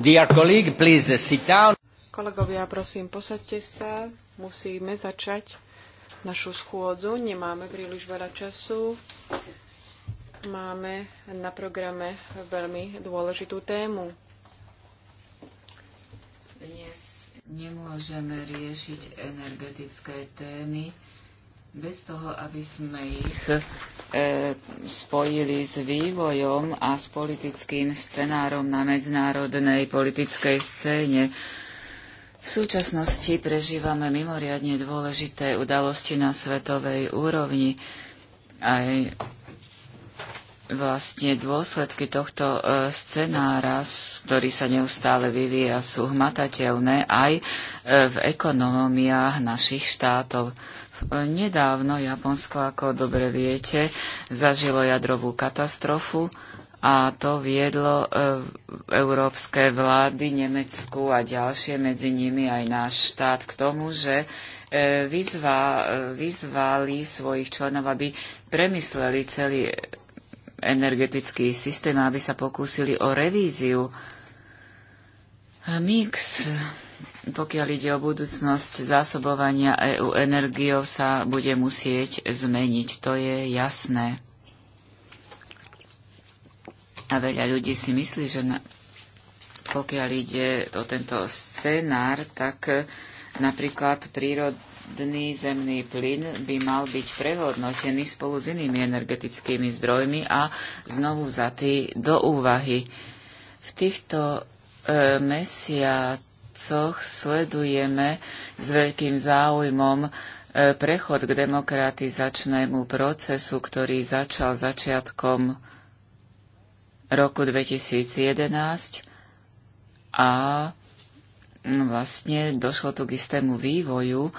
Dear colleague, please sit down. Kolegovia, prosím, posaďte sa. Musíme začať našu schôdzu. Nemáme príliš veľa času. Máme na programe veľmi dôležitú tému. Dnes nemôžeme riešiť energetické témy, bez toho, aby sme ich e, spojili s vývojom a s politickým scenárom na medzinárodnej politickej scéne. V súčasnosti prežívame mimoriadne dôležité udalosti na svetovej úrovni. Aj vlastne dôsledky tohto e, scenára, ktorý sa neustále vyvíja, sú hmatateľné aj e, v ekonomiách našich štátov. Nedávno Japonsko, ako dobre viete, zažilo jadrovú katastrofu a to viedlo e, európske vlády, Nemecku a ďalšie, medzi nimi aj náš štát, k tomu, že e, vyzvá, e, vyzvali svojich členov, aby premysleli celý energetický systém, aby sa pokúsili o revíziu. Mix pokiaľ ide o budúcnosť zásobovania EU energiou, sa bude musieť zmeniť. To je jasné. A veľa ľudí si myslí, že na, pokiaľ ide o tento scenár, tak e, napríklad prírodný zemný plyn by mal byť prehodnotený spolu s inými energetickými zdrojmi a znovu vzatý do úvahy. V týchto e, mesiacoch coch sledujeme s veľkým záujmom e, prechod k demokratizačnému procesu, ktorý začal začiatkom roku 2011 a no, vlastne došlo tu k istému vývoju e,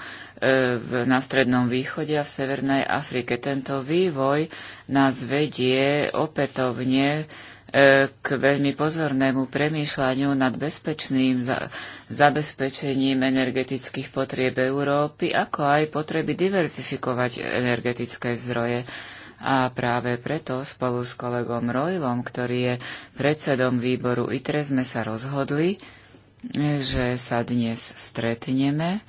na Strednom východe a v Severnej Afrike. Tento vývoj nás vedie opätovne E, k veľmi pozornému premýšľaniu nad bezpečným zabezpečením energetických potrieb Európy, ako aj potreby diverzifikovať energetické zdroje. A práve preto spolu s kolegom Rojlom, ktorý je predsedom výboru ITRE, sme sa rozhodli, že sa dnes stretneme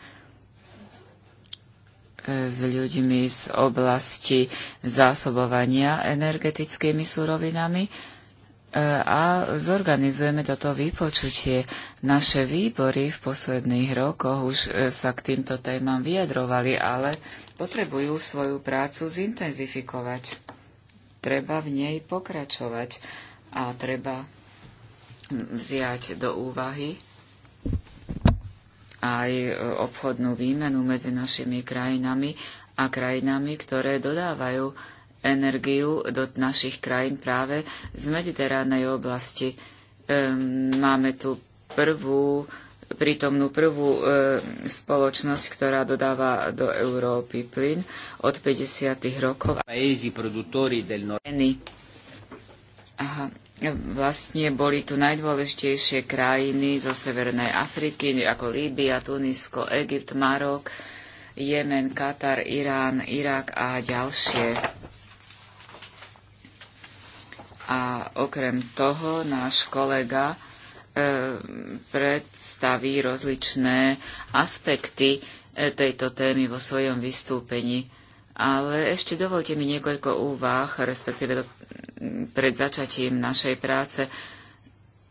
e, s ľuďmi z oblasti zásobovania energetickými surovinami, E, a zorganizujeme toto vypočutie. Naše výbory v posledných rokoch už e, sa k týmto témam vyjadrovali, ale potrebujú svoju prácu zintenzifikovať. Treba v nej pokračovať a treba vziať do úvahy aj obchodnú výmenu medzi našimi krajinami a krajinami, ktoré dodávajú energiu do našich krajín práve z mediteránej oblasti. máme tu prvú prítomnú prvú e, spoločnosť, ktorá dodáva do Európy plyn od 50. rokov. Aha. Vlastne boli tu najdôležitejšie krajiny zo Severnej Afriky, ako Líbia, Tunisko, Egypt, Marok, Jemen, Katar, Irán, Irak a ďalšie. A okrem toho náš kolega e, predstaví rozličné aspekty e, tejto témy vo svojom vystúpení. Ale ešte dovolte mi niekoľko úvah, respektíve pred začatím našej práce.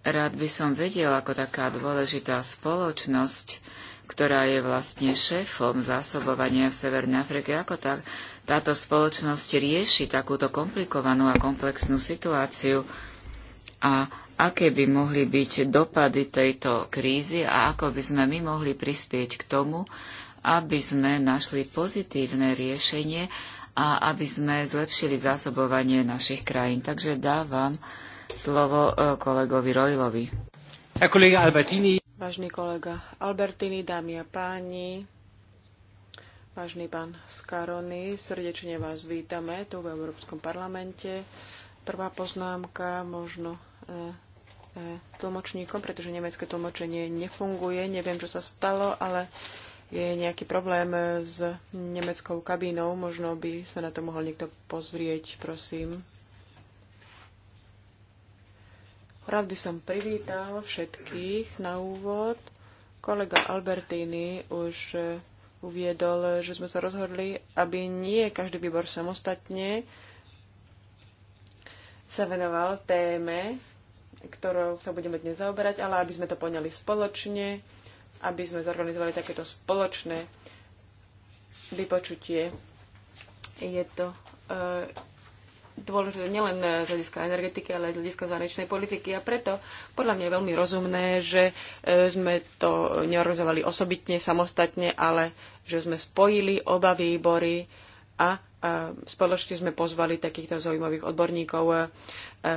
Rád by som vedel, ako taká dôležitá spoločnosť, ktorá je vlastne šéfom zásobovania v Severnej Afrike, ako tak táto spoločnosť rieši takúto komplikovanú a komplexnú situáciu a aké by mohli byť dopady tejto krízy a ako by sme my mohli prispieť k tomu, aby sme našli pozitívne riešenie a aby sme zlepšili zásobovanie našich krajín. Takže dávam slovo e, kolegovi Rojlovi. Vážny kolega Albertini, dámy a páni, Vážený pán Skarony, srdečne vás vítame tu v Európskom parlamente. Prvá poznámka možno e, e, tlmočníkom, pretože nemecké tlmočenie nefunguje. Neviem, čo sa stalo, ale je nejaký problém s nemeckou kabínou. Možno by sa na to mohol niekto pozrieť, prosím. Rád by som privítal všetkých na úvod. Kolega Albertini už e, uviedol, že sme sa rozhodli, aby nie každý výbor samostatne sa venoval téme, ktorou sa budeme dnes zaoberať, ale aby sme to poňali spoločne, aby sme zorganizovali takéto spoločné vypočutie. Je to dôležité nielen z hľadiska energetiky, ale aj z hľadiska zahraničnej politiky. A preto podľa mňa je veľmi rozumné, že e, sme to neorganizovali osobitne, samostatne, ale že sme spojili oba výbory a spoločne sme pozvali takýchto zaujímavých odborníkov. E,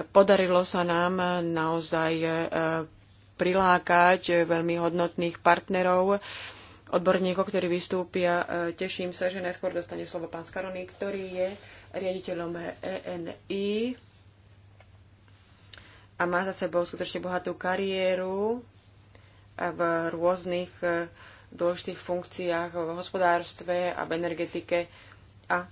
podarilo sa nám naozaj e, prilákať veľmi hodnotných partnerov, odborníkov, ktorí vystúpia. Teším sa, že najskôr dostane slovo pán Skarony, ktorý je riaditeľom ENI a má za sebou skutočne bohatú kariéru v rôznych e, dôležitých funkciách v hospodárstve a v energetike. A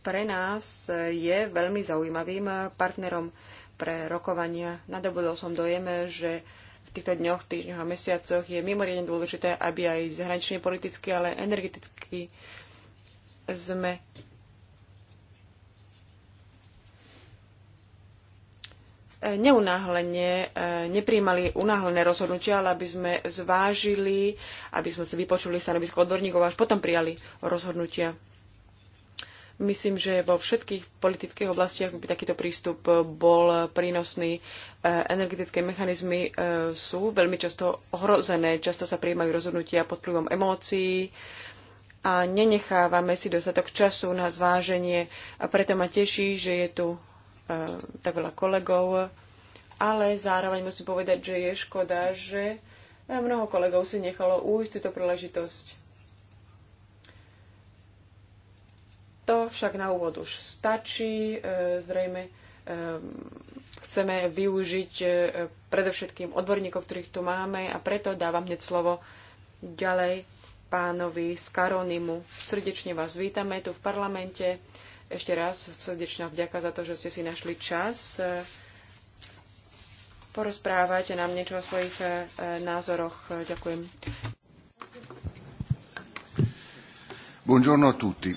pre nás je veľmi zaujímavým partnerom pre rokovania. Nadobudol som dojeme, že v týchto dňoch, týždňoch a mesiacoch je mimoriadne dôležité, aby aj zahranične politicky, ale energeticky sme neunáhlenie, e, nepríjmali unáhlené rozhodnutia, ale aby sme zvážili, aby sme si vypočuli stanovisko odborníkov a až potom prijali rozhodnutia. Myslím, že vo všetkých politických oblastiach by takýto prístup bol prínosný. E, energetické mechanizmy e, sú veľmi často ohrozené, často sa prijímajú rozhodnutia pod vplyvom emócií, a nenechávame si dostatok času na zváženie. A preto ma teší, že je tu E, tak veľa kolegov, ale zároveň musím povedať, že je škoda, že e, mnoho kolegov si nechalo újsť túto príležitosť. To však na úvod už stačí. E, zrejme chceme využiť predovšetkým odborníkov, ktorých tu máme a preto dávam hneď slovo ďalej pánovi Skaronimu. Srdečne vás vítame tu v parlamente. Ešte raz srdečná vďaka za to, že ste si našli čas e, porozprávať nám niečo o svojich e, názoroch. Ďakujem. Buongiorno a tutti.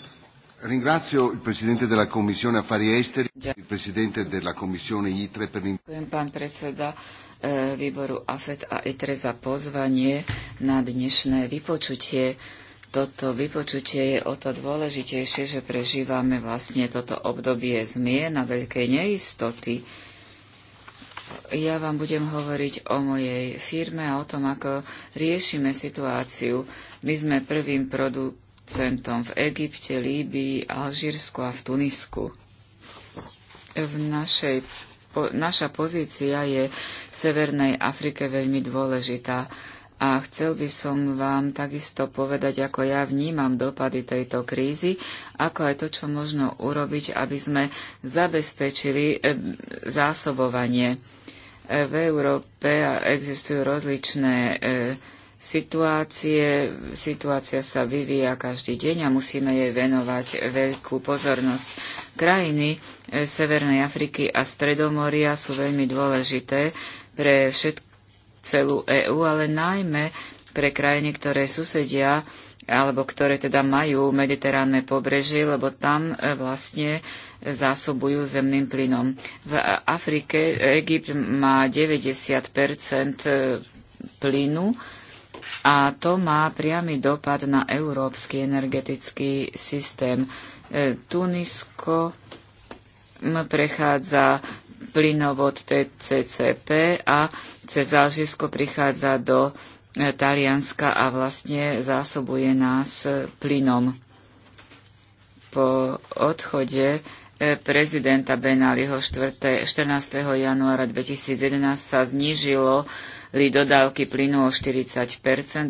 Ringrazio il Presidente della Commissione Affari Esteri, il Presidente della Commissione ITRE per l'invito. pán predseda e, výboru AFET a ITRE za pozvanie na dnešné vypočutie toto vypočutie je o to dôležitejšie, že prežívame vlastne toto obdobie zmien a veľkej neistoty. Ja vám budem hovoriť o mojej firme a o tom, ako riešime situáciu. My sme prvým producentom v Egypte, Líbii, Alžírsku a v Tunisku. V našej, po, naša pozícia je v Severnej Afrike veľmi dôležitá a chcel by som vám takisto povedať, ako ja vnímam dopady tejto krízy, ako aj to, čo možno urobiť, aby sme zabezpečili e, zásobovanie. E, v Európe existujú rozličné e, situácie. Situácia sa vyvíja každý deň a musíme jej venovať veľkú pozornosť. Krajiny Severnej Afriky a Stredomoria sú veľmi dôležité pre všetky celú EÚ, ale najmä pre krajiny, ktoré susedia alebo ktoré teda majú mediteránne pobrežie, lebo tam e, vlastne zásobujú zemným plynom. V Afrike Egypt má 90 e, plynu a to má priamy dopad na európsky energetický systém. E, Tunisko prechádza plynovod TCCP a cez Alžírsko prichádza do e, Talianska a vlastne zásobuje nás e, plynom. Po odchode e, prezidenta Benaliho 14. januára 2011 sa znížilo li dodávky plynu o 40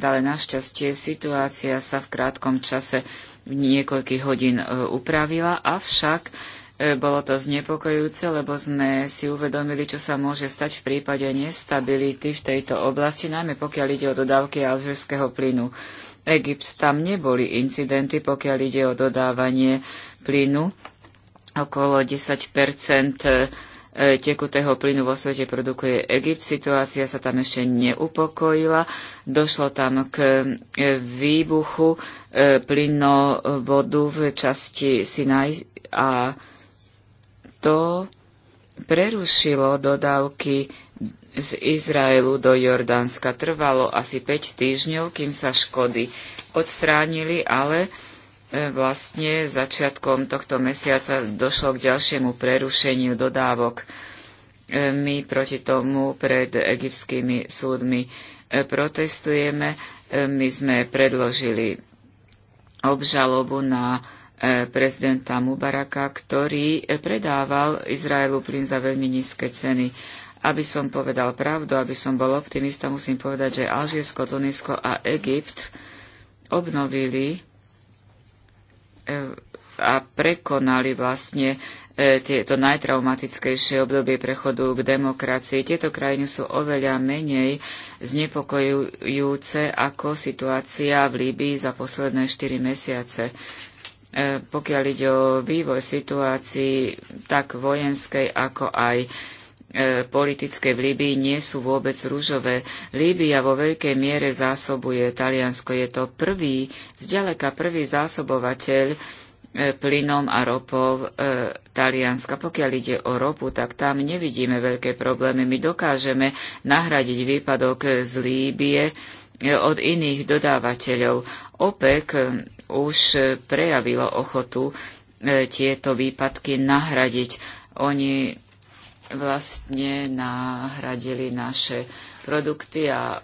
ale našťastie situácia sa v krátkom čase v niekoľkých hodín upravila, avšak E, bolo to znepokojujúce, lebo sme si uvedomili, čo sa môže stať v prípade nestability v tejto oblasti, najmä pokiaľ ide o dodávky alžírskeho plynu. Egypt tam neboli incidenty, pokiaľ ide o dodávanie plynu. Okolo 10 e, tekutého plynu vo svete produkuje Egypt. Situácia sa tam ešte neupokojila. Došlo tam k e, výbuchu plynovodu v časti Sinaj a to prerušilo dodávky z Izraelu do Jordánska. Trvalo asi 5 týždňov, kým sa škody odstránili, ale e, vlastne začiatkom tohto mesiaca došlo k ďalšiemu prerušeniu dodávok. E, my proti tomu pred egyptskými súdmi e, protestujeme. My sme predložili obžalobu na E, prezidenta Mubaraka, ktorý e, predával Izraelu plyn za veľmi nízke ceny. Aby som povedal pravdu, aby som bol optimista, musím povedať, že Alžírsko, Tunisko a Egypt obnovili e, a prekonali vlastne tieto najtraumatickejšie obdobie prechodu k demokracii. Tieto krajiny sú oveľa menej znepokojujúce ako situácia v Líbii za posledné 4 mesiace. E, pokiaľ ide o vývoj situácií tak vojenskej, ako aj e, politické v Líbii nie sú vôbec rúžové. Líbia vo veľkej miere zásobuje Taliansko. Je to prvý, zďaleka prvý zásobovateľ e, plynom a ropou e, Talianska. Pokiaľ ide o ropu, tak tam nevidíme veľké problémy. My dokážeme nahradiť výpadok z Líbie od iných dodávateľov. OPEC eh, už eh, prejavilo ochotu eh, tieto výpadky nahradiť. Oni vlastne nahradili naše produkty a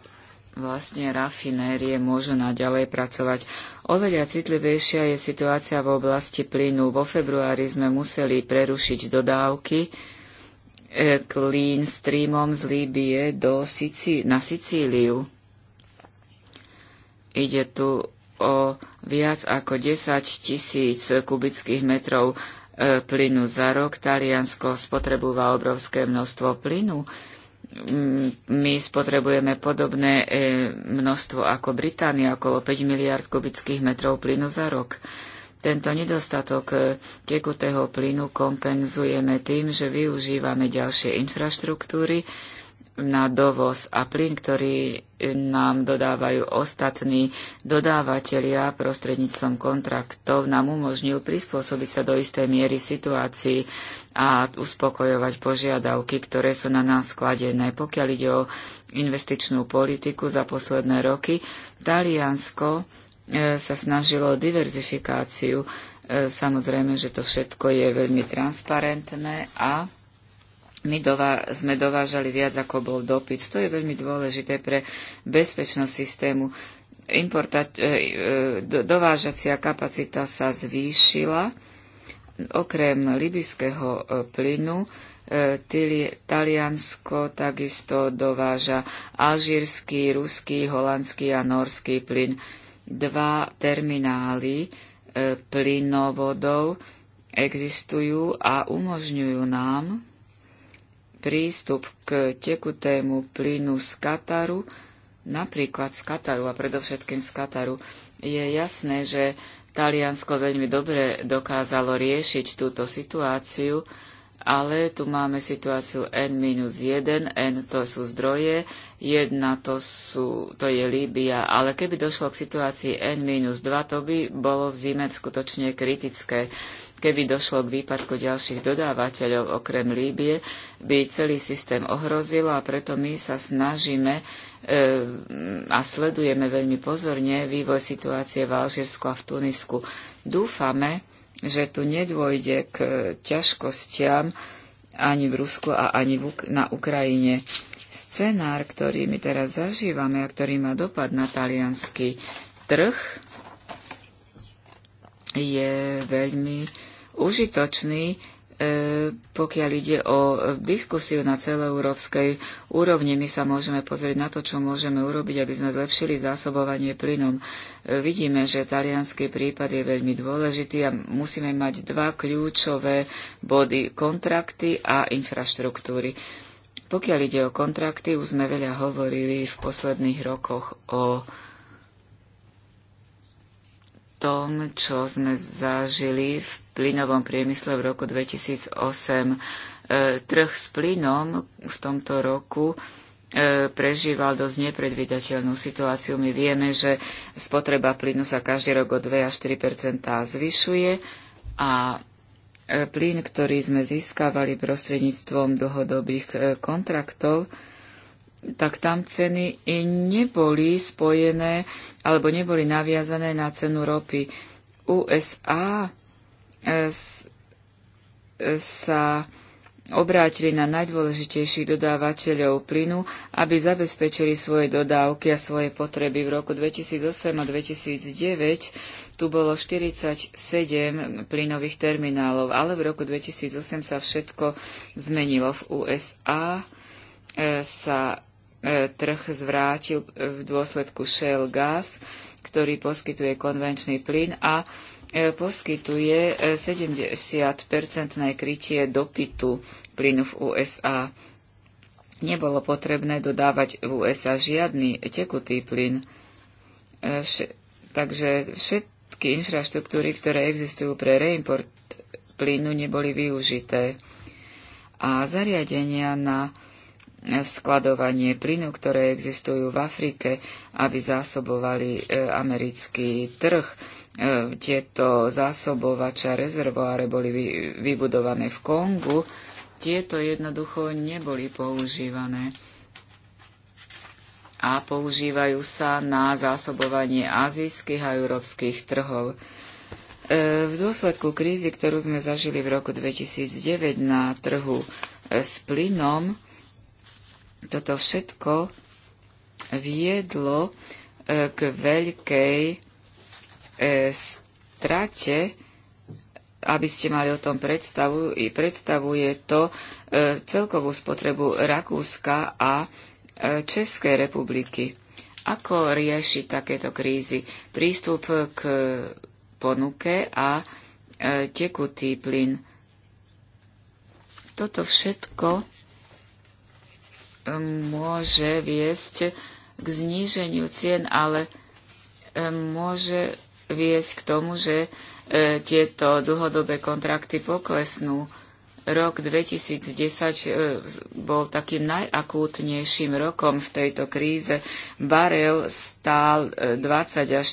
vlastne rafinérie môžu naďalej pracovať. Oveľa citlivejšia je situácia v oblasti plynu. Vo februári sme museli prerušiť dodávky clean streamom z Líbie do Sicí- na Sicíliu. Ide tu o viac ako 10 tisíc kubických metrov e, plynu za rok. Taliansko spotrebúva obrovské množstvo plynu. Mm, my spotrebujeme podobné e, množstvo ako Británia, okolo 5 miliard kubických metrov plynu za rok. Tento nedostatok e, tekutého plynu kompenzujeme tým, že využívame ďalšie infraštruktúry, na dovoz a plyn, ktorý nám dodávajú ostatní dodávateľia prostredníctvom kontraktov, nám umožnil prispôsobiť sa do istej miery situácii a uspokojovať požiadavky, ktoré sú na nás skladené. Pokiaľ ide o investičnú politiku za posledné roky, Taliansko e, sa snažilo o diverzifikáciu. E, samozrejme, že to všetko je veľmi transparentné a my dova- sme dovážali viac, ako bol dopyt. To je veľmi dôležité pre bezpečnosť systému. Importa, e, e, do, dovážacia kapacita sa zvýšila. Okrem libyského e, plynu, Taliansko takisto dováža alžírsky, ruský, holandský a norský plyn. Dva terminály plynovodov existujú a umožňujú nám prístup k tekutému plynu z Kataru, napríklad z Kataru a predovšetkým z Kataru, je jasné, že Taliansko veľmi dobre dokázalo riešiť túto situáciu, ale tu máme situáciu N-1, N to sú zdroje, 1 to, sú, to je Líbia, ale keby došlo k situácii N-2, to by bolo v zime skutočne kritické. Keby došlo k výpadku ďalších dodávateľov okrem Líbie, by celý systém ohrozil a preto my sa snažíme e, a sledujeme veľmi pozorne vývoj situácie v Alžírsku a v Tunisku. Dúfame, že tu nedôjde k ťažkostiam ani v Rusku a ani v, na Ukrajine. Scenár, ktorý my teraz zažívame a ktorý má dopad na talianský trh, je veľmi užitočný, e, pokiaľ ide o diskusiu na celoeurópskej úrovni, my sa môžeme pozrieť na to, čo môžeme urobiť, aby sme zlepšili zásobovanie plynom. E, vidíme, že talianský prípad je veľmi dôležitý a musíme mať dva kľúčové body kontrakty a infraštruktúry. Pokiaľ ide o kontrakty, už sme veľa hovorili v posledných rokoch o tom, čo sme zažili v plynovom priemysle v roku 2008. E, trh s plynom v tomto roku e, prežíval dosť nepredvidateľnú situáciu. My vieme, že spotreba plynu sa každý rok o 2 až 4 zvyšuje a e, plyn, ktorý sme získavali prostredníctvom dlhodobých e, kontraktov, tak tam ceny neboli spojené alebo neboli naviazané na cenu ropy. USA e, e, sa obrátili na najdôležitejších dodávateľov plynu, aby zabezpečili svoje dodávky a svoje potreby. V roku 2008 a 2009 tu bolo 47 plynových terminálov, ale v roku 2008 sa všetko zmenilo. V USA e, sa E, trh zvrátil e, v dôsledku Shell Gas, ktorý poskytuje konvenčný plyn a e, poskytuje 70-percentné krytie dopytu plynu v USA. Nebolo potrebné dodávať v USA žiadny tekutý plyn. takže všetky infraštruktúry, ktoré existujú pre reimport plynu, neboli využité. A zariadenia na skladovanie plynu, ktoré existujú v Afrike, aby zásobovali e, americký trh. E, tieto zásobovača rezervoáre boli vybudované v Kongu. Tieto jednoducho neboli používané a používajú sa na zásobovanie azijských a európskych trhov. E, v dôsledku krízy, ktorú sme zažili v roku 2009 na trhu s plynom, toto všetko viedlo e, k veľkej e, strate, aby ste mali o tom predstavu, i predstavuje to e, celkovú spotrebu Rakúska a Českej republiky. Ako riešiť takéto krízy? Prístup k ponuke a tekutý plyn. Toto všetko Um, môže viesť k zníženiu cien, ale um, môže viesť k tomu, že uh, tieto dlhodobé kontrakty poklesnú. Rok 2010 uh, bol takým najakútnejším rokom v tejto kríze. Barel stál 20 uh, až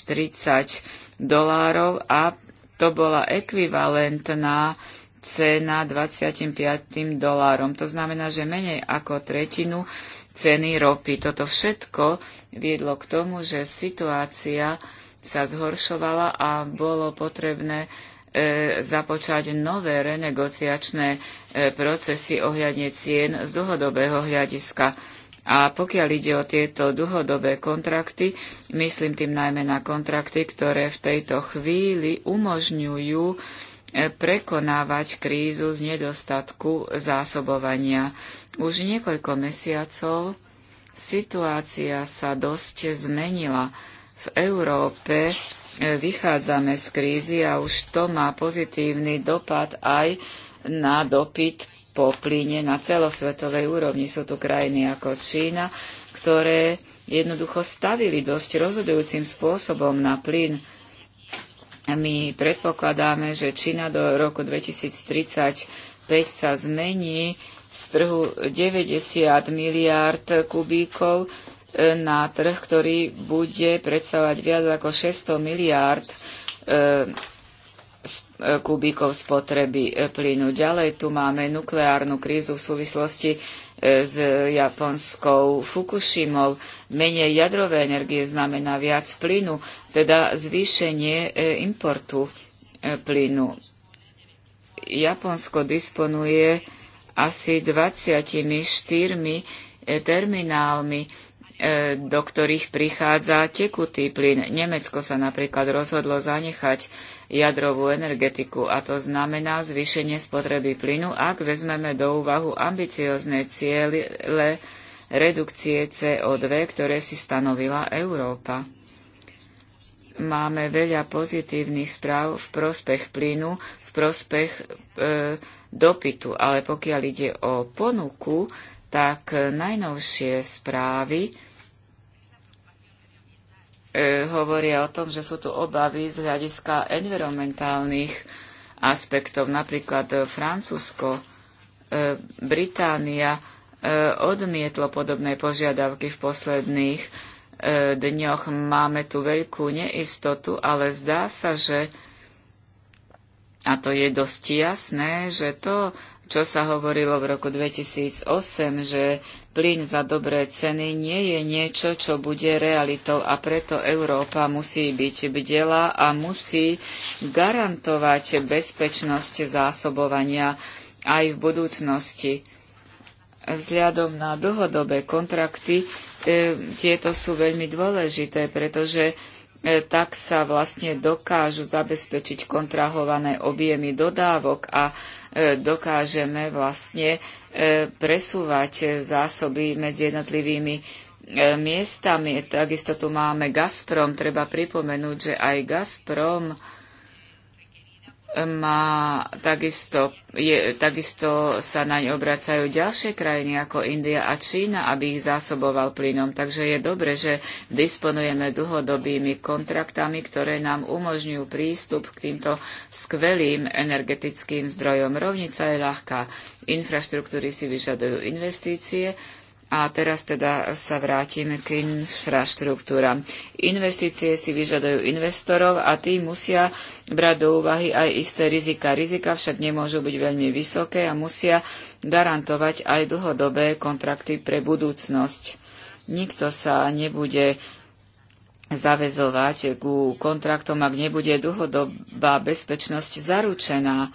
30 dolárov a to bola ekvivalentná cena 25 dolárom. To znamená, že menej ako tretinu ceny ropy. Toto všetko viedlo k tomu, že situácia sa zhoršovala a bolo potrebné e, započať nové renegociačné e, procesy ohľadne cien z dlhodobého hľadiska. A pokiaľ ide o tieto dlhodobé kontrakty, myslím tým najmä na kontrakty, ktoré v tejto chvíli umožňujú prekonávať krízu z nedostatku zásobovania. Už niekoľko mesiacov situácia sa dosť zmenila. V Európe e, vychádzame z krízy a už to má pozitívny dopad aj na dopyt po plyne na celosvetovej úrovni. Sú tu krajiny ako Čína, ktoré jednoducho stavili dosť rozhodujúcim spôsobom na plyn my predpokladáme, že Čína do roku 2035 sa zmení z trhu 90 miliárd kubíkov e, na trh, ktorý bude predstavovať viac ako 600 miliárd e, e, kubíkov spotreby plynu. Ďalej tu máme nukleárnu krízu v súvislosti s japonskou Fukushimou. Menej jadrové energie znamená viac plynu, teda zvýšenie e, importu e, plynu. Japonsko disponuje asi 24 e, terminálmi, E, do ktorých prichádza tekutý plyn. Nemecko sa napríklad rozhodlo zanechať jadrovú energetiku a to znamená zvýšenie spotreby plynu, ak vezmeme do úvahu ambiciozne ciele redukcie CO2, ktoré si stanovila Európa. Máme veľa pozitívnych správ v prospech plynu, v prospech e, dopytu, ale pokiaľ ide o ponuku, tak najnovšie správy E, hovoria o tom, že sú tu obavy z hľadiska environmentálnych aspektov. Napríklad e, Francúzsko, e, Británia odmietlo podobné požiadavky v posledných dňoch. Máme tu veľkú neistotu, ale zdá sa, že a to je dosť jasné, že to čo sa hovorilo v roku 2008, že plyn za dobré ceny nie je niečo, čo bude realitou a preto Európa musí byť bdela a musí garantovať bezpečnosť zásobovania aj v budúcnosti. Vzhľadom na dlhodobé kontrakty e, tieto sú veľmi dôležité, pretože e, tak sa vlastne dokážu zabezpečiť kontrahované objemy dodávok a E, dokážeme vlastne e, presúvať zásoby medzi jednotlivými e, miestami. Takisto tu máme Gazprom. Treba pripomenúť, že aj Gazprom má takisto, je, takisto sa naň obracajú ďalšie krajiny ako India a Čína, aby ich zásoboval plynom. Takže je dobre, že disponujeme dlhodobými kontraktami, ktoré nám umožňujú prístup k týmto skvelým energetickým zdrojom. Rovnica je ľahká. Infraštruktúry si vyžadujú investície, a teraz teda sa vrátime k infraštruktúra. Investície si vyžadujú investorov a tí musia brať do úvahy aj isté rizika. Rizika však nemôžu byť veľmi vysoké a musia garantovať aj dlhodobé kontrakty pre budúcnosť. Nikto sa nebude zavezovať ku kontraktom, ak nebude dlhodobá bezpečnosť zaručená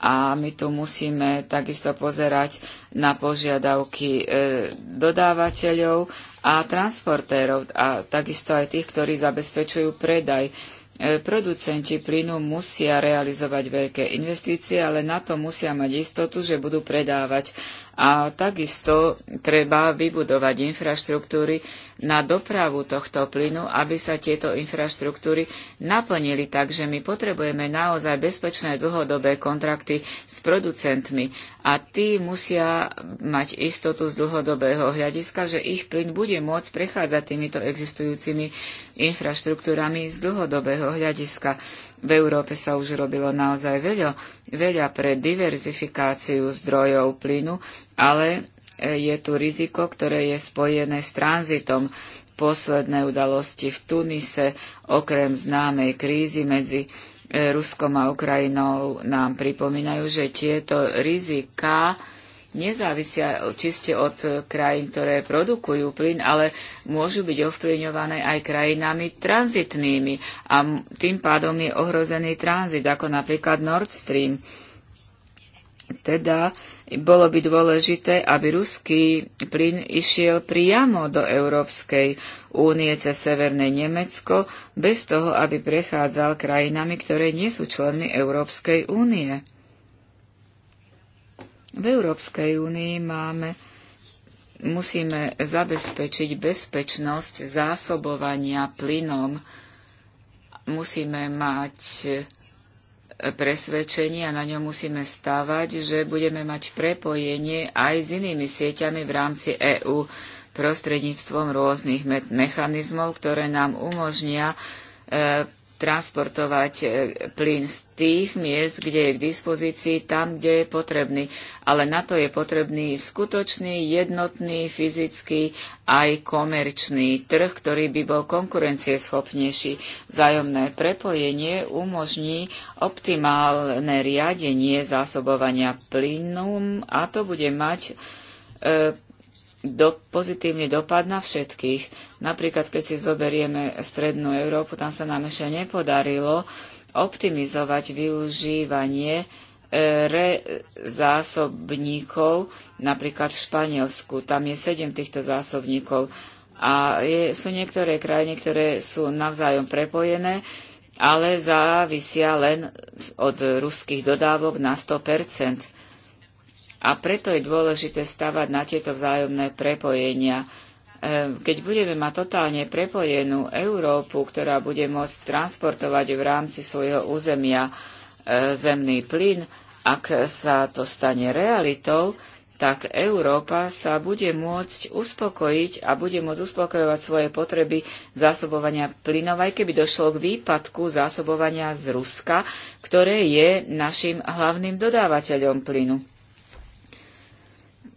a my tu musíme takisto pozerať na požiadavky e, dodávateľov a transportérov a takisto aj tých, ktorí zabezpečujú predaj. E, producenti plynu musia realizovať veľké investície, ale na to musia mať istotu, že budú predávať a takisto treba vybudovať infraštruktúry na dopravu tohto plynu, aby sa tieto infraštruktúry naplnili. Takže my potrebujeme naozaj bezpečné dlhodobé kontrakty s producentmi a tí musia mať istotu z dlhodobého hľadiska, že ich plyn bude môcť prechádzať týmito existujúcimi infraštruktúrami z dlhodobého hľadiska. V Európe sa už robilo naozaj veľa, veľa pre diverzifikáciu zdrojov plynu, ale e, je tu riziko, ktoré je spojené s tranzitom. Posledné udalosti v Tunise, okrem známej krízy medzi e, Ruskom a Ukrajinou, nám pripomínajú, že tieto riziká nezávisia čiste od e, krajín, ktoré produkujú plyn, ale môžu byť ovplyvňované aj krajinami tranzitnými a tým pádom je ohrozený tranzit, ako napríklad Nord Stream. Teda bolo by dôležité, aby ruský plyn išiel priamo do Európskej únie cez Severné Nemecko, bez toho, aby prechádzal krajinami, ktoré nie sú členmi Európskej únie. V Európskej únii máme, musíme zabezpečiť bezpečnosť zásobovania plynom. Musíme mať eh, presvedčenie a na ňom musíme stávať, že budeme mať prepojenie aj s inými sieťami v rámci EÚ prostredníctvom rôznych mechanizmov, ktoré nám umožnia eh, transportovať e, plyn z tých miest, kde je k dispozícii, tam, kde je potrebný. Ale na to je potrebný skutočný, jednotný, fyzický aj komerčný trh, ktorý by bol konkurencieschopnejší. Vzájomné prepojenie umožní optimálne riadenie zásobovania plynom a to bude mať e, do, pozitívny dopad na všetkých. Napríklad, keď si zoberieme Strednú Európu, tam sa nám ešte nepodarilo optimizovať využívanie e, re zásobníkov, napríklad v Španielsku. Tam je sedem týchto zásobníkov. A je, sú niektoré krajiny, ktoré sú navzájom prepojené, ale závisia len od ruských dodávok na 100 a preto je dôležité stavať na tieto vzájomné prepojenia. E, keď budeme mať totálne prepojenú Európu, ktorá bude môcť transportovať v rámci svojho územia e, zemný plyn, ak sa to stane realitou, tak Európa sa bude môcť uspokojiť a bude môcť uspokojovať svoje potreby zásobovania plynov, aj keby došlo k výpadku zásobovania z Ruska, ktoré je našim hlavným dodávateľom plynu.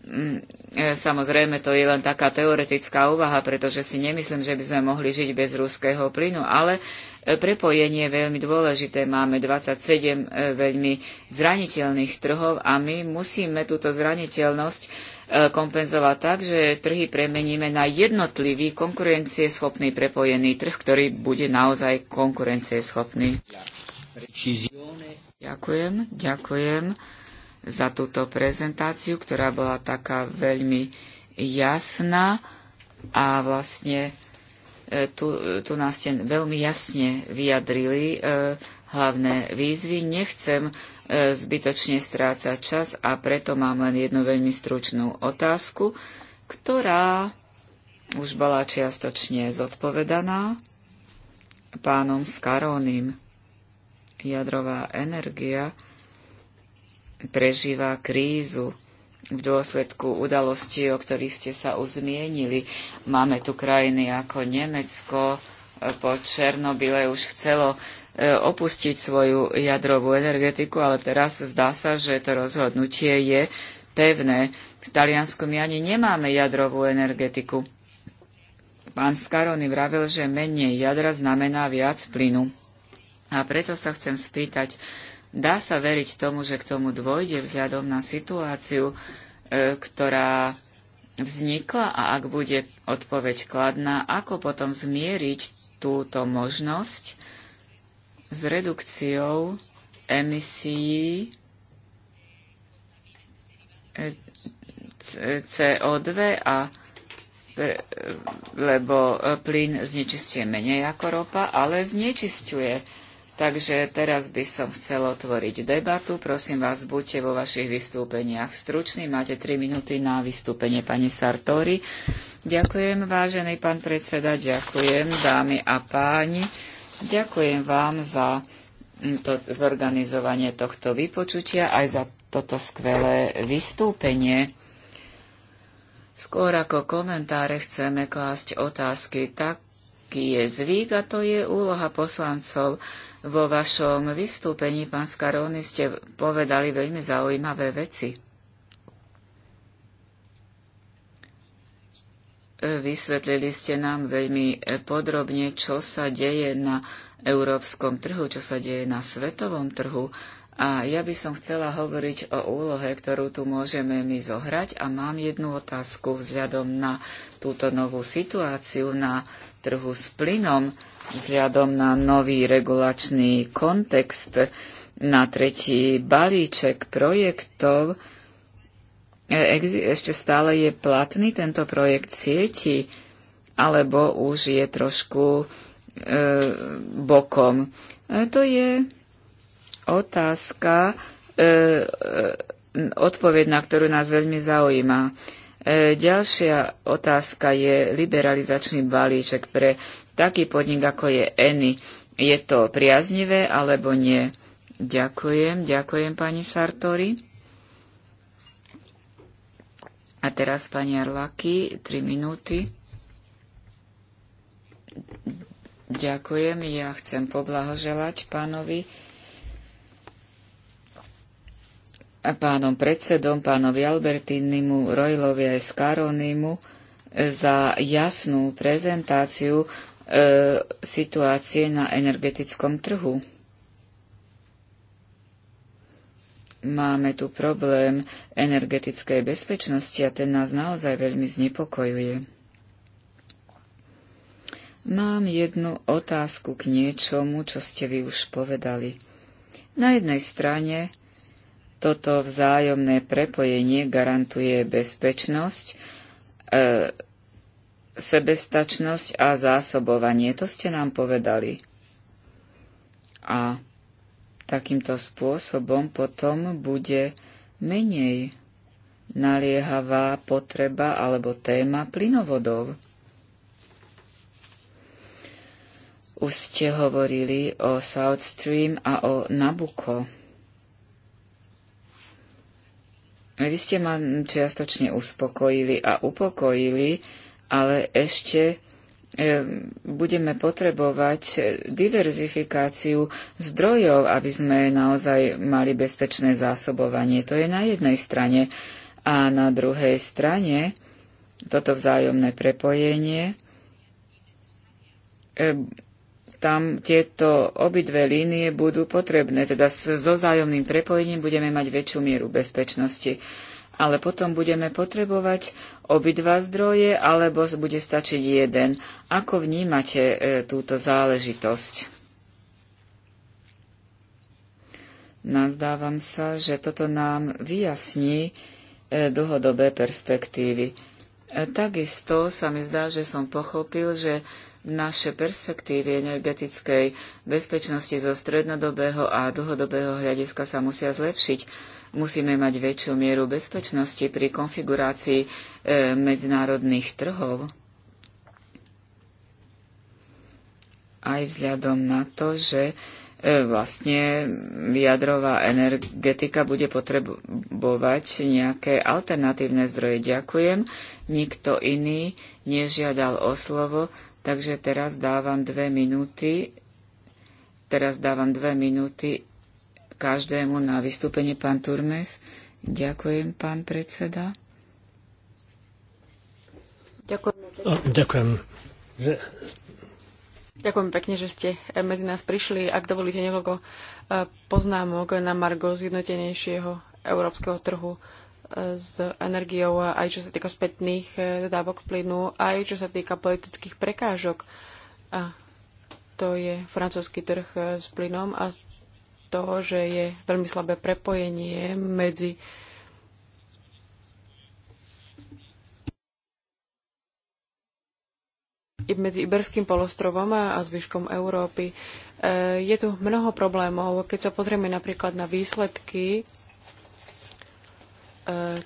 Mm, e, samozrejme, to je len taká teoretická úvaha, pretože si nemyslím, že by sme mohli žiť bez ruského plynu, ale e, prepojenie je veľmi dôležité. Máme 27 e, veľmi zraniteľných trhov a my musíme túto zraniteľnosť kompenzovať tak, že trhy premeníme na jednotlivý konkurencieschopný prepojený trh, ktorý bude naozaj konkurencieschopný. Ďakujem, ďakujem za túto prezentáciu, ktorá bola taká veľmi jasná a vlastne e, tu, tu nás ste veľmi jasne vyjadrili e, hlavné výzvy. Nechcem e, zbytočne strácať čas a preto mám len jednu veľmi stručnú otázku, ktorá už bola čiastočne zodpovedaná pánom Skarónim. Jadrová energia prežíva krízu v dôsledku udalostí, o ktorých ste sa uzmienili. Máme tu krajiny ako Nemecko, e, po Černobyle už chcelo e, opustiť svoju jadrovú energetiku, ale teraz zdá sa, že to rozhodnutie je pevné. V Taliansku my ani nemáme jadrovú energetiku. Pán Skarony vravil, že menej jadra znamená viac plynu. A preto sa chcem spýtať, Dá sa veriť tomu, že k tomu dôjde vzhľadom na situáciu, e, ktorá vznikla a ak bude odpoveď kladná, ako potom zmieriť túto možnosť s redukciou emisií e, CO2 a e, lebo plyn znečistuje menej ako ropa, ale znečisťuje Takže teraz by som chcel otvoriť debatu. Prosím vás, buďte vo vašich vystúpeniach struční. Máte 3 minúty na vystúpenie pani Sartori. Ďakujem, vážený pán predseda, ďakujem, dámy a páni. Ďakujem vám za mm, to zorganizovanie tohto vypočutia aj za toto skvelé vystúpenie. Skôr ako komentáre chceme klásť otázky, taký je zvyk a to je úloha poslancov. Vo vašom vystúpení, pán Skaróny, ste povedali veľmi zaujímavé veci. Vysvetlili ste nám veľmi podrobne, čo sa deje na európskom trhu, čo sa deje na svetovom trhu. A ja by som chcela hovoriť o úlohe, ktorú tu môžeme my zohrať a mám jednu otázku vzhľadom na túto novú situáciu na trhu s plynom vzhľadom na nový regulačný kontext, na tretí balíček projektov, e, ešte stále je platný tento projekt sieti, alebo už je trošku e, bokom. E, to je otázka, e, e, odpoveď na ktorú nás veľmi zaujíma. E, ďalšia otázka je liberalizačný balíček pre taký podnik, ako je Eny. Je to priaznivé alebo nie? Ďakujem, ďakujem pani Sartori. A teraz pani Arlaki, 3 minúty. Ďakujem, ja chcem poblahoželať pánovi pánom predsedom, pánovi Albertinimu, Rojlovi aj Skaronimu za jasnú prezentáciu E, situácie na energetickom trhu. Máme tu problém energetickej bezpečnosti a ten nás naozaj veľmi znepokojuje. Mám jednu otázku k niečomu, čo ste vy už povedali. Na jednej strane toto vzájomné prepojenie garantuje bezpečnosť, e, sebestačnosť a zásobovanie. To ste nám povedali. A takýmto spôsobom potom bude menej naliehavá potreba alebo téma plynovodov. Už ste hovorili o South Stream a o Nabucco. Vy ste ma čiastočne uspokojili a upokojili, ale ešte budeme potrebovať diverzifikáciu zdrojov, aby sme naozaj mali bezpečné zásobovanie. To je na jednej strane. A na druhej strane toto vzájomné prepojenie, tam tieto obidve línie budú potrebné. Teda so vzájomným prepojením budeme mať väčšiu mieru bezpečnosti ale potom budeme potrebovať obidva zdroje, alebo bude stačiť jeden. Ako vnímate e, túto záležitosť? Nazdávam sa, že toto nám vyjasní e, dlhodobé perspektívy. E, takisto sa mi zdá, že som pochopil, že naše perspektívy energetickej bezpečnosti zo strednodobého a dlhodobého hľadiska sa musia zlepšiť Musíme mať väčšiu mieru bezpečnosti pri konfigurácii e, medzinárodných trhov. Aj vzhľadom na to, že e, vlastne jadrová energetika bude potrebovať nejaké alternatívne zdroje. Ďakujem. Nikto iný nežiadal o slovo, takže teraz dávam dve minúty. Teraz dávam dve minúty každému na vystúpenie pán Turmes. Ďakujem, pán predseda. Ďakujem. Ďakujem. Ďakujem pekne, že ste medzi nás prišli. Ak dovolíte niekoľko e, poznámok na Margo zjednotenejšieho európskeho trhu e, s energiou, aj čo sa týka spätných e, dodávok plynu, aj čo sa týka politických prekážok. A to je francúzsky trh s plynom a to, že je veľmi slabé prepojenie medzi medzi Iberským polostrovom a zvyškom Európy. E, je tu mnoho problémov. Keď sa pozrieme napríklad na výsledky e,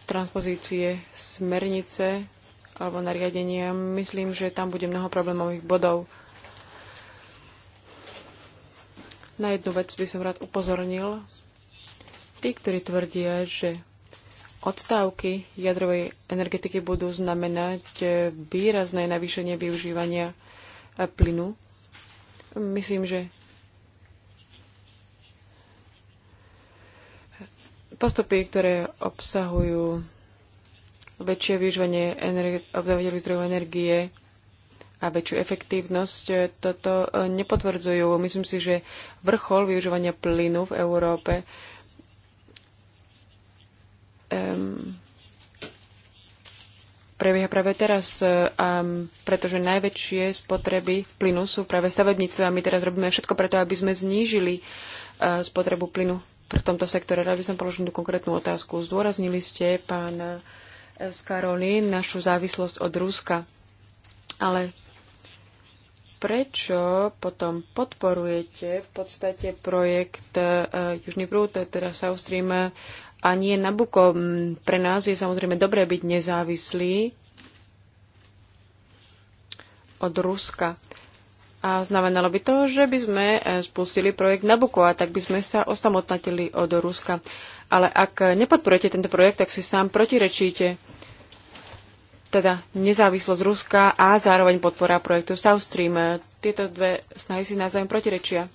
transpozície smernice alebo nariadenia, myslím, že tam bude mnoho problémových bodov. Na jednu vec by som rád upozornil. Tí, ktorí tvrdia, že odstávky jadrovej energetiky budú znamenať e, výrazné navýšenie využívania e, plynu, myslím, že postupy, ktoré obsahujú väčšie využívanie obnoviteľných zdrojov energie, a väčšiu efektívnosť toto e, nepotvrdzujú. Myslím si, že vrchol využívania plynu v Európe um, prebieha práve teraz, um, pretože najväčšie spotreby plynu sú práve stavebníctve a my teraz robíme všetko preto, aby sme znížili uh, spotrebu plynu v tomto sektore. Rád by som položil tú konkrétnu otázku. Zdôraznili ste pána Skaroli, našu závislosť od Ruska. Ale prečo potom podporujete v podstate projekt e, Južný prúd, e, teda South Stream e, a nie Nabucco. Mm, pre nás je samozrejme dobré byť nezávislí od Ruska. A znamenalo by to, že by sme spustili projekt Nabucco a tak by sme sa osamotnatili od Ruska. Ale ak nepodporujete tento projekt, tak si sám protirečíte teda nezávislosť Ruska a zároveň podpora projektu South Stream. Tieto dve snahy si navzájom protirečia.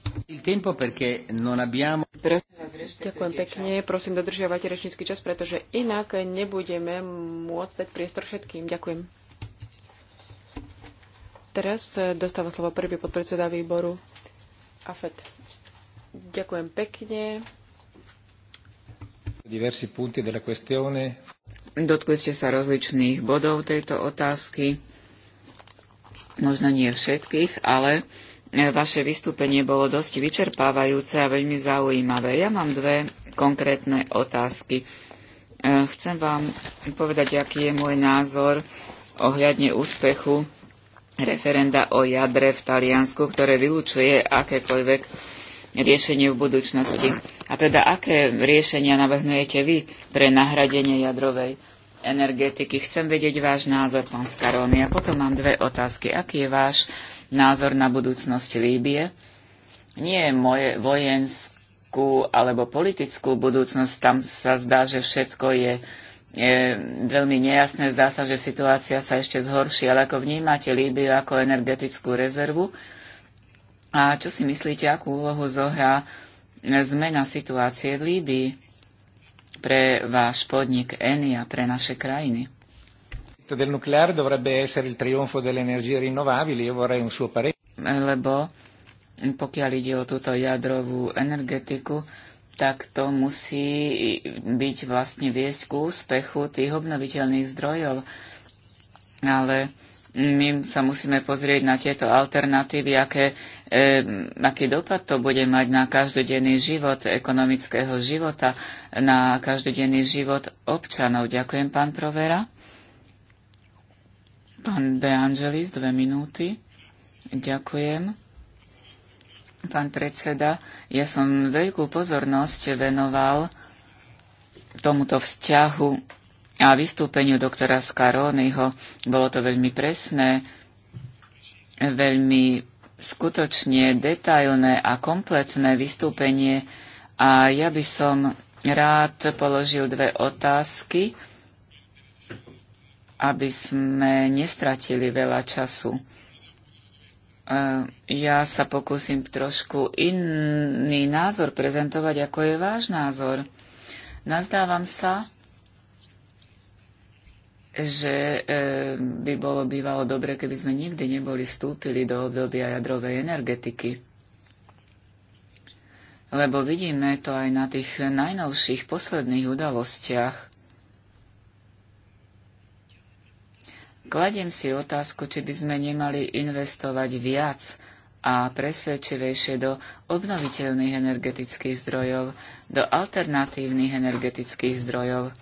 Ďakujem pekne, prosím dodržiavajte rečnícky čas, pretože inak nebudeme môcť dať priestor všetkým. Ďakujem. Teraz eh, dostáva slovo prvý podpredseda výboru AFET. Ďakujem pekne. Diversi punti questione. Dotkli ste sa rozličných bodov tejto otázky, možno nie všetkých, ale e, vaše vystúpenie bolo dosť vyčerpávajúce a veľmi zaujímavé. Ja mám dve konkrétne otázky. E, chcem vám povedať, aký je môj názor ohľadne úspechu referenda o jadre v Taliansku, ktoré vylúčuje akékoľvek riešenie v budúcnosti. A teda aké riešenia navrhnujete vy pre nahradenie jadrovej energetiky. Chcem vedieť váš názor, pán Skaróny. A potom mám dve otázky. Aký je váš názor na budúcnosť Líbie? Nie moje vojenskú alebo politickú budúcnosť. Tam sa zdá, že všetko je je veľmi nejasné. Zdá sa, že situácia sa ešte zhorší, ale ako vnímate Líbiu ako energetickú rezervu? A čo si myslíte, akú úlohu zohrá zmena situácie v Líbii? pre váš podnik ENI a pre naše krajiny? del nucleare dovrebbe essere il trionfo delle energie rinnovabili, io vorrei un suo parere. Lebo pokiaľ ide o túto jadrovú energetiku, tak to musí byť vlastne viesť k úspechu tých obnoviteľných zdrojov. Ale my sa musíme pozrieť na tieto alternatívy, aké, e, aký dopad to bude mať na každodenný život ekonomického života, na každodenný život občanov. Ďakujem, pán Provera. Pán De Angelis, dve minúty. Ďakujem. Pán predseda, ja som veľkú pozornosť venoval tomuto vzťahu a vystúpeniu doktora Scaroniho. Bolo to veľmi presné, veľmi skutočne detailné a kompletné vystúpenie a ja by som rád položil dve otázky, aby sme nestratili veľa času. E, ja sa pokúsim trošku iný názor prezentovať, ako je váš názor. Nazdávam sa, že e, by bolo bývalo dobre, keby sme nikdy neboli vstúpili do obdobia jadrovej energetiky. Lebo vidíme to aj na tých najnovších posledných udalostiach. Kladiem si otázku, či by sme nemali investovať viac a presvedčivejšie do obnoviteľných energetických zdrojov, do alternatívnych energetických zdrojov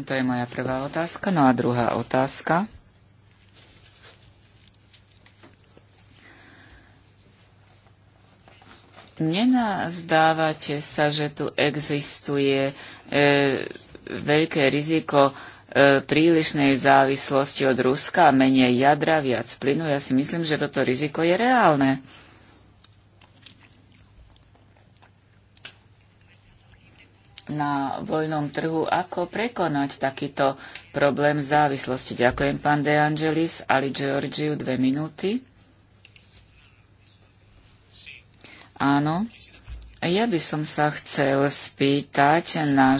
to je moja prvá otázka. No a druhá otázka. Nenazdávate sa, že tu existuje e, veľké riziko e, prílišnej závislosti od Ruska a menej jadra, viac plynu? Ja si myslím, že toto riziko je reálne. na voľnom trhu, ako prekonať takýto problém závislosti. Ďakujem, pán De Angelis. Ali Georgiu, dve minúty. Áno. Ja by som sa chcel spýtať na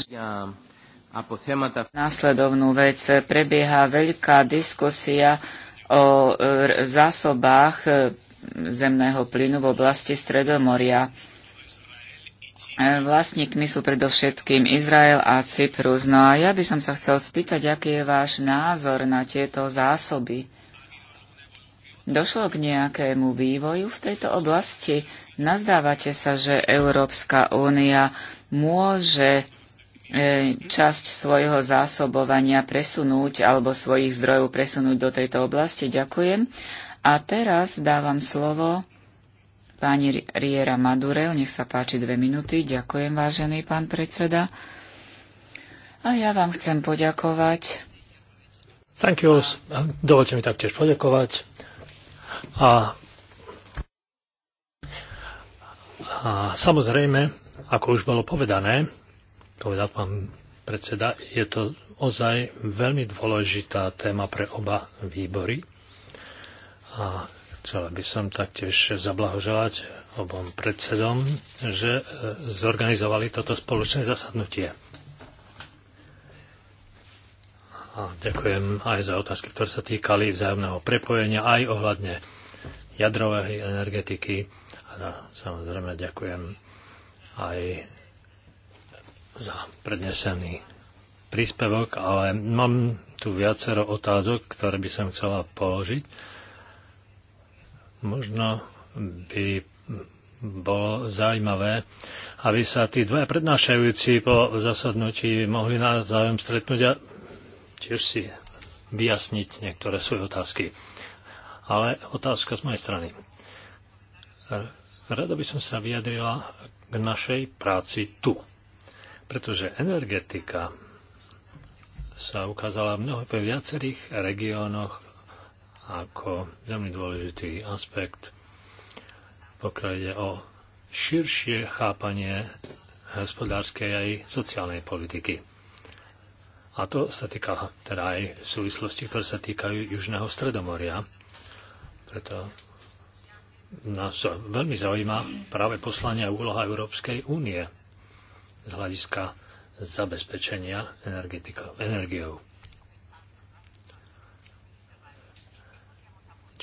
následovnú vec. Prebieha veľká diskusia o e, zásobách e, zemného plynu v oblasti Stredomoria. E, Vlastníkmi sú predovšetkým Izrael a Cyprus. No a ja by som sa chcel spýtať, aký je váš názor na tieto zásoby. Došlo k nejakému vývoju v tejto oblasti? Nazdávate sa, že Európska únia môže e, časť svojho zásobovania presunúť alebo svojich zdrojov presunúť do tejto oblasti? Ďakujem. A teraz dávam slovo Páni Riera Madurel, nech sa páči dve minúty. Ďakujem, vážený pán predseda. A ja vám chcem poďakovať. Thank you. Dovolte mi taktiež poďakovať. A, a samozrejme, ako už bolo povedané, povedal pán predseda, je to ozaj veľmi dôležitá téma pre oba výbory. A Chcela by som taktiež zablahoželať obom predsedom, že e, zorganizovali toto spoločné zasadnutie. A ďakujem aj za otázky, ktoré sa týkali vzájomného prepojenia, aj ohľadne jadrovej energetiky. A samozrejme ďakujem aj za prednesený príspevok, ale mám tu viacero otázok, ktoré by som chcela položiť. Možno by bolo zaujímavé, aby sa tí dvaja prednášajúci po zasadnutí mohli navzájom stretnúť a tiež si vyjasniť niektoré svoje otázky. Ale otázka z mojej strany. Rada by som sa vyjadrila k našej práci tu. Pretože energetika sa ukázala mnoho, viacerých regiónoch ako veľmi dôležitý aspekt, pokiaľ ide o širšie chápanie hospodárskej aj sociálnej politiky. A to sa týka teda aj v súvislosti, ktoré sa týkajú Južného Stredomoria. Preto nás veľmi zaujíma práve poslanie a úloha Európskej únie z hľadiska zabezpečenia energetikou, energiou.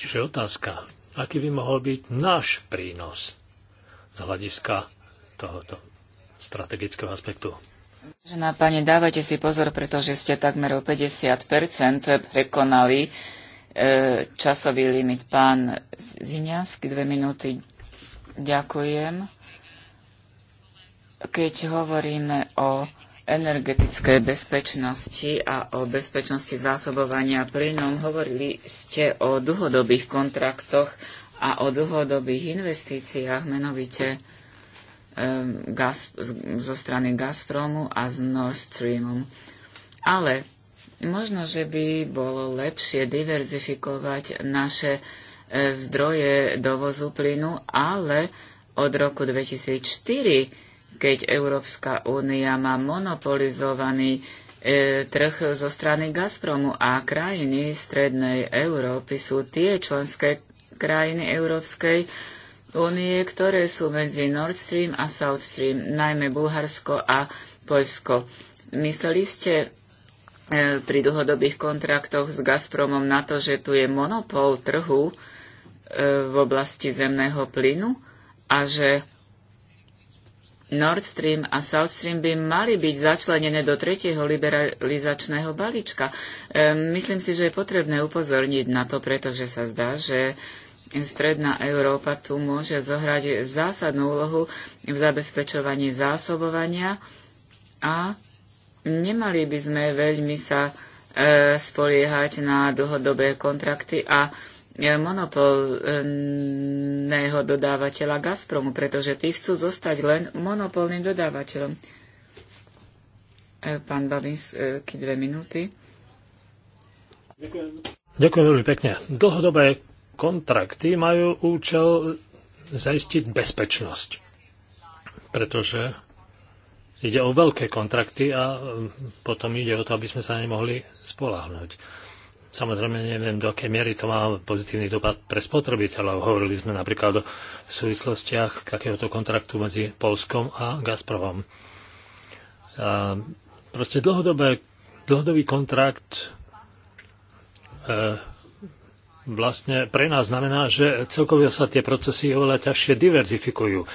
Čiže otázka, aký by mohol byť náš prínos z hľadiska tohoto strategického aspektu. Žená pani, dávajte si pozor, pretože ste takmer o 50 prekonali e, časový limit. Pán Ziniansky, dve minúty. Ďakujem. Keď hovoríme o energetickej bezpečnosti a o bezpečnosti zásobovania plynom. Hovorili ste o dlhodobých kontraktoch a o dlhodobých investíciách, menovite um, Gaz, zo strany Gazpromu a z Nord Streamu. Ale možno, že by bolo lepšie diverzifikovať naše e, zdroje dovozu plynu, ale od roku 2004 keď Európska únia má monopolizovaný e, trh zo strany Gazpromu a krajiny Strednej Európy sú tie členské krajiny Európskej únie, ktoré sú medzi Nord Stream a South Stream, najmä Bulharsko a Poľsko. Mysleli ste e, pri dlhodobých kontraktoch s Gazpromom na to, že tu je monopol trhu e, v oblasti zemného plynu a že Nord Stream a South Stream by mali byť začlenené do tretieho liberalizačného balíčka. Ehm, myslím si, že je potrebné upozorniť na to, pretože sa zdá, že Stredná Európa tu môže zohrať zásadnú úlohu v zabezpečovaní zásobovania a nemali by sme veľmi sa e, spoliehať na dlhodobé kontrakty a e, E, monopolného dodávateľa Gazpromu, pretože tí chcú zostať len monopolným dodávateľom. E, pán Bavinsky, e, dve minúty. Ďakujem. veľmi pekne. Dlhodobé kontrakty majú účel zaistiť bezpečnosť, pretože ide o veľké kontrakty a potom ide o to, aby sme sa nemohli spoláhnuť. Samozrejme, neviem, do akej miery to má pozitívny dopad pre spotrebiteľov. Hovorili sme napríklad o súvislostiach takéhoto kontraktu medzi Polskom a Gazprom. A proste dlhodobé, dlhodobý kontrakt e, vlastne pre nás znamená, že celkovo sa tie procesy oveľa ťažšie diverzifikujú.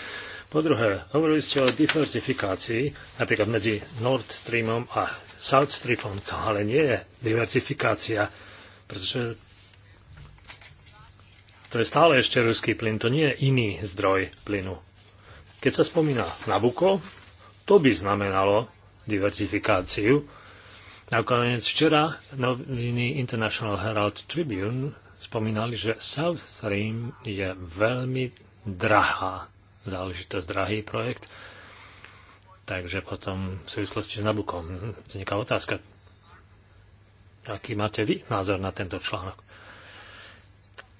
Po druhé, hovorili ste o diversifikácii, napríklad medzi Nord Streamom a South Streamom. To ale nie je diversifikácia, pretože to je stále ešte ruský plyn, to nie je iný zdroj plynu. Keď sa spomína Nabuko, to by znamenalo diversifikáciu. Nakoniec včera noviny International Herald Tribune spomínali, že South Stream je veľmi drahá záležitosť, drahý projekt. Takže potom v súvislosti s Nabukom vzniká otázka, aký máte vy názor na tento článok.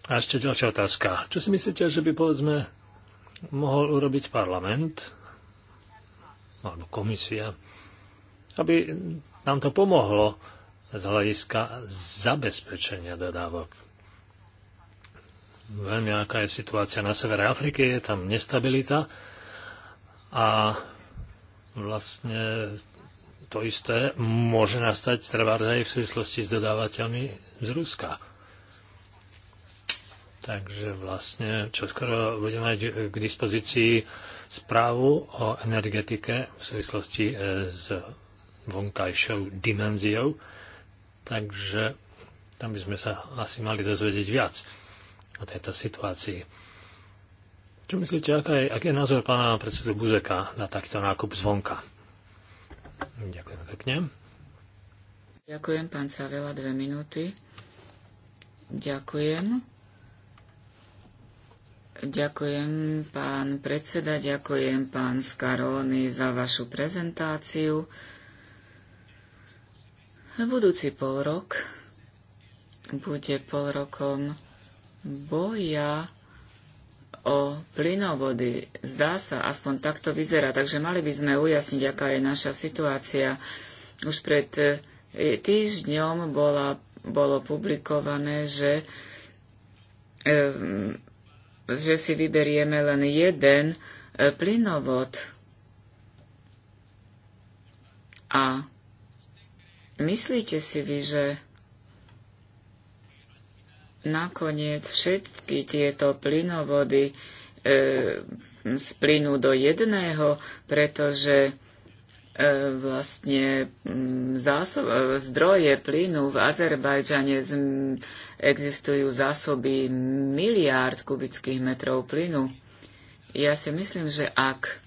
A ešte ďalšia otázka. Čo si myslíte, že by povedzme mohol urobiť parlament alebo komisia, aby nám to pomohlo z hľadiska zabezpečenia dodávok veľmi, aká je situácia na severe Afriky, je tam nestabilita a vlastne to isté môže nastať treba aj v súvislosti s dodávateľmi z Ruska. Takže vlastne čoskoro budeme mať k dispozícii správu o energetike v súvislosti e, s vonkajšou dimenziou. Takže tam by sme sa asi mali dozvedieť viac o tejto situácii. Čo myslíte, aká je, aký je názor pána predsedu Buzeka na takýto nákup zvonka? Ďakujem pekne. Ďakujem, pán Savela, dve minúty. Ďakujem. Ďakujem, pán predseda, ďakujem, pán Skaróny, za vašu prezentáciu. Budúci pol rok bude pol rokom boja o plynovody. Zdá sa, aspoň takto vyzerá. Takže mali by sme ujasniť, aká je naša situácia. Už pred e, týždňom bola, bolo publikované, že, e, že si vyberieme len jeden e, plynovod. A myslíte si vy, že nakoniec všetky tieto plynovody e, splynú do jedného, pretože e, vlastne mm, zásob, e, zdroje plynu v Azerbajdžane existujú zásoby miliárd kubických metrov plynu. Ja si myslím, že ak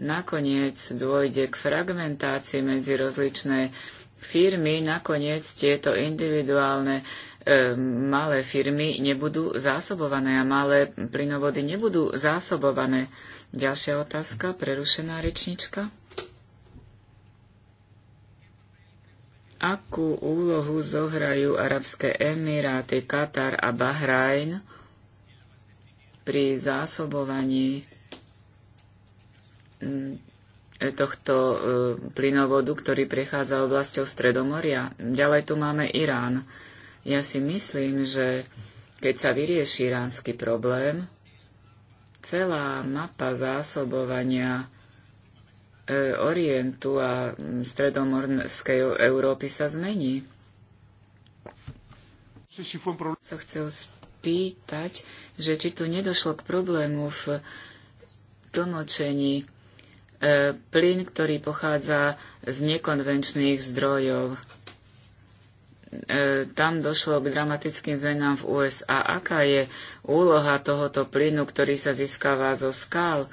nakoniec dôjde k fragmentácii medzi rozličné firmy, nakoniec tieto individuálne E, malé firmy nebudú zásobované a malé plynovody nebudú zásobované. Ďalšia otázka, prerušená rečnička. Akú úlohu zohrajú Arabské Emiráty, Katar a Bahrajn pri zásobovaní mm, tohto e, plynovodu, ktorý prechádza oblasťou Stredomoria? Ďalej tu máme Irán ja si myslím, že keď sa vyrieši iránsky problém, celá mapa zásobovania e, Orientu a stredomorskej Európy sa zmení. Sa chcel spýtať, že či tu nedošlo k problému v tlmočení e, plyn, ktorý pochádza z nekonvenčných zdrojov E, tam došlo k dramatickým zmenám v USA. Aká je úloha tohoto plynu, ktorý sa získava zo skál?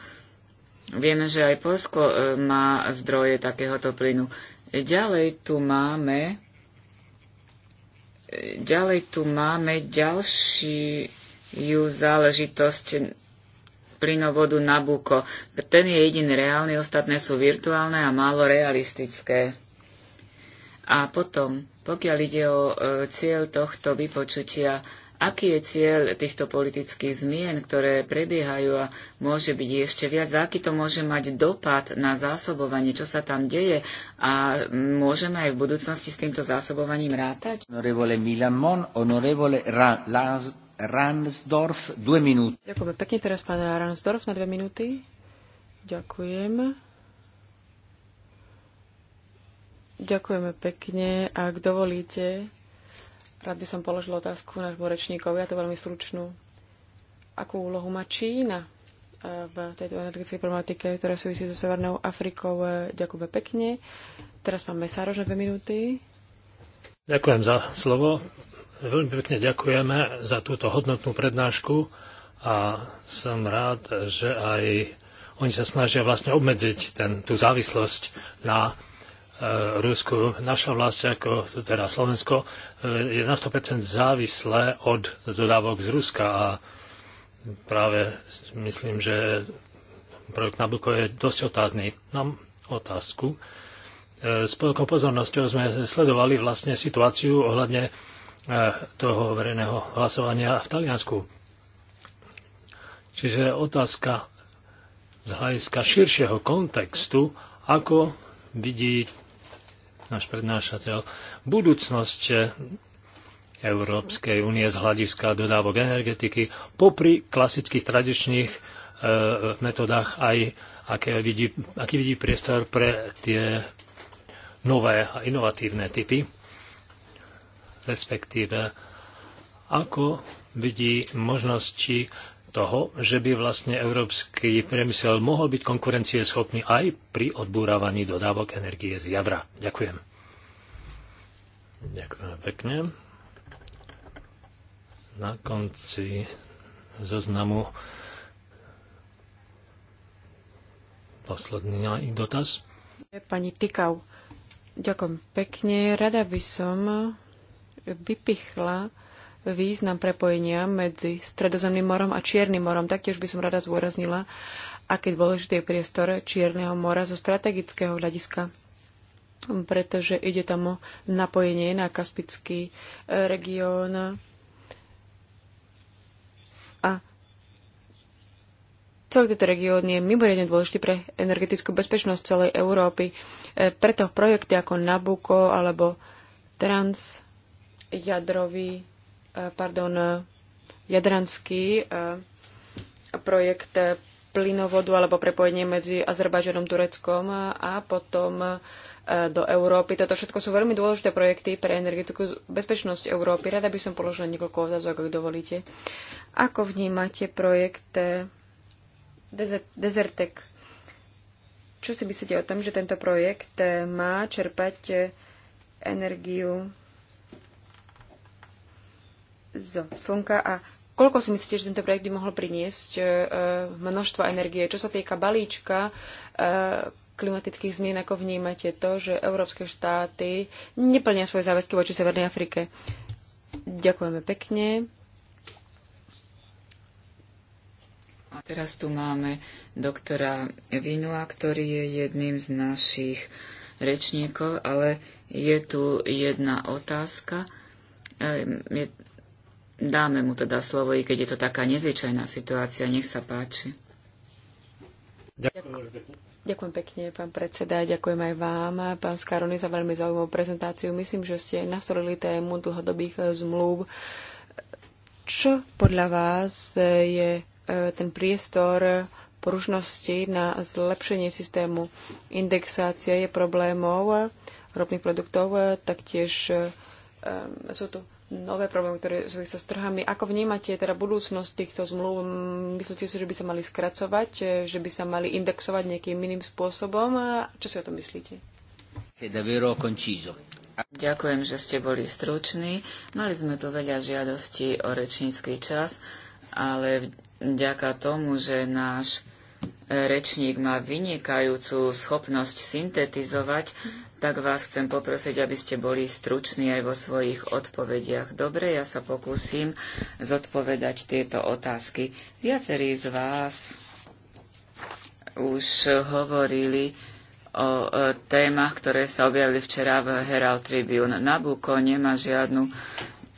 Vieme, že aj Polsko e, má zdroje takéhoto plynu. Ďalej tu máme e, ďalej tu máme ďalšiu záležitosť plynovodu Nabuko. Ten je jediný reálny, ostatné sú virtuálne a málo realistické. A potom pokiaľ ide o e, cieľ tohto vypočutia, aký je cieľ týchto politických zmien, ktoré prebiehajú a môže byť ešte viac, aký to môže mať dopad na zásobovanie, čo sa tam deje a môžeme aj v budúcnosti s týmto zásobovaním rátať? Honorevole Milamon, honorevole Ransdorf, dve minúty. Ďakujem pekne teraz, pán Ransdorf, na dve minúty. Ďakujem. Ďakujeme pekne. Ak dovolíte, rád by som položil otázku nášmu rečníkovi, a to veľmi stručnú. Akú úlohu má Čína e, v tejto energetickej problematike, ktorá súvisí so Severnou Afrikou? E, ďakujeme pekne. Teraz máme Mesárož na dve minúty. Ďakujem za slovo. Veľmi pekne ďakujeme za túto hodnotnú prednášku a som rád, že aj oni sa snažia vlastne obmedziť ten, tú závislosť na Eh, Rusku. Naša vlast, ako teda Slovensko, eh, je na 100% závislé od dodávok z Ruska a práve myslím, že projekt Nabuko je dosť otázny. Mám otázku. Eh, s veľkou pozornosťou sme sledovali vlastne situáciu ohľadne toho verejného hlasovania v Taliansku. Čiže otázka z hľadiska širšieho kontextu, ako vidí náš prednášateľ, budúcnosť Európskej únie z hľadiska dodávok energetiky popri klasických tradičných e, metodách aj aké vidí, aký vidí priestor pre tie nové a inovatívne typy, respektíve ako vidí možnosti toho, že by vlastne európsky priemysel mohol byť konkurencieschopný aj pri odbúravaní dodávok energie z jadra. Ďakujem. Ďakujem pekne. Na konci zoznamu posledný dotaz. Pani Tikau, ďakujem pekne. Rada by som vypichla význam prepojenia medzi Stredozemným morom a Čiernym morom. Taktiež by som rada zdôraznila, aký dôležitý je priestor Čierneho mora zo strategického hľadiska pretože ide tam o napojenie na Kaspický e, región a celý tento región je mimoriadne dôležitý pre energetickú bezpečnosť celej Európy. E, preto projekty ako Nabuko alebo transjadrový pardon, jadranský eh, projekt plynovodu alebo prepojenie medzi Azerbajdžanom, Tureckom a potom eh, do Európy. Toto všetko sú veľmi dôležité projekty pre energetiku bezpečnosť Európy. Rada by som položila niekoľko otázok, ak dovolíte. Ako vnímate projekt eh, Desertec? Čo si myslíte o tom, že tento projekt má čerpať energiu zo slnka a koľko si myslíte, že tento projekt by mohol priniesť e, e, množstvo energie? Čo sa týka balíčka e, klimatických zmien, ako vnímate to, že európske štáty neplnia svoje záväzky voči Severnej Afrike? Ďakujeme pekne. A teraz tu máme doktora Vinua, ktorý je jedným z našich rečníkov, ale je tu jedna otázka. Ehm, Dáme mu teda slovo, i keď je to taká nezvyčajná situácia. Nech sa páči. Ďakujem. Ďakujem pekne, pán predseda. Ďakujem aj vám, pán Skarony, za veľmi zaujímavú prezentáciu. Myslím, že ste nastolili tému dlhodobých eh, zmluv. Čo podľa vás eh, je eh, ten priestor porušnosti na zlepšenie systému? indexácie je problémov ropných produktov, taktiež sú tu nové problémy, ktoré súvisia s trhami. Ako vnímate teda budúcnosť týchto zmluv? Myslíte si, že by sa mali skracovať, že by sa mali indexovať nejakým iným spôsobom? čo si o tom myslíte? Ďakujem, že ste boli struční. Mali sme tu veľa žiadostí o rečnícky čas, ale vďaka tomu, že náš rečník má vynikajúcu schopnosť syntetizovať, tak vás chcem poprosiť, aby ste boli struční aj vo svojich odpovediach. Dobre, ja sa pokúsim zodpovedať tieto otázky. Viacerí z vás už hovorili o e, témach, ktoré sa objavili včera v Herald Tribune. Nabucco nemá žiadnu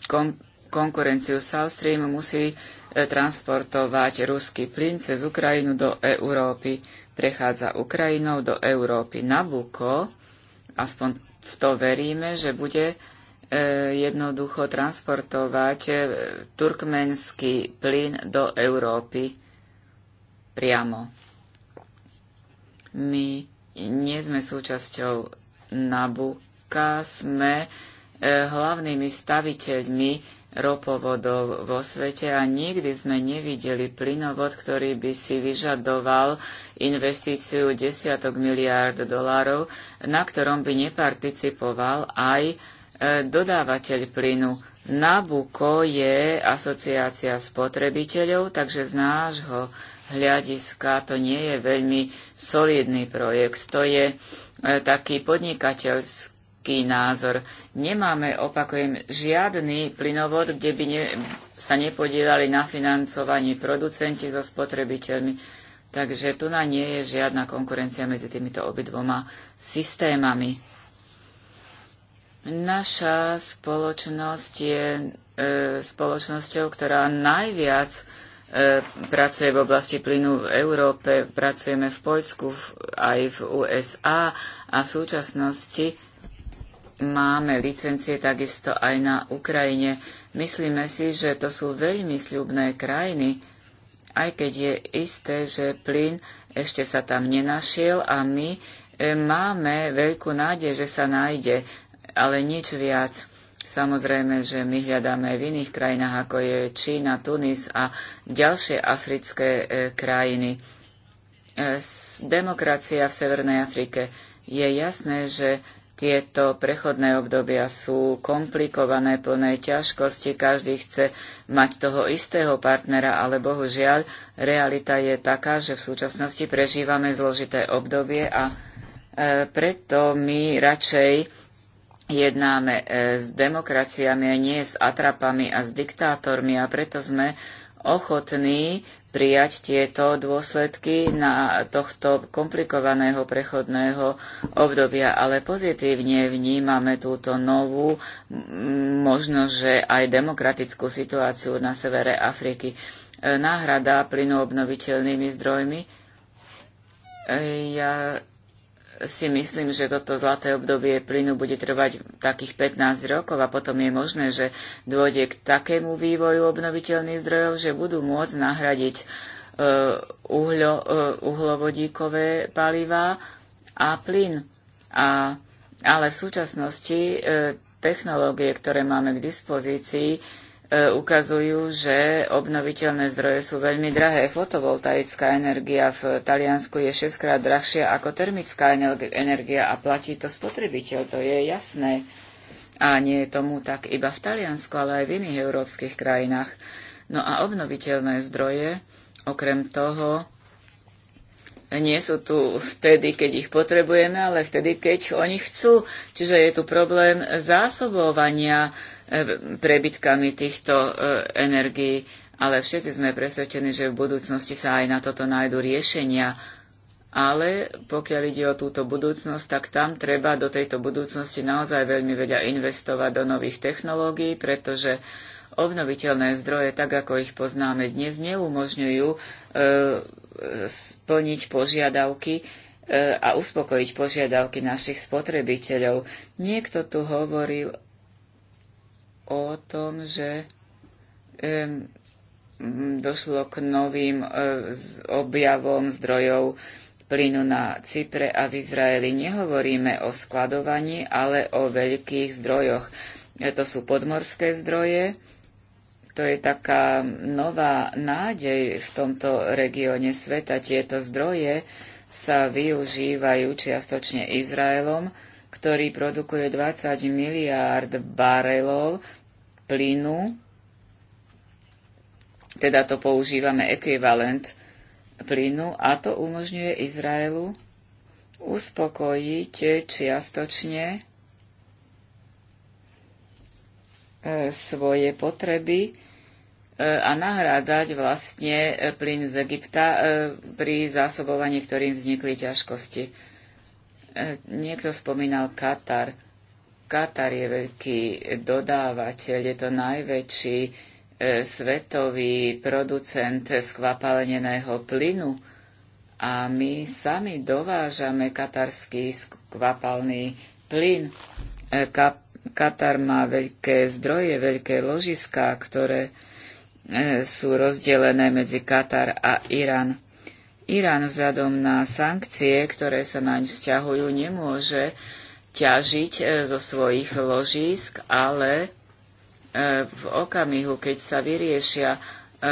kon- konkurenciu. South Stream musí e, transportovať ruský plyn cez Ukrajinu do Európy. Prechádza Ukrajinou do Európy. Nabucco aspoň v to veríme, že bude e, jednoducho transportovať e, turkmenský plyn do Európy priamo. My nie sme súčasťou Nabuka, sme e, hlavnými staviteľmi ropovodov vo svete a nikdy sme nevideli plynovod, ktorý by si vyžadoval investíciu desiatok miliárd dolárov, na ktorom by neparticipoval aj e, dodávateľ plynu. Nabuko je asociácia spotrebiteľov, takže z nášho hľadiska to nie je veľmi solidný projekt. To je e, taký podnikateľský kritický názor. Nemáme, opakujem, žiadny plynovod, kde by ne, sa nepodielali na financovaní producenti so spotrebiteľmi. Takže tu na nie je žiadna konkurencia medzi týmito obidvoma systémami. Naša spoločnosť je e, spoločnosťou, ktorá najviac e, pracuje v oblasti plynu v Európe, pracujeme v Poľsku, v, aj v USA a v súčasnosti máme licencie takisto aj na Ukrajine. Myslíme si, že to sú veľmi sľubné krajiny, aj keď je isté, že plyn ešte sa tam nenašiel a my e, máme veľkú nádej, že sa nájde, ale nič viac. Samozrejme, že my hľadáme v iných krajinách, ako je Čína, Tunis a ďalšie africké e, krajiny. E, demokracia v Severnej Afrike. Je jasné, že tieto prechodné obdobia sú komplikované, plné ťažkosti, každý chce mať toho istého partnera, ale bohužiaľ realita je taká, že v súčasnosti prežívame zložité obdobie a e, preto my radšej jednáme e, s demokraciami a nie s atrapami a s diktátormi a preto sme ochotní prijať tieto dôsledky na tohto komplikovaného prechodného obdobia, ale pozitívne vnímame túto novú, možno že aj demokratickú situáciu na severe Afriky. E, náhrada plynu obnoviteľnými zdrojmi. E, ja si myslím, že toto zlaté obdobie plynu bude trvať takých 15 rokov a potom je možné, že dôjde k takému vývoju obnoviteľných zdrojov, že budú môcť nahradiť e, uhlo, e, uhlovodíkové paliva a plyn. A, ale v súčasnosti e, technológie, ktoré máme k dispozícii, E, ukazujú, že obnoviteľné zdroje sú veľmi drahé. Fotovoltaická energia v Taliansku je 6 krát drahšia ako termická energia a platí to spotrebiteľ, to je jasné. A nie je tomu tak iba v Taliansku, ale aj v iných európskych krajinách. No a obnoviteľné zdroje, okrem toho, nie sú tu vtedy, keď ich potrebujeme, ale vtedy, keď oni chcú. Čiže je tu problém zásobovania E, prebytkami týchto e, energií, ale všetci sme presvedčení, že v budúcnosti sa aj na toto nájdú riešenia. Ale pokiaľ ide o túto budúcnosť, tak tam treba do tejto budúcnosti naozaj veľmi veľa investovať do nových technológií, pretože obnoviteľné zdroje, tak ako ich poznáme dnes, neumožňujú e, splniť požiadavky e, a uspokojiť požiadavky našich spotrebiteľov. Niekto tu hovoril o tom, že došlo k novým e, objavom zdrojov plynu na Cypre a v Izraeli. Nehovoríme o skladovaní, ale o veľkých zdrojoch. E, to sú podmorské zdroje. To je taká nová nádej v tomto regióne sveta. Tieto zdroje sa využívajú čiastočne Izraelom, ktorý produkuje 20 miliárd barelov plynu, teda to používame ekvivalent plynu a to umožňuje Izraelu uspokojiť čiastočne e, svoje potreby e, a nahrádať vlastne plyn z Egypta e, pri zásobovaní, ktorým vznikli ťažkosti. Niekto spomínal Katar. Katar je veľký dodávateľ, je to najväčší e, svetový producent skvapaleneného plynu a my sami dovážame katarský skvapalný plyn. E, ka, Katar má veľké zdroje, veľké ložiská, ktoré e, sú rozdelené medzi Katar a Irán. Irán vzhľadom na sankcie, ktoré sa naň vzťahujú, nemôže ťažiť e, zo svojich ložísk, ale e, v okamihu, keď sa vyriešia e,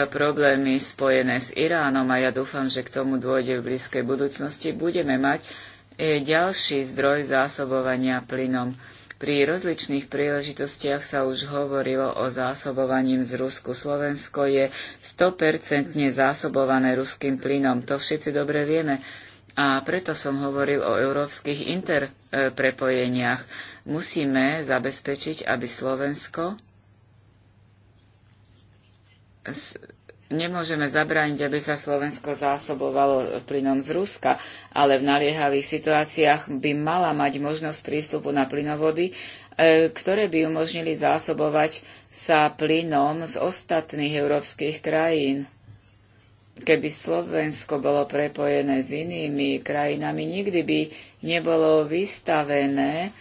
problémy spojené s Iránom, a ja dúfam, že k tomu dôjde v blízkej budúcnosti, budeme mať ďalší zdroj zásobovania plynom. Pri rozličných príležitostiach sa už hovorilo o zásobovaním z Rusku. Slovensko je 100% zásobované ruským plynom. To všetci dobre vieme. A preto som hovoril o európskych interprepojeniach. Musíme zabezpečiť, aby Slovensko Nemôžeme zabrániť, aby sa Slovensko zásobovalo plynom z Ruska, ale v naliehavých situáciách by mala mať možnosť prístupu na plynovody, e, ktoré by umožnili zásobovať sa plynom z ostatných európskych krajín keby Slovensko bolo prepojené s inými krajinami, nikdy by nebolo vystavené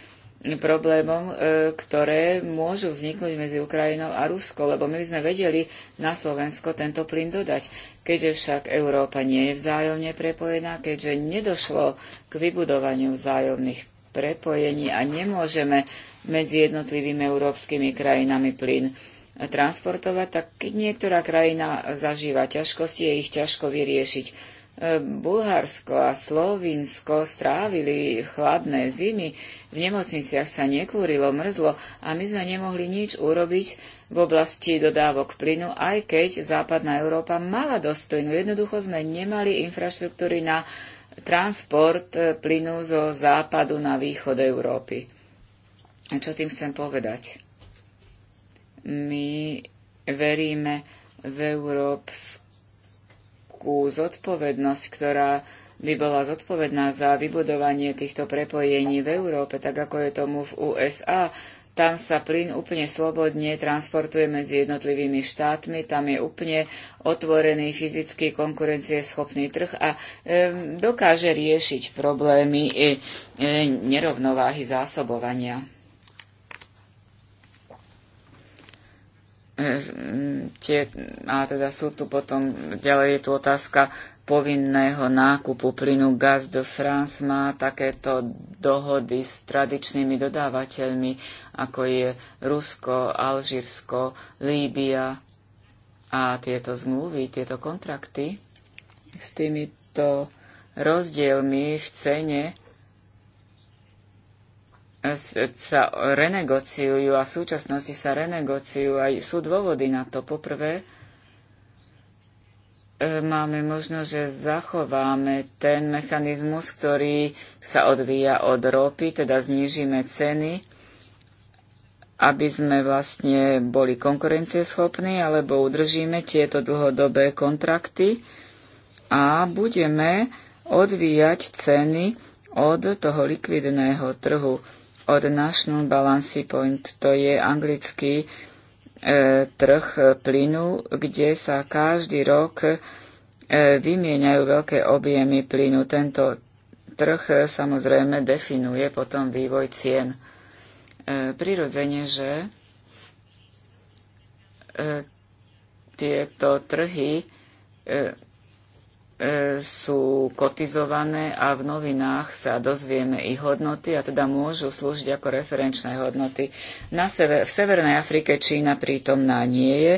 problémom, e, ktoré môžu vzniknúť medzi Ukrajinou a Rusko, lebo my sme vedeli na Slovensko tento plyn dodať. Keďže však Európa nie je vzájomne prepojená, keďže nedošlo k vybudovaniu vzájomných prepojení a nemôžeme medzi jednotlivými európskymi krajinami plyn transportovať, tak keď niektorá krajina zažíva ťažkosti, je ich ťažko vyriešiť. E, Bulharsko a Slovinsko strávili chladné zimy, v nemocniciach sa nekúrilo, mrzlo a my sme nemohli nič urobiť v oblasti dodávok plynu, aj keď západná Európa mala dosť plynu. Jednoducho sme nemali infraštruktúry na transport e, plynu zo západu na východ Európy. A čo tým chcem povedať? My veríme v európsku zodpovednosť, ktorá by bola zodpovedná za vybudovanie týchto prepojení v Európe, tak ako je tomu v USA. Tam sa plyn úplne slobodne transportuje medzi jednotlivými štátmi, tam je úplne otvorený fyzický konkurencieschopný trh a e, dokáže riešiť problémy e, e, nerovnováhy zásobovania. E, tie, a teda sú tu potom, ďalej je tu otázka povinného nákupu plynu Gaz de France má takéto dohody s tradičnými dodávateľmi, ako je Rusko, Alžírsko, Líbia a tieto zmluvy, tieto kontrakty s týmito rozdielmi v cene sa renegociujú a v súčasnosti sa renegociujú aj sú dôvody na to. Poprvé, e, máme možnosť, že zachováme ten mechanizmus, ktorý sa odvíja od ropy, teda znížime ceny, aby sme vlastne boli konkurencieschopní, alebo udržíme tieto dlhodobé kontrakty a budeme odvíjať ceny od toho likvidného trhu od National Balance Point. To je anglický e, trh e, plynu, kde sa každý rok e, vymieňajú veľké objemy plynu. Tento trh e, samozrejme definuje potom vývoj cien. E, prirodzene, že e, tieto trhy e, E, sú kotizované a v novinách sa dozvieme ich hodnoty a teda môžu slúžiť ako referenčné hodnoty. Na sever, v Severnej Afrike Čína prítomná nie je.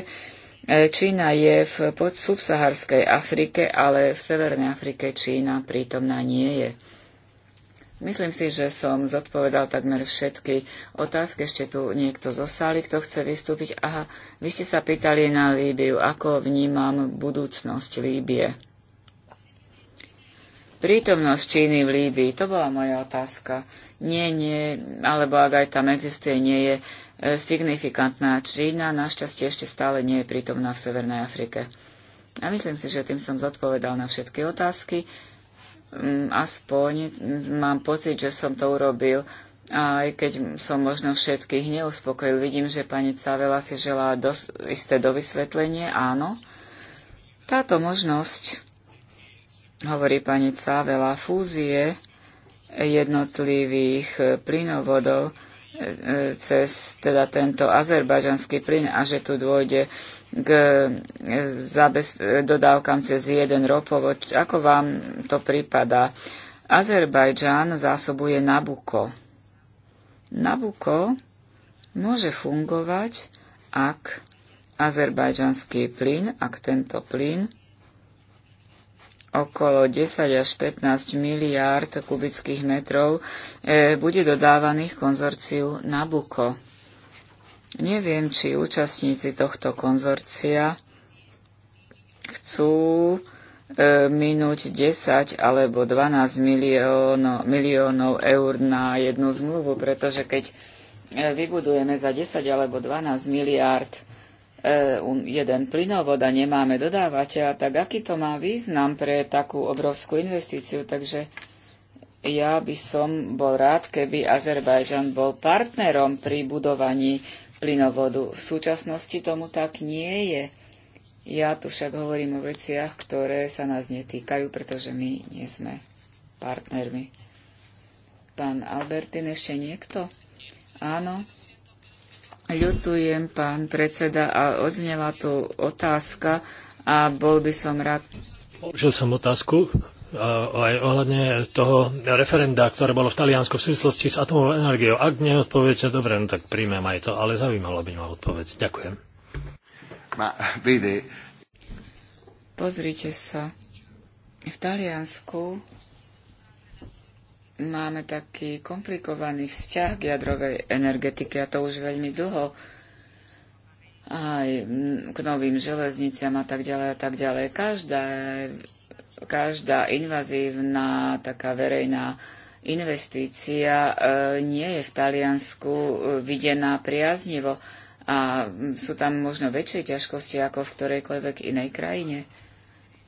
E, Čína je v podsubsaharskej Afrike, ale v Severnej Afrike Čína prítomná nie je. Myslím si, že som zodpovedal takmer všetky otázky. Ešte tu niekto zo sály, kto chce vystúpiť. Aha, vy ste sa pýtali na Líbiu. Ako vnímam budúcnosť Líbie? prítomnosť Číny v Líbii. To bola moja otázka. Nie, nie, alebo ak aj tam existuje, nie je e, signifikantná. Čína našťastie ešte stále nie je prítomná v Severnej Afrike. A myslím si, že tým som zodpovedal na všetky otázky. Mm, aspoň mm, mám pocit, že som to urobil, aj keď som možno všetkých neuspokojil. Vidím, že pani Cavela si želá dos- isté dovysvetlenie. Áno, táto možnosť hovorí pani Cávela, fúzie jednotlivých plynovodov e, e, cez teda tento azerbajdžanský plyn a že tu dôjde k e, dodávkam cez jeden ropovod. Ako vám to prípada? Azerbajdžan zásobuje Nabuko. Nabuko môže fungovať, ak azerbajdžanský plyn, ak tento plyn okolo 10 až 15 miliárd kubických metrov e, bude dodávaných konzorciu Nabuko. Neviem, či účastníci tohto konzorcia chcú e, minúť 10 alebo 12 miliónov, miliónov eur na jednu zmluvu, pretože keď e, vybudujeme za 10 alebo 12 miliárd E, jeden plynovod a nemáme dodávateľa, tak aký to má význam pre takú obrovskú investíciu? Takže ja by som bol rád, keby Azerbajdžan bol partnerom pri budovaní plynovodu. V súčasnosti tomu tak nie je. Ja tu však hovorím o veciach, ktoré sa nás netýkajú, pretože my nie sme partnermi. Pán Albertin, ešte niekto? Áno, Ľutujem, pán predseda, a odznela tu otázka a bol by som rád. Použil som otázku aj ohľadne toho referenda, ktoré bolo v Taliansku v súvislosti s atomovou energiou. Ak neodpoviete, dobre, no tak príjmem aj to, ale zaujímalo by ma odpoveď. Ďakujem. Ma, vidi. Pozrite sa. V Taliansku máme taký komplikovaný vzťah k jadrovej energetike a to už veľmi dlho aj k novým železniciam a tak ďalej a tak ďalej. Každá, každá invazívna taká verejná investícia e, nie je v Taliansku e, videná priaznivo a sú tam možno väčšie ťažkosti ako v ktorejkoľvek inej krajine.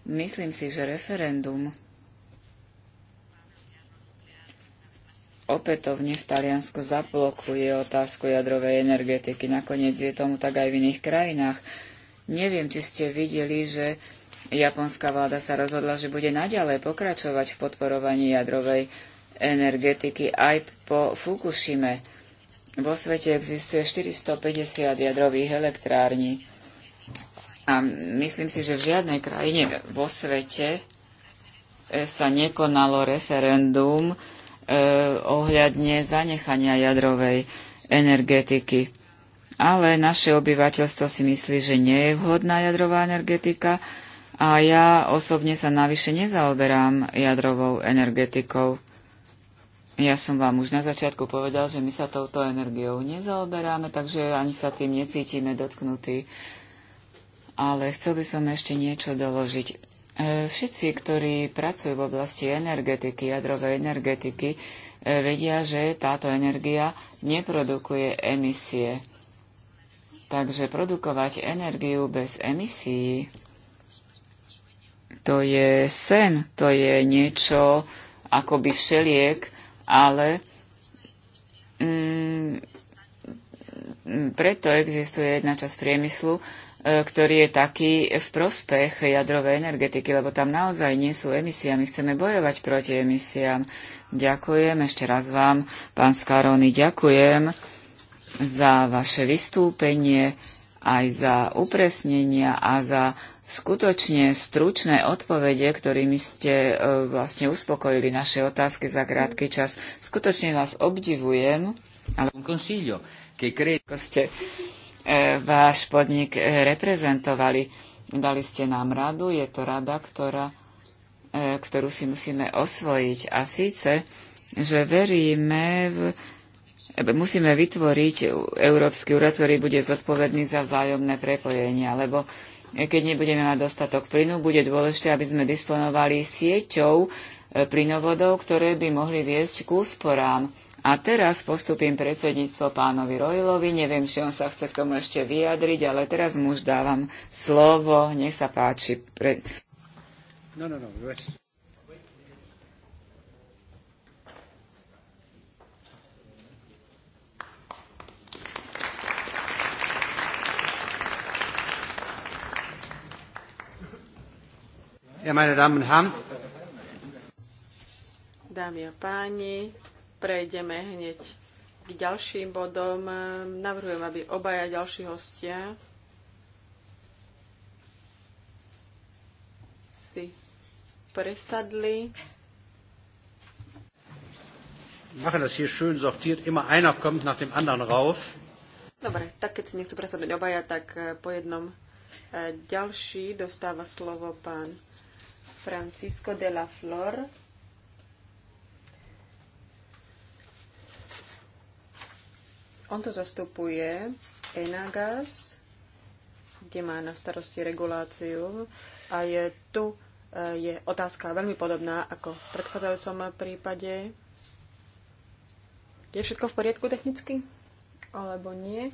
Myslím si, že referendum opätovne v Taliansku zablokuje otázku jadrovej energetiky. Nakoniec je tomu tak aj v iných krajinách. Neviem, či ste videli, že japonská vláda sa rozhodla, že bude naďalej pokračovať v podporovaní jadrovej energetiky aj po Fukushime. Vo svete existuje 450 jadrových elektrární. A myslím si, že v žiadnej krajine vo svete sa nekonalo referendum, E, ohľadne zanechania jadrovej energetiky. Ale naše obyvateľstvo si myslí, že nie je vhodná jadrová energetika a ja osobne sa navyše nezaoberám jadrovou energetikou. Ja som vám už na začiatku povedal, že my sa touto energiou nezaoberáme, takže ani sa tým necítime dotknutí. Ale chcel by som ešte niečo doložiť. E, všetci, ktorí pracujú v oblasti energetiky, jadrovej energetiky, e, vedia, že táto energia neprodukuje emisie. Takže produkovať energiu bez emisí, to je sen, to je niečo akoby všeliek, ale mm, mm preto existuje jedna časť priemyslu, E, ktorý je taký v prospech jadrovej energetiky, lebo tam naozaj nie sú emisia. My chceme bojovať proti emisiám. Ďakujem ešte raz vám, pán Skarony, ďakujem za vaše vystúpenie, aj za upresnenia a za skutočne stručné odpovede, ktorými ste e, vlastne uspokojili naše otázky za krátky čas. Skutočne vás obdivujem. Ale... Ako ste E, váš podnik e, reprezentovali. Dali ste nám radu, je to rada, ktorá, e, ktorú si musíme osvojiť. A síce, že veríme v musíme vytvoriť Európsky úrad, ktorý bude zodpovedný za vzájomné prepojenia, lebo keď nebudeme mať dostatok plynu, bude dôležité, aby sme disponovali sieťou plynovodov, ktoré by mohli viesť k úsporám. A teraz postupím predsedníctvo pánovi Rojlovi. Neviem, či on sa chce k tomu ešte vyjadriť, ale teraz mu už dávam slovo. Nech sa páči. Pre... No, no, no, Ja, meine Damen und Herren. Dámy a páni, prejdeme hneď k ďalším bodom. Navrhujem, aby obaja ďalší hostia si presadli. Mache das hier schön sortiert. Immer einer kommt nach dem anderen rauf. Dobre, tak keď si nechcú presadliť obaja, tak eh, po jednom eh, ďalší dostáva slovo pán Francisco de la Flor On to zastupuje Enagas, kde má na starosti reguláciu a je tu eh, je otázka veľmi podobná ako v predchádzajúcom prípade. Je všetko v poriadku technicky? Alebo nie?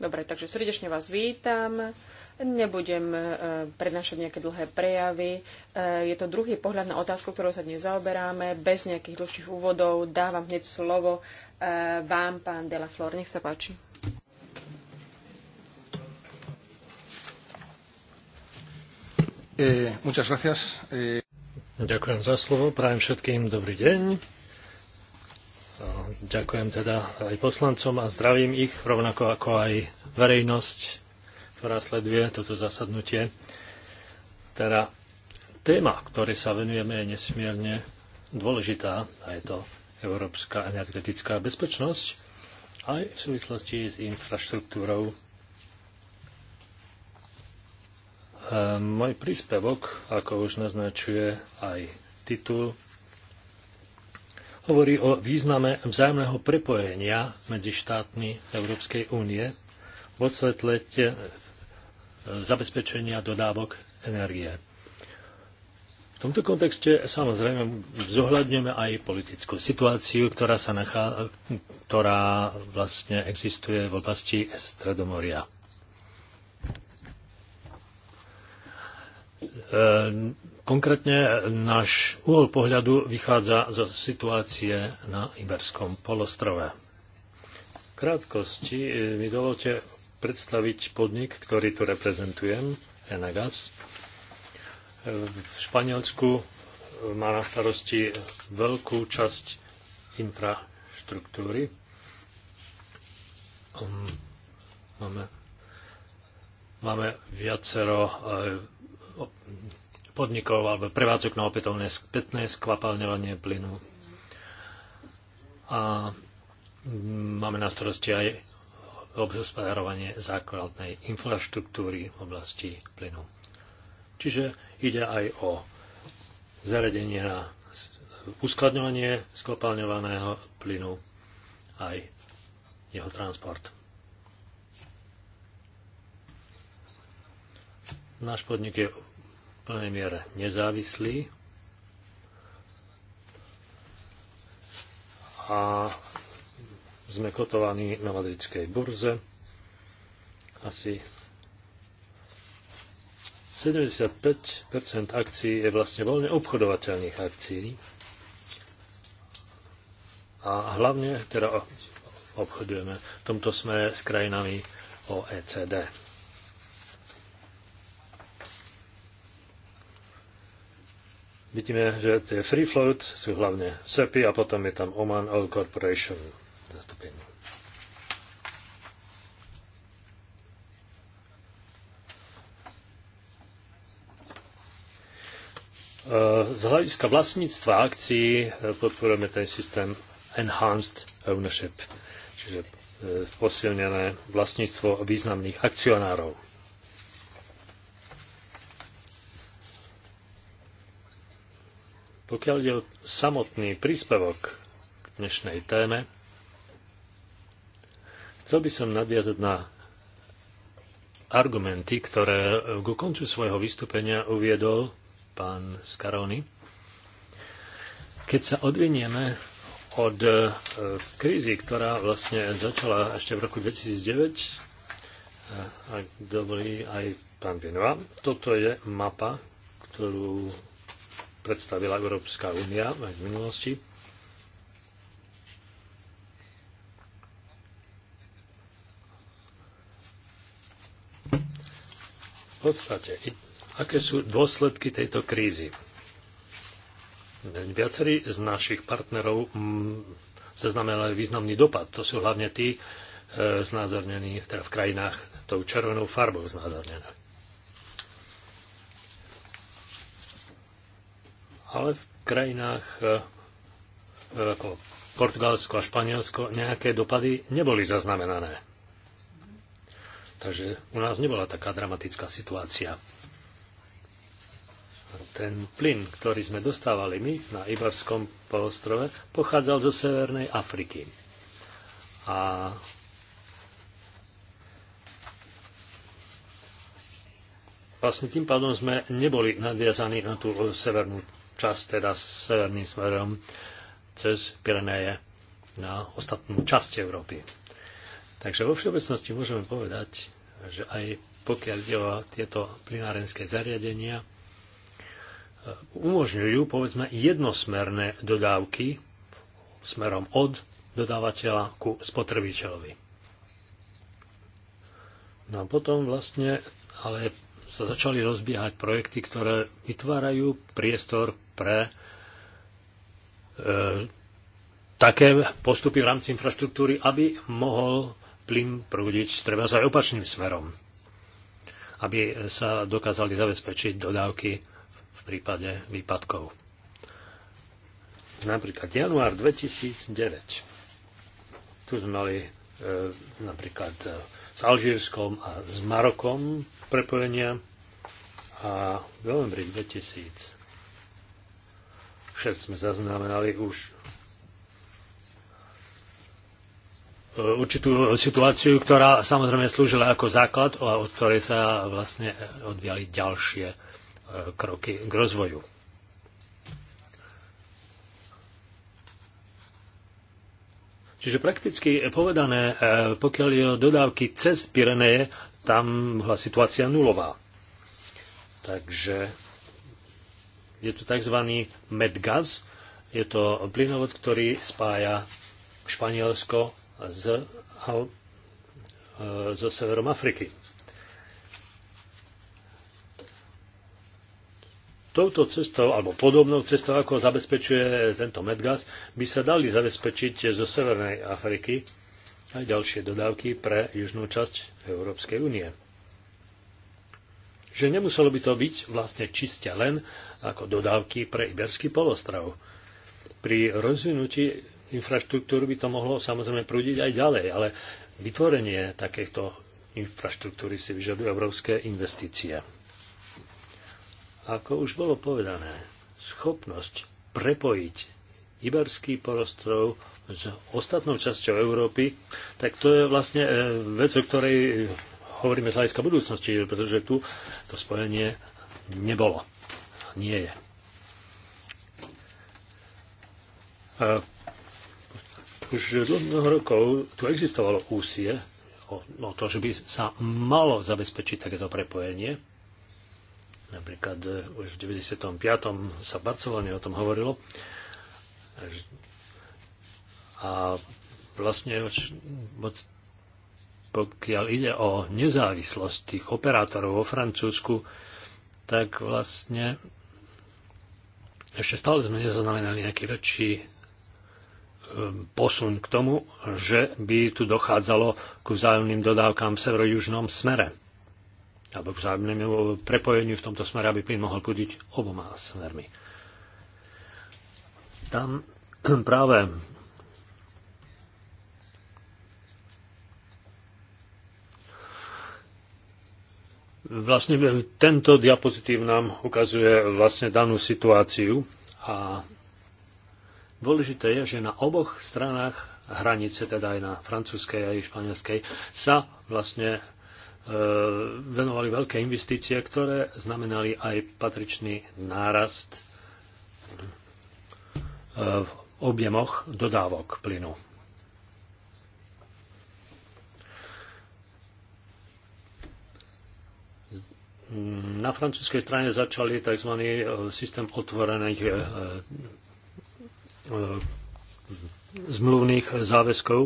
Dobre, takže srdečne vás vítam. Nebudem e, prednášať nejaké dlhé prejavy. E, je to druhý pohľad na otázku, ktorou sa dnes zaoberáme. Bez nejakých dlhších úvodov dávam hneď slovo e, vám, pán Dela Flor. Nech sa páči. Ďakujem za slovo. Prajem všetkým dobrý deň. Ďakujem teda aj poslancom a zdravím ich, rovnako ako aj verejnosť ktorá sleduje toto zasadnutie. Teda téma, ktorej sa venujeme, je nesmierne dôležitá a je to európska energetická bezpečnosť aj v súvislosti s infraštruktúrou. Ehm, môj príspevok, ako už naznačuje aj titul, hovorí o význame vzájomného prepojenia medzi štátmi Európskej únie v svetle zabezpečenia dodávok energie. V tomto kontexte samozrejme zohľadňujeme aj politickú situáciu, ktorá, sa nachá, ktorá vlastne existuje v oblasti Stredomoria. E, konkrétne náš úhol pohľadu vychádza zo situácie na Iberskom polostrove. V krátkosti mi dovolte predstaviť podnik, ktorý tu reprezentujem, Enagas. V Španielsku má na starosti veľkú časť infraštruktúry. Um, máme, máme viacero eh, podnikov alebo prevádzok na opätovné spätné skvapalňovanie plynu. A mm, máme na starosti aj obhospodárovanie základnej infraštruktúry v oblasti plynu. Čiže ide aj o zaradenie na uskladňovanie skopálňovaného plynu aj jeho transport. Náš podnik je v plnej miere nezávislý a sme kotovaní na madridskej burze. Asi 75 akcií je vlastne voľne obchodovateľných akcií. A hlavne teda obchodujeme v tomto sme s krajinami OECD. Vidíme, že tie free float sú hlavne SEPI a potom je tam Oman Oil Corporation. Z hľadiska vlastníctva akcií eh, podporujeme ten systém Enhanced Ownership, čiže eh, posilnené vlastníctvo významných akcionárov. Pokiaľ je o samotný príspevok k dnešnej téme, chcel by som nadviazať na argumenty, ktoré k koncu svojho vystúpenia uviedol pán Skarony. Keď sa odvinieme od e, krízy, ktorá vlastne začala ešte v roku 2009, e, ak dovolí aj pán Vinova, toto je mapa, ktorú predstavila Európska únia aj v minulosti. V podstate aké sú dôsledky tejto krízy. Viacerí z našich partnerov mm, zaznamenali významný dopad. To sú hlavne tí e, znázornení teda v krajinách tou červenou farbou znázornené. Ale v krajinách e, e ako Portugalsko a Španielsko nejaké dopady neboli zaznamenané. Takže u nás nebola taká dramatická situácia ten plyn, ktorý sme dostávali my na Ibarskom polostrove, pochádzal zo Severnej Afriky. A vlastne tým pádom sme neboli nadviazaní na tú severnú časť, teda s severným smerom cez Pireneje na ostatnú časť Európy. Takže vo všeobecnosti môžeme povedať, že aj pokiaľ ide o tieto plynárenské zariadenia, umožňujú povedzme jednosmerné dodávky smerom od dodávateľa ku spotrebiteľovi. No a potom vlastne ale sa začali rozbiehať projekty, ktoré vytvárajú priestor pre e, také postupy v rámci infraštruktúry, aby mohol plyn prúdiť treba aj opačným smerom, aby sa dokázali zabezpečiť dodávky v prípade výpadkov. Napríklad január 2009. Tu sme mali e, napríklad e, s Alžírskom a s Marokom prepojenia a v novembri 2006 sme zaznamenali už e, určitú situáciu, ktorá samozrejme slúžila ako základ, a od ktorej sa vlastne odviali ďalšie kroky k rozvoju. Čiže prakticky povedané, e, pokiaľ je o dodávky cez Pireneje, tam bola situácia nulová. Takže je to tzv. Medgaz, je to plynovod, ktorý spája Španielsko s, e, so severom Afriky. touto cestou, alebo podobnou cestou, ako zabezpečuje tento medgaz, by sa dali zabezpečiť zo Severnej Afriky aj ďalšie dodávky pre južnú časť Európskej únie. Že nemuselo by to byť vlastne čiste len ako dodávky pre Iberský polostrov. Pri rozvinutí infraštruktúry by to mohlo samozrejme prúdiť aj ďalej, ale vytvorenie takejto infraštruktúry si vyžaduje európske investície. Ako už bolo povedané, schopnosť prepojiť Iberský polostrov s ostatnou časťou Európy, tak to je vlastne e, vec, o ktorej hovoríme z hľadiska budúcnosti, pretože tu to spojenie nebolo. Nie je. A už dlho rokov tu existovalo úsie o, o to, že by sa malo zabezpečiť takéto prepojenie Napríklad e, už v 95. sa v Barcelone o tom hovorilo. A vlastne pokiaľ ide o nezávislosť tých operátorov vo Francúzsku, tak vlastne ešte stále sme nezaznamenali nejaký väčší e, posun k tomu, že by tu dochádzalo ku vzájomným dodávkám v severo-južnom smere alebo vzájomnému prepojeniu v tomto smere, aby plyn mohol prúdiť oboma smermi. Tam práve Vlastne tento diapozitív nám ukazuje vlastne danú situáciu a dôležité je, že na oboch stranách hranice, teda aj na francúzskej a španielskej, sa vlastne E, venovali veľké investície, ktoré znamenali aj patričný nárast e, v objemoch dodávok plynu. Na francúzskej strane začali tzv. systém otvorených e, zmluvných záväzkov,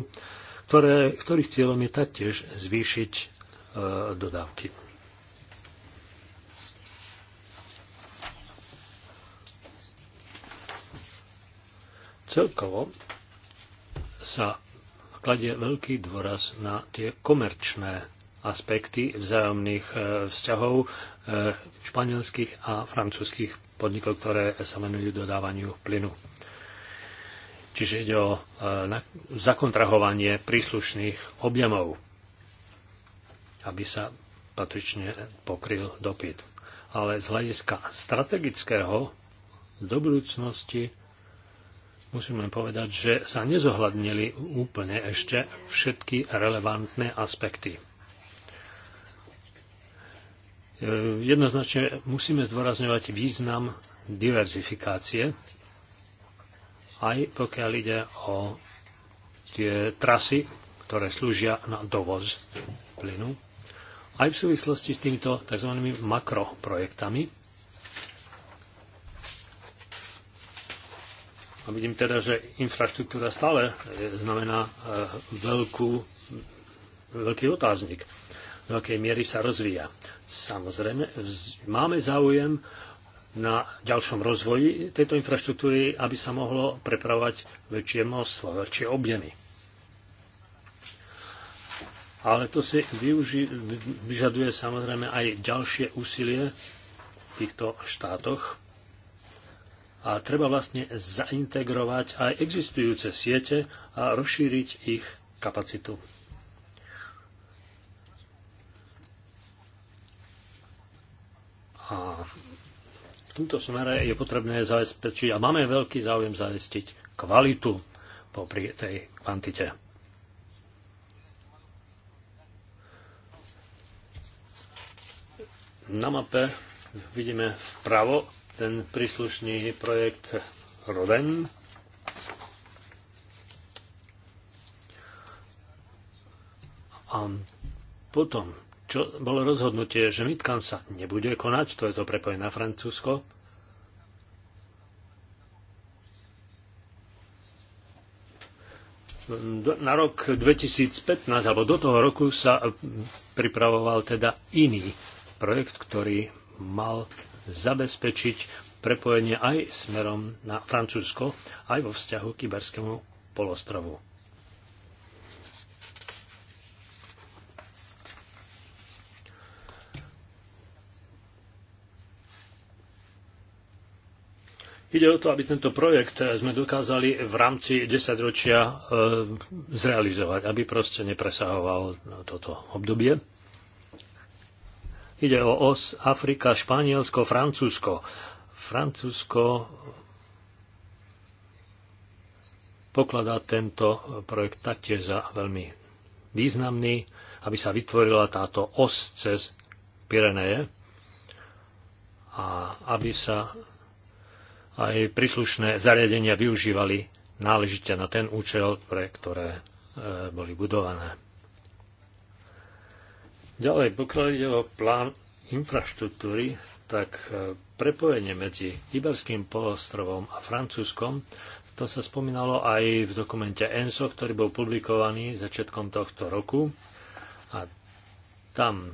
ktoré, ktorých cieľom je taktiež zvýšiť E, dodávky. Celkovo sa kladie veľký dôraz na tie komerčné aspekty vzájomných e, vzťahov e, španielských a francúzských podnikov, ktoré sa menujú dodávaniu plynu. Čiže ide o zakontrahovanie príslušných objemov aby sa patrične pokryl dopyt. Ale z hľadiska strategického do budúcnosti musíme povedať, že sa nezohľadnili úplne ešte všetky relevantné aspekty. E, jednoznačne musíme zdôrazňovať význam diverzifikácie, aj pokiaľ ide o tie trasy, ktoré slúžia na dovoz plynu aj v súvislosti s týmito tzv. makroprojektami. A vidím teda, že infraštruktúra stále eh, znamená eh, veľkú, veľký otáznik, do akej miery sa rozvíja. Samozrejme, máme záujem na ďalšom rozvoji tejto infraštruktúry, aby sa mohlo prepravovať väčšie množstvo, väčšie objemy ale to si využi- vyžaduje samozrejme aj ďalšie úsilie v týchto štátoch. A treba vlastne zaintegrovať aj existujúce siete a rozšíriť ich kapacitu. A v tomto smere je potrebné zabezpečiť, a máme veľký záujem zaistiť kvalitu popri tej kvantite. Na mape vidíme vpravo ten príslušný projekt Roden. A potom, čo bolo rozhodnutie, že Mitkan sa nebude konať, to je to prepojené na Francúzsko, na rok 2015 alebo do toho roku sa pripravoval teda iný projekt, ktorý mal zabezpečiť prepojenie aj smerom na Francúzsko, aj vo vzťahu k Iberskému polostrovu. Ide o to, aby tento projekt sme dokázali v rámci desaťročia e, zrealizovať, aby proste nepresahoval toto obdobie. Ide o os Afrika, Španielsko, Francúzsko. Francúzsko pokladá tento projekt taktiež za veľmi významný, aby sa vytvorila táto os cez Pireneje a aby sa aj príslušné zariadenia využívali náležite na ten účel, pre ktoré e, boli budované. Ďalej, pokiaľ ide o plán infraštruktúry, tak e, prepojenie medzi Iberským polostrovom a Francúzskom, to sa spomínalo aj v dokumente ENSO, ktorý bol publikovaný začiatkom tohto roku. A tam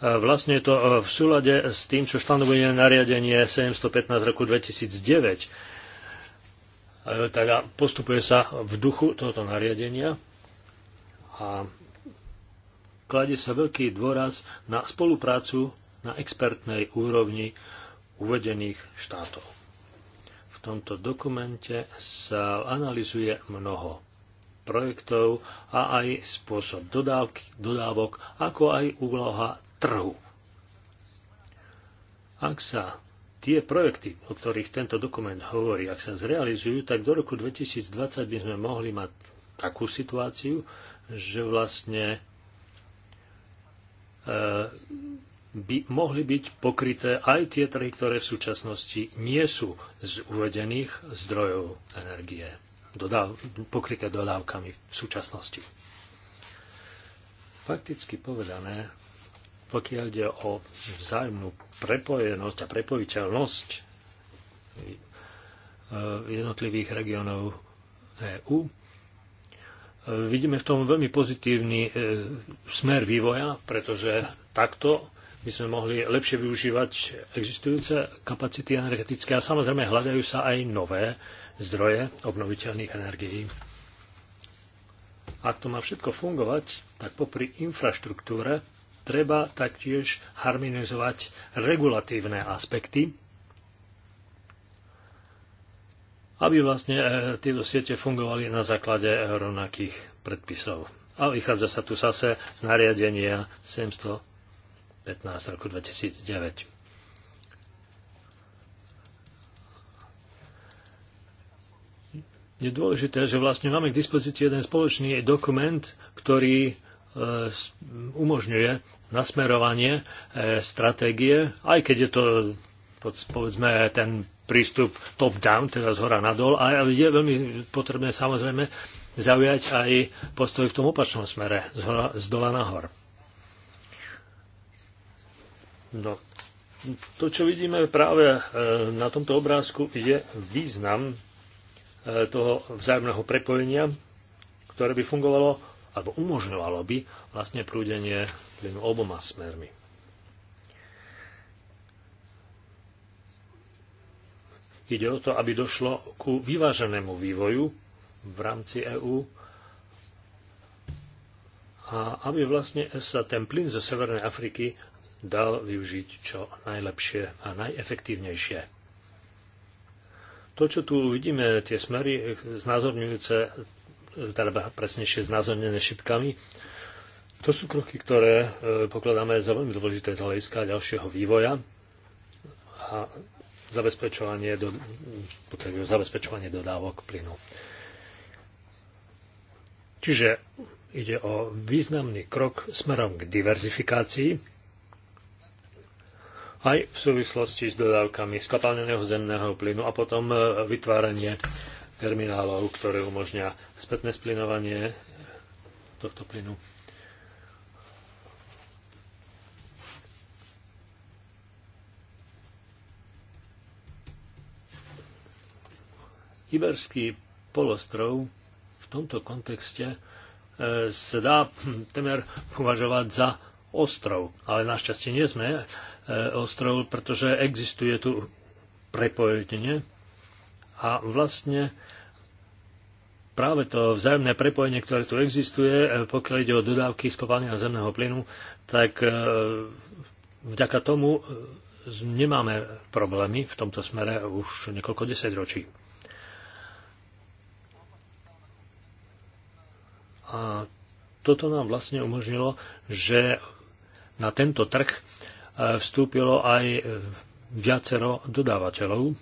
e, Vlastne je to e, v súlade s tým, čo štandovuje nariadenie 715 roku 2009 E, teda postupuje sa v duchu tohoto nariadenia a kladie sa veľký dôraz na spoluprácu na expertnej úrovni uvedených štátov. V tomto dokumente sa analizuje mnoho projektov a aj spôsob dodávky, dodávok, ako aj úloha trhu. Ak sa tie projekty, o ktorých tento dokument hovorí, ak sa zrealizujú, tak do roku 2020 by sme mohli mať takú situáciu, že vlastne e, by mohli byť pokryté aj tie trhy, ktoré v súčasnosti nie sú z uvedených zdrojov energie dodáv- pokryté dodávkami v súčasnosti. Fakticky povedané, pokiaľ ide o vzájomnú prepojenosť a prepojiteľnosť eh, jednotlivých regiónov EÚ, eh, vidíme v tom veľmi pozitívny eh, smer vývoja, pretože takto by sme mohli lepšie využívať existujúce kapacity energetické a samozrejme hľadajú sa aj nové zdroje obnoviteľných energií. Ak to má všetko fungovať, tak popri infraštruktúre treba taktiež harmonizovať regulatívne aspekty, aby vlastne e, tieto siete fungovali na základe rovnakých predpisov. A vychádza sa tu zase z nariadenia 715 roku 2009. Je dôležité, že vlastne máme k dispozícii jeden spoločný dokument, ktorý E, umožňuje nasmerovanie e, stratégie, aj keď je to povedzme ten prístup top-down, teda z hora nadol, ale je veľmi potrebné samozrejme zaujať aj postoj v tom opačnom smere, z, hora, z dola nahor. No, to, čo vidíme práve e, na tomto obrázku, je význam toho vzájomného prepojenia, ktoré by fungovalo alebo umožňovalo by vlastne prúdenie plynu oboma smermi. Ide o to, aby došlo ku vyváženému vývoju v rámci EÚ a aby vlastne sa ten plyn zo Severnej Afriky dal využiť čo najlepšie a najefektívnejšie. To, čo tu vidíme, tie smery znázorňujúce teda presnejšie znázornené šipkami. To sú kroky, ktoré e, pokladáme za veľmi dôležité z hľadiska ďalšieho vývoja a zabezpečovanie, do, zabezpečovanie dodávok plynu. Čiže ide o významný krok smerom k diverzifikácii aj v súvislosti s dodávkami skapalneného zemného plynu a potom e, vytváranie terminálov, ktoré umožňa spätné splinovanie tohto plynu. Iberský polostrov v tomto kontexte e, sa dá temer považovať za ostrov. Ale našťastie nie sme e, ostrov, pretože existuje tu prepojenie a vlastne práve to vzájomné prepojenie, ktoré tu existuje, e, pokiaľ ide o dodávky skopania zemného plynu, tak e, vďaka tomu e, nemáme problémy v tomto smere už niekoľko desaťročí. A toto nám vlastne umožnilo, že na tento trh vstúpilo aj viacero dodávateľov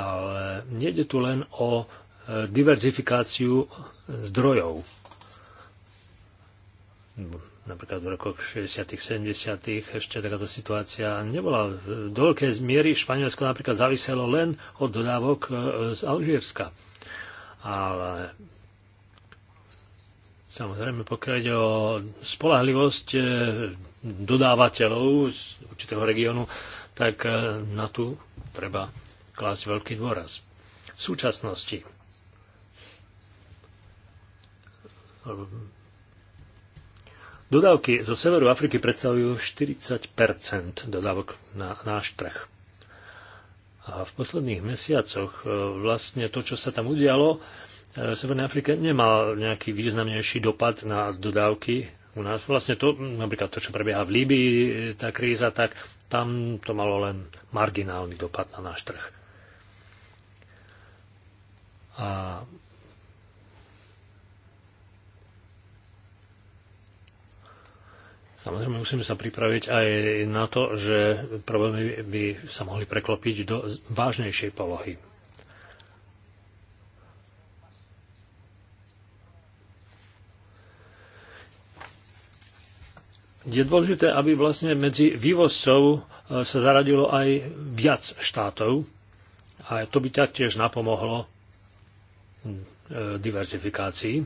ale nejde tu len o e, diverzifikáciu zdrojov. Napríklad v rokoch 60. 70. ešte takáto situácia nebola. Do veľkej miery Španielsko napríklad záviselo len od dodávok e, z Alžírska. Ale Samozrejme, pokiaľ ide o spolahlivosť e, dodávateľov z určitého regiónu, tak na tú treba klásť veľký dôraz. V súčasnosti ehm, Dodávky zo severu Afriky predstavujú 40 dodávok na náš trh. A v posledných mesiacoch ehm, vlastne to, čo sa tam udialo, v ehm, Severnej Afrike nemá nejaký významnejší dopad na dodávky u nás. Vlastne to, napríklad to, čo prebieha v Líbii, tá kríza, tak tam to malo len marginálny dopad na náš trh. A Samozrejme, musíme sa pripraviť aj na to, že problémy by sa mohli preklopiť do vážnejšej polohy. Je dôležité, aby vlastne medzi vývozcov e, sa zaradilo aj viac štátov a to by taktiež napomohlo E, diverzifikácii.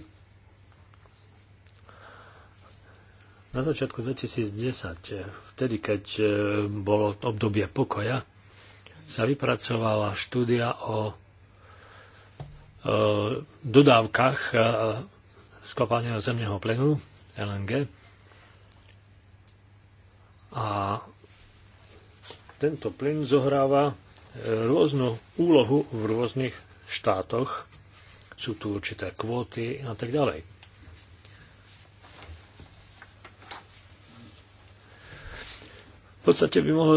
Na začiatku 2010, e, vtedy keď e, bolo obdobie pokoja, sa vypracovala štúdia o dodávkach skopalného zemného plynu LNG. A tento plyn zohráva rôznu úlohu v rôznych štátoch sú tu určité kvóty a tak ďalej. V podstate by mohlo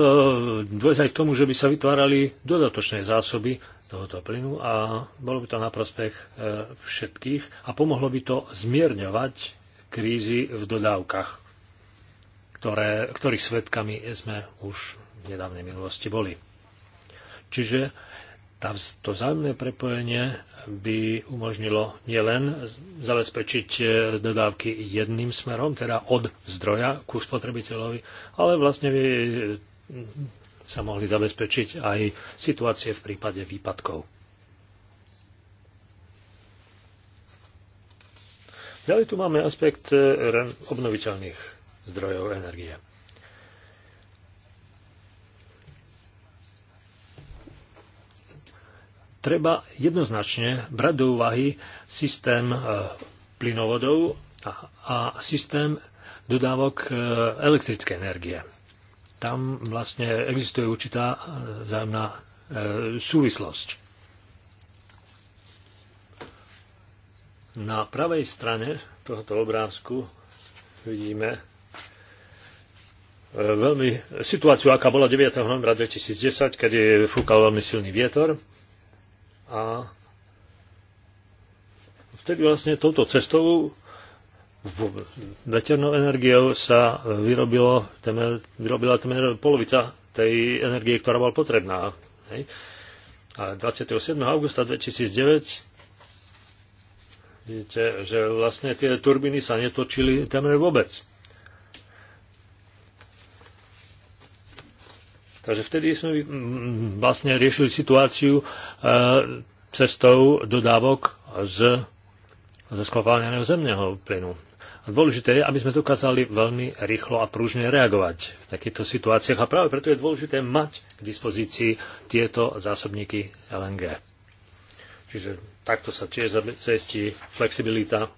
dôjsť aj k tomu, že by sa vytvárali dodatočné zásoby tohoto plynu a bolo by to na prospech e, všetkých a pomohlo by to zmierňovať krízy v dodávkach, ktoré, ktorých svetkami sme už v nedávnej minulosti boli. Čiže to vzájomné prepojenie by umožnilo nielen zabezpečiť e, dodávky jedným smerom, teda od zdroja ku spotrebiteľovi, ale vlastne by e, sa mohli zabezpečiť aj situácie v prípade výpadkov. Ďalej tu máme aspekt e, obnoviteľných zdrojov energie. treba jednoznačne brať do úvahy systém e, plynovodov a systém dodávok e, elektrickej energie. Tam vlastne existuje určitá e, vzájomná súvislosť. Na pravej strane tohoto obrázku vidíme veľmi situáciu, aká bola 9. novembra 2010, kedy fúkal veľmi silný vietor a vtedy vlastne touto cestou veternou energiou sa vyrobilo, temel, vyrobila temel polovica tej energie, ktorá bola potrebná. Hej. A 27. augusta 2009 vidíte, že vlastne tie turbíny sa netočili temer vôbec. Takže vtedy sme vlastne riešili situáciu e, cestou dodávok z, ze skvapalneného zemného plynu. A dôležité je, aby sme dokázali veľmi rýchlo a pružne reagovať v takýchto situáciách a práve preto je dôležité mať k dispozícii tieto zásobníky LNG. Čiže takto sa tiež zestí flexibilita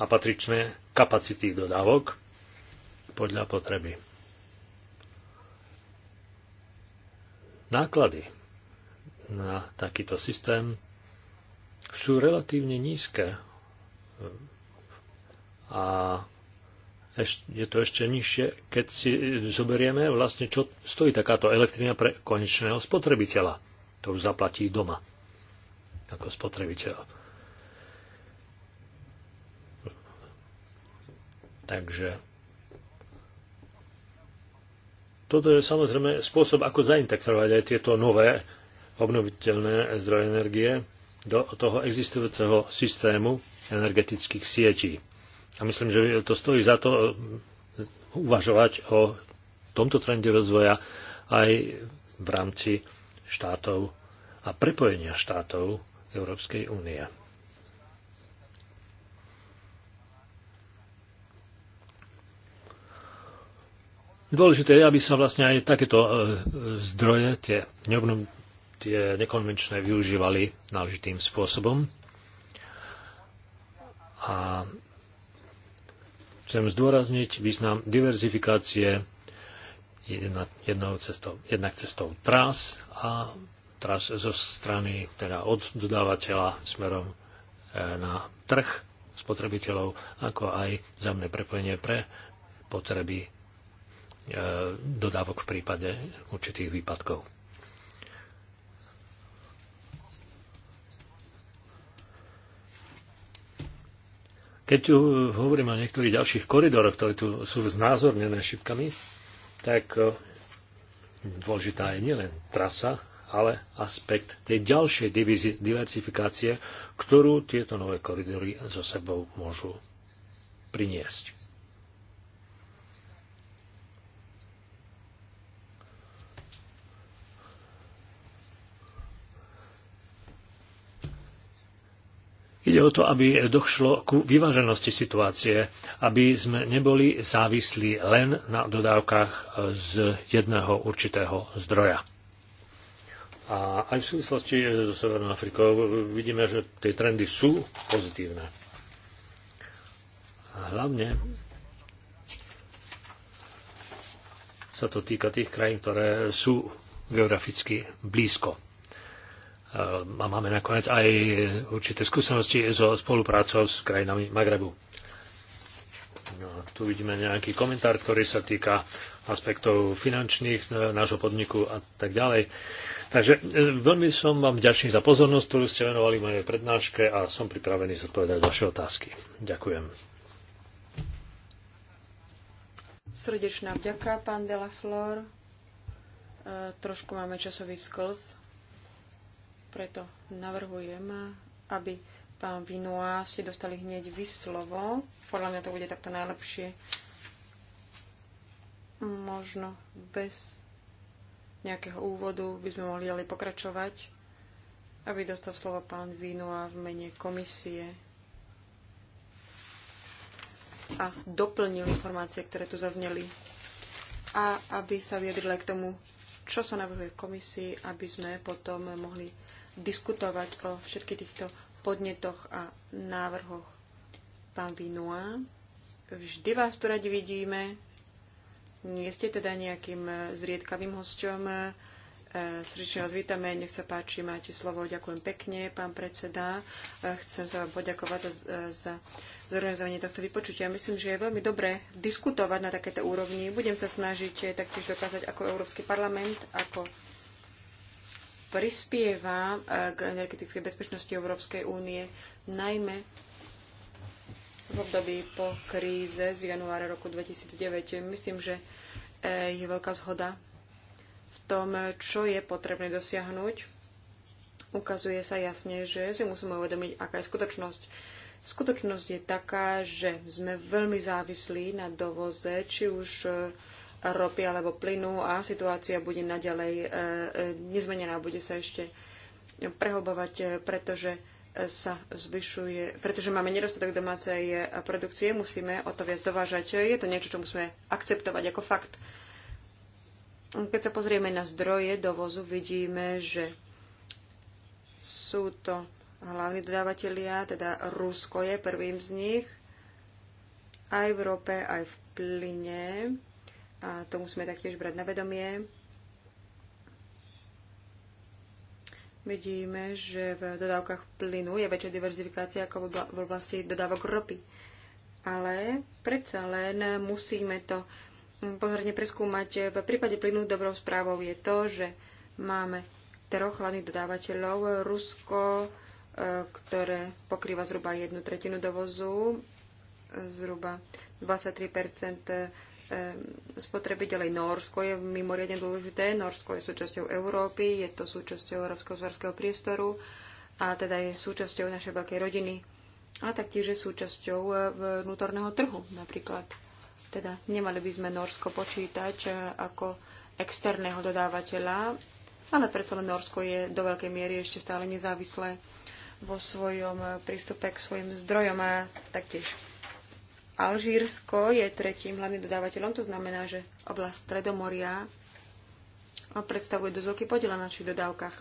a patričné kapacity dodávok podľa potreby. náklady na takýto systém sú relatívne nízke a je to ešte nižšie, keď si zoberieme vlastne, čo stojí takáto elektrina pre konečného spotrebiteľa. To už zaplatí doma ako spotrebiteľ. Takže toto je samozrejme spôsob, ako zaintegrovať aj tieto nové obnoviteľné zdroje energie do toho existujúceho systému energetických sietí. A myslím, že to stojí za to eh, uvažovať o tomto trende rozvoja aj v rámci štátov a prepojenia štátov Európskej únie. Dôležité je, aby sa vlastne aj takéto e, zdroje, tie, neobnom, tie nekonvenčné, využívali náležitým spôsobom. A chcem zdôrazniť význam diverzifikácie jedna, jednou cestou, jednak cestou trás a trás zo strany teda od dodávateľa smerom e, na trh spotrebiteľov, ako aj zemné prepojenie pre potreby E, dodávok v prípade určitých výpadkov. Keď tu hovorím o niektorých ďalších koridoroch, ktoré tu sú znázornené šipkami, tak e, dôležitá je nielen trasa, ale aspekt tej ďalšej diversifikácie, ktorú tieto nové koridory so sebou môžu priniesť. Ide o to, aby došlo ku vyváženosti situácie, aby sme neboli závislí len na dodávkach z jedného určitého zdroja. A aj v súvislosti so Severnou Afrikou vidíme, že tie trendy sú pozitívne. A hlavne sa to týka tých krajín, ktoré sú geograficky blízko Ehm, a máme nakoniec aj určité skúsenosti so spoluprácou s krajinami Magrebu. No, tu vidíme nejaký komentár, ktorý sa týka aspektov finančných e, nášho podniku a tak ďalej. Takže e, veľmi som vám ďačný za pozornosť, ktorú ste venovali mojej prednáške a som pripravený zodpovedať vaše otázky. Ďakujem. Srdečná vďaka, pán Delaflor. E, trošku máme časový sklz preto navrhujem, aby pán Vinoa ste dostali hneď slovo. Podľa mňa to bude takto najlepšie. Možno bez nejakého úvodu by sme mohli ďalej pokračovať, aby dostal slovo pán Vinoa v mene komisie a doplnil informácie, ktoré tu zazneli a aby sa vyjadrila k tomu, čo sa navrhuje v komisii, aby sme potom mohli diskutovať o všetkých týchto podnetoch a návrhoch. Pán Vinua, vždy vás tu radi vidíme. Nie ste teda nejakým e, zriedkavým hosťom. E, srdečne vás vítame, nech sa páči, máte slovo, ďakujem pekne, pán predseda. E, chcem sa vám poďakovať za, za zorganizovanie tohto vypočutia. Myslím, že je veľmi dobré diskutovať na takéto úrovni. Budem sa snažiť taktiež dokázať ako Európsky parlament, ako prispieva eh, k energetickej bezpečnosti Európskej únie, najmä v období po kríze z januára roku 2009. Myslím, že eh, je veľká zhoda v tom, čo je potrebné dosiahnuť. Ukazuje sa jasne, že si musíme uvedomiť, aká je skutočnosť. Skutočnosť je taká, že sme veľmi závislí na dovoze, či už eh, ropy alebo plynu a situácia bude naďalej e, e, nezmenená, bude sa ešte prehlbovať, e, pretože sa zvyšuje, pretože máme nedostatok domácej produkcie, musíme o to viac dovážať. Je to niečo, čo musíme akceptovať ako fakt. Keď sa pozrieme na zdroje dovozu, vidíme, že sú to hlavní dodávateľia, teda Rusko je prvým z nich, aj v rope, aj v plyne. A to musíme taktiež brať na vedomie. Vidíme, že v dodávkach plynu je väčšia diverzifikácia ako v oblasti dodávok ropy. Ale predsa len musíme to pozorne preskúmať. V prípade plynu dobrou správou je to, že máme troch hlavných dodávateľov. Rusko, e, ktoré pokrýva zhruba jednu tretinu dovozu, zhruba 23 Ehm, spotrebiteľi. Norsko je mimoriadne dôležité. Norsko je súčasťou Európy, je to súčasťou Európskeho zvarského priestoru a teda je súčasťou našej veľkej rodiny a taktiež je súčasťou e, vnútorného trhu napríklad. Teda nemali by sme Norsko počítať e, ako externého dodávateľa, ale predsa len Norsko je do veľkej miery ešte stále nezávislé vo svojom e, prístupe k svojim zdrojom a taktiež Alžírsko je tretím hlavným dodávateľom, to znamená, že oblasť Stredomoria predstavuje dosť veľký podiel na našich dodávkach.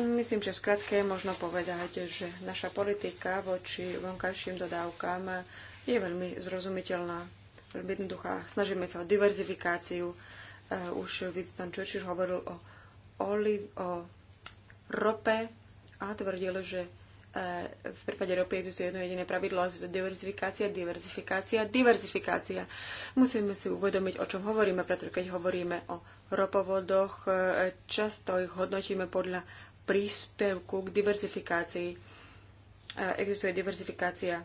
Myslím, že skratke je možno povedať, že naša politika voči vonkajším dodávkam je veľmi zrozumiteľná, veľmi jednoduchá. Snažíme sa o diverzifikáciu. Eh, už Winston Churchill hovoril o, oli, o rope a tvrdil, že v prípade ropy existuje jedno jediné pravidlo, diverzifikácia, diverzifikácia, diverzifikácia. Musíme si uvedomiť, o čom hovoríme, pretože keď hovoríme o ropovodoch, e, často ich hodnotíme podľa príspevku k diverzifikácii. E, existuje diverzifikácia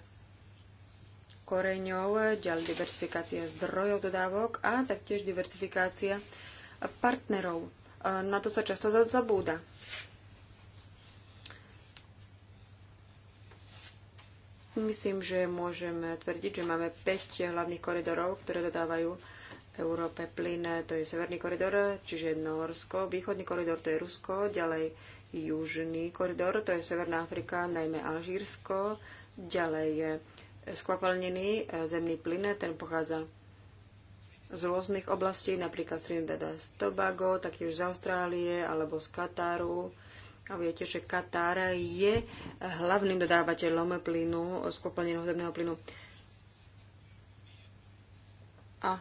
koreňov, ďalej diverzifikácia zdrojov dodávok a taktiež diverzifikácia partnerov. E, na to sa často zabúda. Myslím, že môžeme tvrdiť, že máme 5 hlavných koridorov, ktoré dodávajú Európe plyn, to je severný koridor, čiže Norsko, východný koridor, to je Rusko, ďalej južný koridor, to je Severná Afrika, najmä Alžírsko, ďalej je skvapalnený zemný plyn, ten pochádza z rôznych oblastí, napríklad z Trinidada z Tobago, taktiež z Austrálie alebo z Kataru, a viete, že Katar je hlavným dodávateľom plynu, skopleneného zemného plynu. A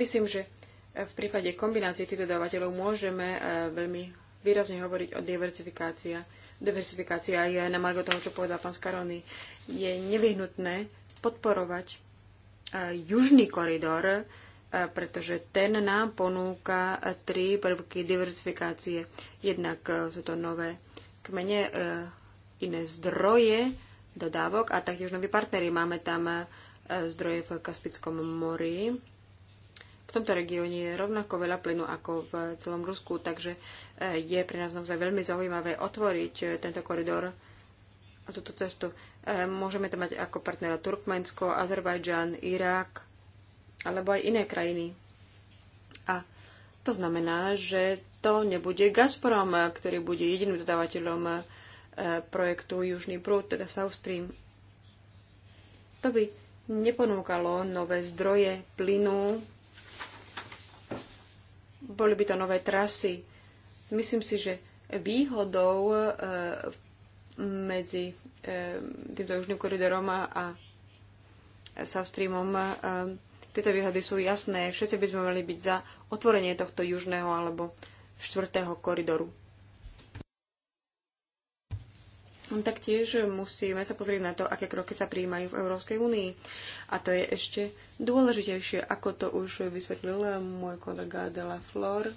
myslím, že v prípade kombinácie tých dodávateľov môžeme eh, veľmi výrazne hovoriť o diversifikácii. Diversifikácia je na margo toho, čo povedal pán Skarony. Je nevyhnutné podporovať eh, južný koridor, E, pretože ten nám ponúka e, tri prvky diversifikácie. Jednak e, sú to nové kmene, iné zdroje dodávok a taktiež noví partnery. Máme tam zdroje v Kaspickom mori. V tomto regióne je rovnako veľa plynu ako v celom Rusku, takže je pre nás naozaj veľmi zaujímavé otvoriť tento koridor a túto cestu. Môžeme tam mať ako partnera Turkmensko, Azerbajdžan, Irak, alebo aj iné krajiny. A to znamená, že to nebude Gazprom, ktorý bude jediným dodávateľom e, projektu Južný prúd, teda South Stream. To by neponúkalo nové zdroje plynu, boli by to nové trasy. Myslím si, že výhodou e, medzi e, týmto južným koridorom a South Streamom tieto výhody sú jasné. Všetci by sme mali byť za otvorenie tohto južného alebo štvrtého koridoru. Taktiež musíme sa pozrieť na to, aké kroky sa prijímajú v Európskej únii. A to je ešte dôležitejšie, ako to už vysvetlil môj kolega Dela Flor.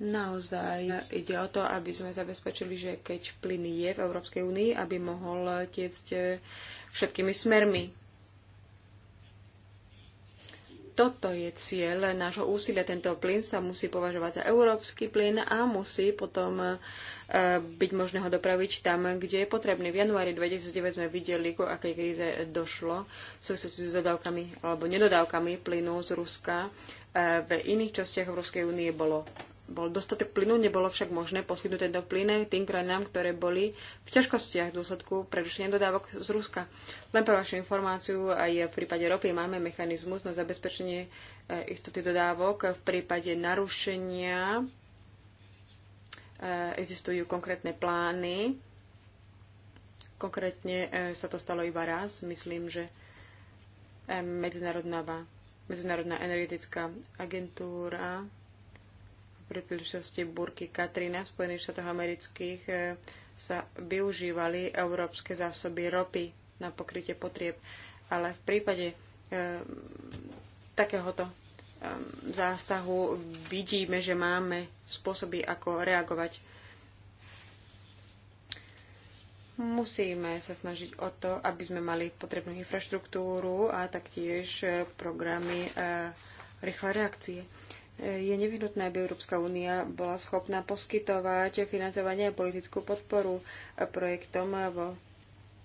Naozaj ide o to, aby sme zabezpečili, že keď plyn je v Európskej únii, aby mohol tiecť všetkými smermi toto je cieľ nášho úsilia. Tento plyn sa musí považovať za európsky plyn a musí potom e, byť možné ho dopraviť tam, kde je potrebný. V januári 2009 sme videli, ku akej kríze došlo v súvislosti s dodávkami alebo nedodávkami plynu z Ruska. E, v iných častiach Európskej únie bolo bol dostatok plynu, nebolo však možné poskytnúť tento plyn tým krajinám, ktoré boli v ťažkostiach v dôsledku prerušenia dodávok z Ruska. Len pre vašu informáciu, aj v prípade ropy máme mechanizmus na zabezpečenie eh, istoty dodávok. V prípade narušenia eh, existujú konkrétne plány. Konkrétne eh, sa to stalo iba raz. Myslím, že Medzinárodná, Medzinárodná energetická agentúra pri príležitosti Burky Katrina v Spojených štátoch amerických e, sa využívali európske zásoby ropy na pokrytie potrieb. Ale v prípade e, takéhoto e, zásahu vidíme, že máme spôsoby, ako reagovať. Musíme sa snažiť o to, aby sme mali potrebnú infraštruktúru a taktiež e, programy e, rýchle reakcie je nevyhnutné, aby Európska únia bola schopná poskytovať financovanie a politickú podporu projektom vo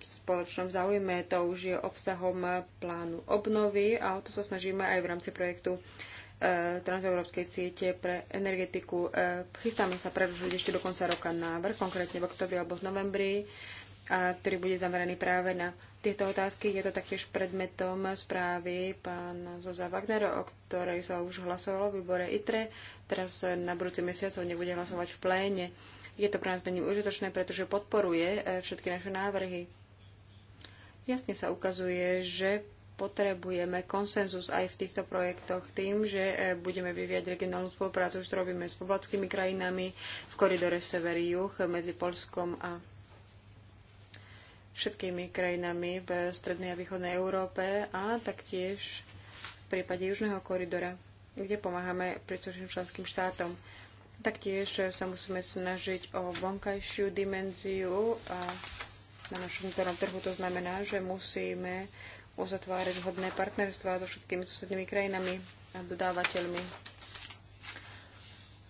spoločnom záujme. To už je obsahom plánu obnovy a o to sa snažíme aj v rámci projektu e, transeurópskej siete pre energetiku. E, chystáme sa predlžiť ešte do konca roka návrh, konkrétne v oktobri alebo v novembri a ktorý bude zameraný práve na tieto otázky. Je to taktiež predmetom správy pána Zoza Wagnera, o ktorej sa už hlasovalo v výbore ITRE. Teraz na budúci mesiac ho nebude hlasovať v pléne. Je to pre nás veľmi užitočné, pretože podporuje e, všetky naše návrhy. Jasne sa ukazuje, že potrebujeme konsenzus aj v týchto projektoch tým, že e, budeme vyvíjať regionálnu spoluprácu, už to robíme s pobaltskými krajinami v koridore sever-juh medzi Polskom a všetkými krajinami v strednej a východnej Európe a taktiež v prípade Južného koridora, kde pomáhame príslušným členským štátom. Taktiež sa musíme snažiť o vonkajšiu dimenziu a na našom vnútornom trhu to znamená, že musíme uzatvárať zhodné partnerstvá so všetkými susednými krajinami a dodávateľmi.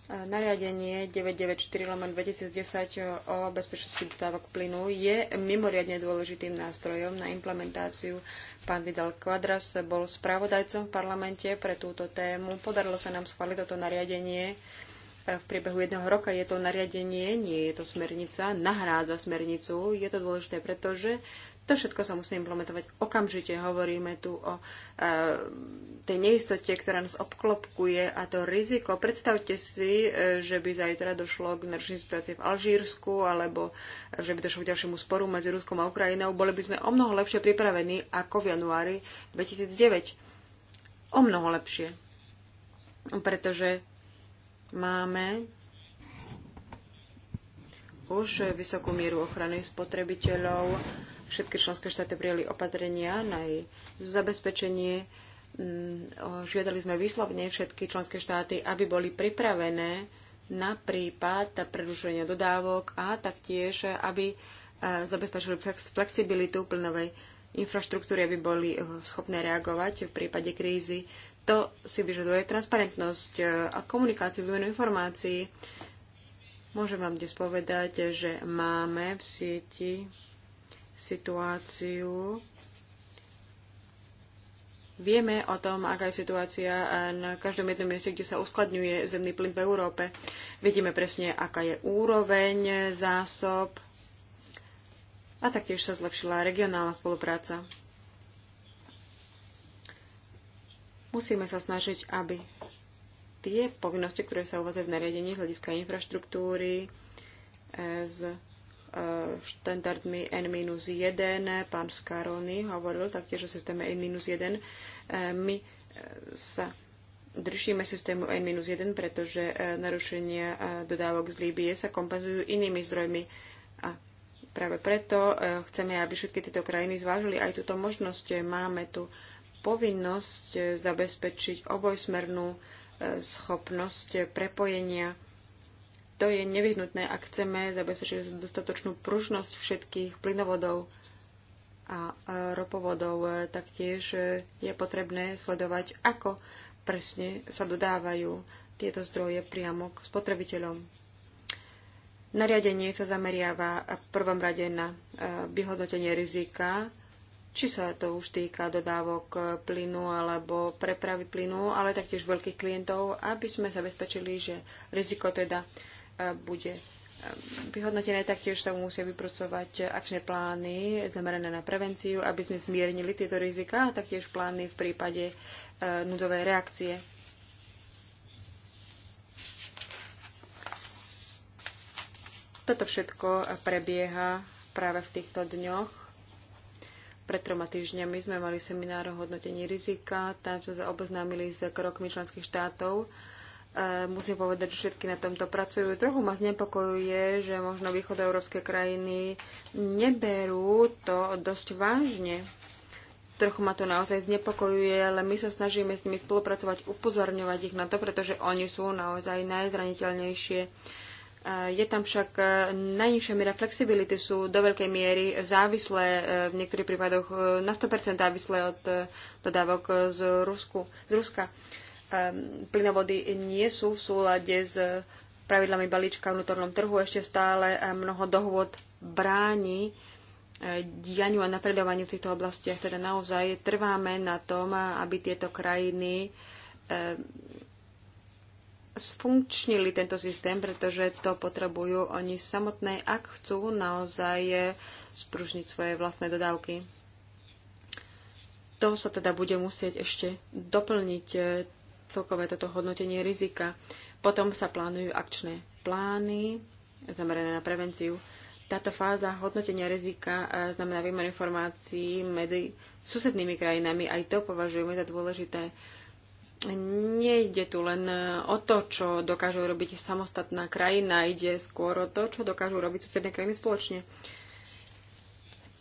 Nariadenie 994-2010 o bezpečnosti dodávok plynu je mimoriadne dôležitým nástrojom na implementáciu. Pán Vidal Quadras bol správodajcom v parlamente pre túto tému. Podarilo sa nám schváliť toto nariadenie. E, v priebehu jedného roka je to nariadenie, nie je to smernica, nahrádza smernicu. Je to dôležité, pretože to všetko sa musí implementovať okamžite. Hovoríme tu o e, tej neistote, ktorá nás obklopkuje a to riziko. Predstavte si, e, že by zajtra došlo k nerčnej situácii v Alžírsku alebo e, že by došlo k ďalšiemu sporu medzi Ruskom a Ukrajinou. Boli by sme o mnoho lepšie pripravení ako v januári 2009. O mnoho lepšie. Pretože máme už vysokú mieru ochrany spotrebiteľov Všetky členské štáty prijali opatrenia na jej zabezpečenie. Mm, žiadali sme výslovne všetky členské štáty, aby boli pripravené na prípad predlušenia dodávok a taktiež, aby e, zabezpečili flexibilitu plnovej infraštruktúry, aby boli e, schopné reagovať v prípade krízy. To si vyžaduje transparentnosť e, a komunikáciu, výmenu informácií. Môžem vám dnes povedať, že máme v sieti situáciu. Vieme o tom, aká je situácia na každom jednom mieste, kde sa uskladňuje zemný plyn v Európe. Vidíme presne, aká je úroveň zásob a taktiež sa zlepšila regionálna spolupráca. Musíme sa snažiť, aby tie povinnosti, ktoré sa uvádzajú v nariadení z hľadiska infraštruktúry, eh, z štandardmi N-1. Pán Skarony hovoril taktiež o systéme N-1. E, my e, sa držíme systému N-1, pretože e, narušenia dodávok z Líbie sa kompenzujú inými zdrojmi. A práve preto chceme, aby všetky tieto krajiny zvážili aj túto možnosť. Máme tu povinnosť zabezpečiť obojsmernú schopnosť prepojenia to je nevyhnutné, ak chceme zabezpečiť dostatočnú pružnosť všetkých plynovodov a ropovodov. Taktiež e, je potrebné sledovať, ako presne sa dodávajú tieto zdroje priamo k spotrebiteľom. Nariadenie sa zameriava v prvom rade na e, vyhodnotenie rizika, či sa to už týka dodávok e, plynu alebo prepravy plynu, ale taktiež veľkých klientov, aby sme zabezpečili, že riziko teda bude vyhodnotené, taktiež sa musia vypracovať akčné plány zamerané na prevenciu, aby sme zmiernili tieto rizika a taktiež plány v prípade e, núdovej reakcie. Toto všetko prebieha práve v týchto dňoch. Pred troma týždňami sme mali seminár o hodnotení rizika, tam sme sa oboznámili s krokmi členských štátov musím povedať, že všetky na tomto pracujú. Trochu ma znepokojuje, že možno východoeurópske krajiny neberú to dosť vážne. Trochu ma to naozaj znepokojuje, ale my sa snažíme s nimi spolupracovať, upozorňovať ich na to, pretože oni sú naozaj najzraniteľnejšie. Je tam však e, najnižšia miera flexibility, sú do veľkej miery závislé, e, v niektorých prípadoch e, na 100% závislé od dodávok z, Rusku, z Ruska. Ehm, plynovody nie sú v súlade s pravidlami balíčka v vnútornom trhu. Ešte stále eh, mnoho dohôd bráni eh, dianiu a napredovaniu v týchto oblastiach. Teda naozaj trváme na tom, aby tieto krajiny ehm, sfunkčnili tento systém, pretože to potrebujú oni samotné, ak chcú naozaj eh, spružniť svoje vlastné dodávky. To sa teda bude musieť ešte doplniť celkové toto hodnotenie rizika. Potom sa plánujú akčné plány zamerané na prevenciu. Táto fáza hodnotenia rizika e, znamená výmen informácií medzi susednými krajinami. Aj to považujeme za dôležité. Nejde tu len e, o to, čo dokáže robiť samostatná krajina, ide skôr o to, čo dokážu robiť susedné krajiny spoločne. Uh,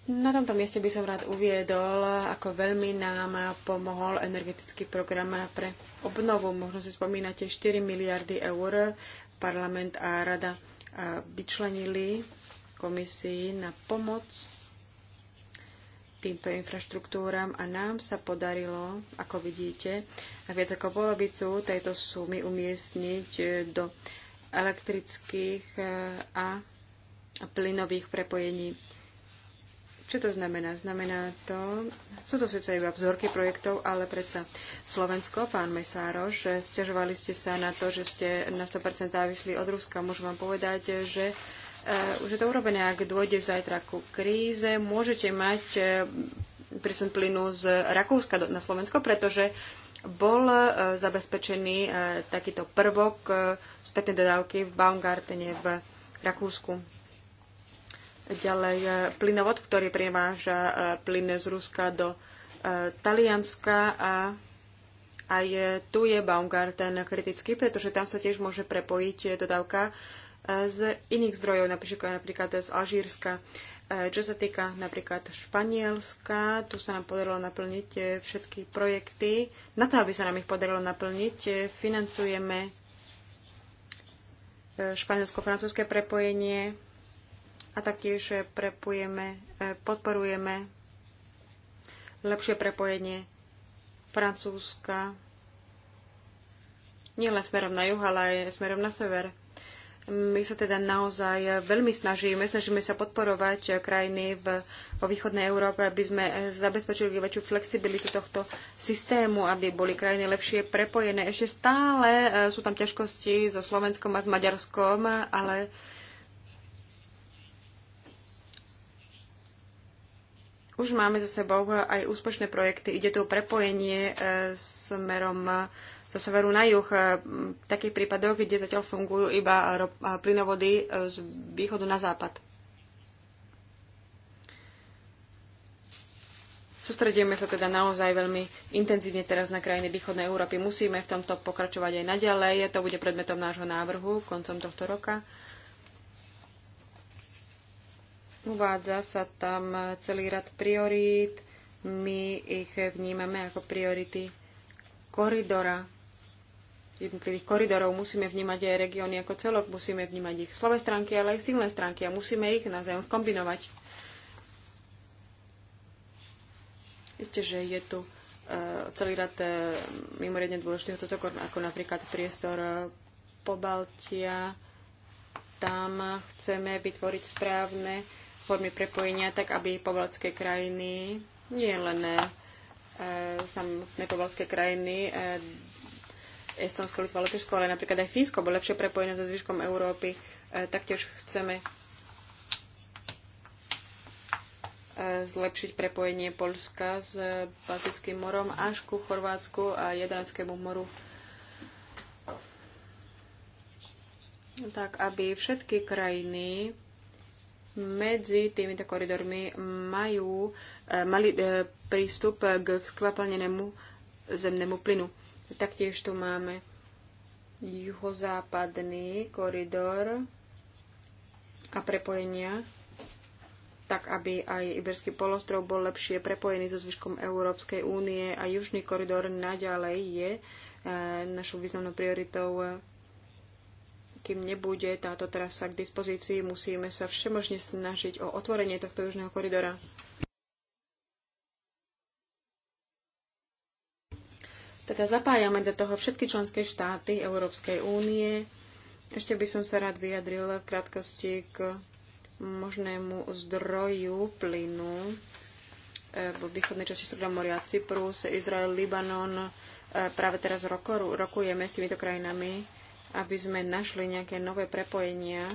na tomto mieste by som rád uviedol, ako veľmi nám pomohol energetický program pre obnovu. Možno si spomínate, 4 miliardy eur parlament a rada vyčlenili komisii na pomoc týmto infraštruktúram a nám sa podarilo, ako vidíte, a viac ako polovicu tejto sumy umiestniť e, do elektrických e, a plynových prepojení čo to znamená? Znamená to, sú to síce iba vzorky projektov, ale predsa Slovensko, pán Mesároš, stiažovali ste sa na to, že ste na 100% závislí od Ruska. Môžem vám povedať, že eh, už je to urobené. Ak dôjde zajtra ku kríze, môžete mať eh, prísun plynu z Rakúska na Slovensko, pretože bol eh, zabezpečený takýto prvok spätnej dodávky v Baumgartene v Rakúsku. Ďalej e, plynovod, ktorý priváža e, plyn z Ruska do e, Talianska a aj tu je Baumgarten kritický, pretože tam sa tiež môže prepojiť dodávka z iných zdrojov, napríklad, napríklad z Alžírska. Čo sa týka napríklad Španielska, tu sa nám podarilo naplniť všetky projekty. Na to, aby sa nám ich podarilo naplniť, financujeme španielsko-francúzske prepojenie a taktiež prepujeme, e, podporujeme lepšie prepojenie Francúzska nielen smerom na juh, ale aj smerom na sever. My sa teda naozaj veľmi snažíme, snažíme sa podporovať krajiny v, vo východnej Európe, aby sme e, zabezpečili väčšiu flexibilitu tohto systému, aby boli krajiny lepšie prepojené. Ešte stále e, sú tam ťažkosti so Slovenskom a s Maďarskom, ale Už máme za sebou aj úspešné projekty. Ide tu prepojenie e, smerom e, zo severu na juh. E, v takých prípadoch, kde zatiaľ fungujú iba plynovody z východu na západ. Sústredíme sa teda naozaj veľmi intenzívne teraz na krajiny východnej Európy. Musíme v tomto pokračovať aj naďalej. To bude predmetom nášho návrhu koncom tohto roka. Uvádza sa tam celý rad priorít. My ich vnímame ako priority koridora, jednotlivých koridorov. Musíme vnímať aj regióny ako celok, musíme vnímať ich slové stránky, ale aj silné stránky a musíme ich navzájom skombinovať. Isté, že je tu e, celý rad e, mimoriadne dôležitých otocok, ako napríklad priestor e, po Baltia. Tam chceme vytvoriť správne formy prepojenia, tak aby pobaltské krajiny, nie len e, samotné pobaltské krajiny, e, Estonsko, Litva, Lotyšsko, ale napríklad aj Fínsko bolo lepšie prepojené so zvyškom Európy. E, taktiež chceme e, zlepšiť prepojenie Polska s Baltickým morom až ku Chorvátsku a Jadranskému moru. Tak, aby všetky krajiny medzi týmito koridormi majú, e, mali e, prístup k skvapalnenému zemnému plynu. Taktiež tu máme juhozápadný koridor a prepojenia, tak aby aj Iberský polostrov bol lepšie prepojený so zvyškom Európskej únie a južný koridor naďalej je e, našou významnou prioritou kým nebude táto trasa k dispozícii, musíme sa všemožne snažiť o otvorenie tohto južného koridora. Teda zapájame do toho všetky členské štáty Európskej únie. Ešte by som sa rád vyjadril v krátkosti k možnému zdroju plynu eh, v východnej časti Stredomoria Cyprus, Izrael, Libanon. Eh, práve teraz rokujeme s týmito krajinami aby sme našli nejaké nové prepojenia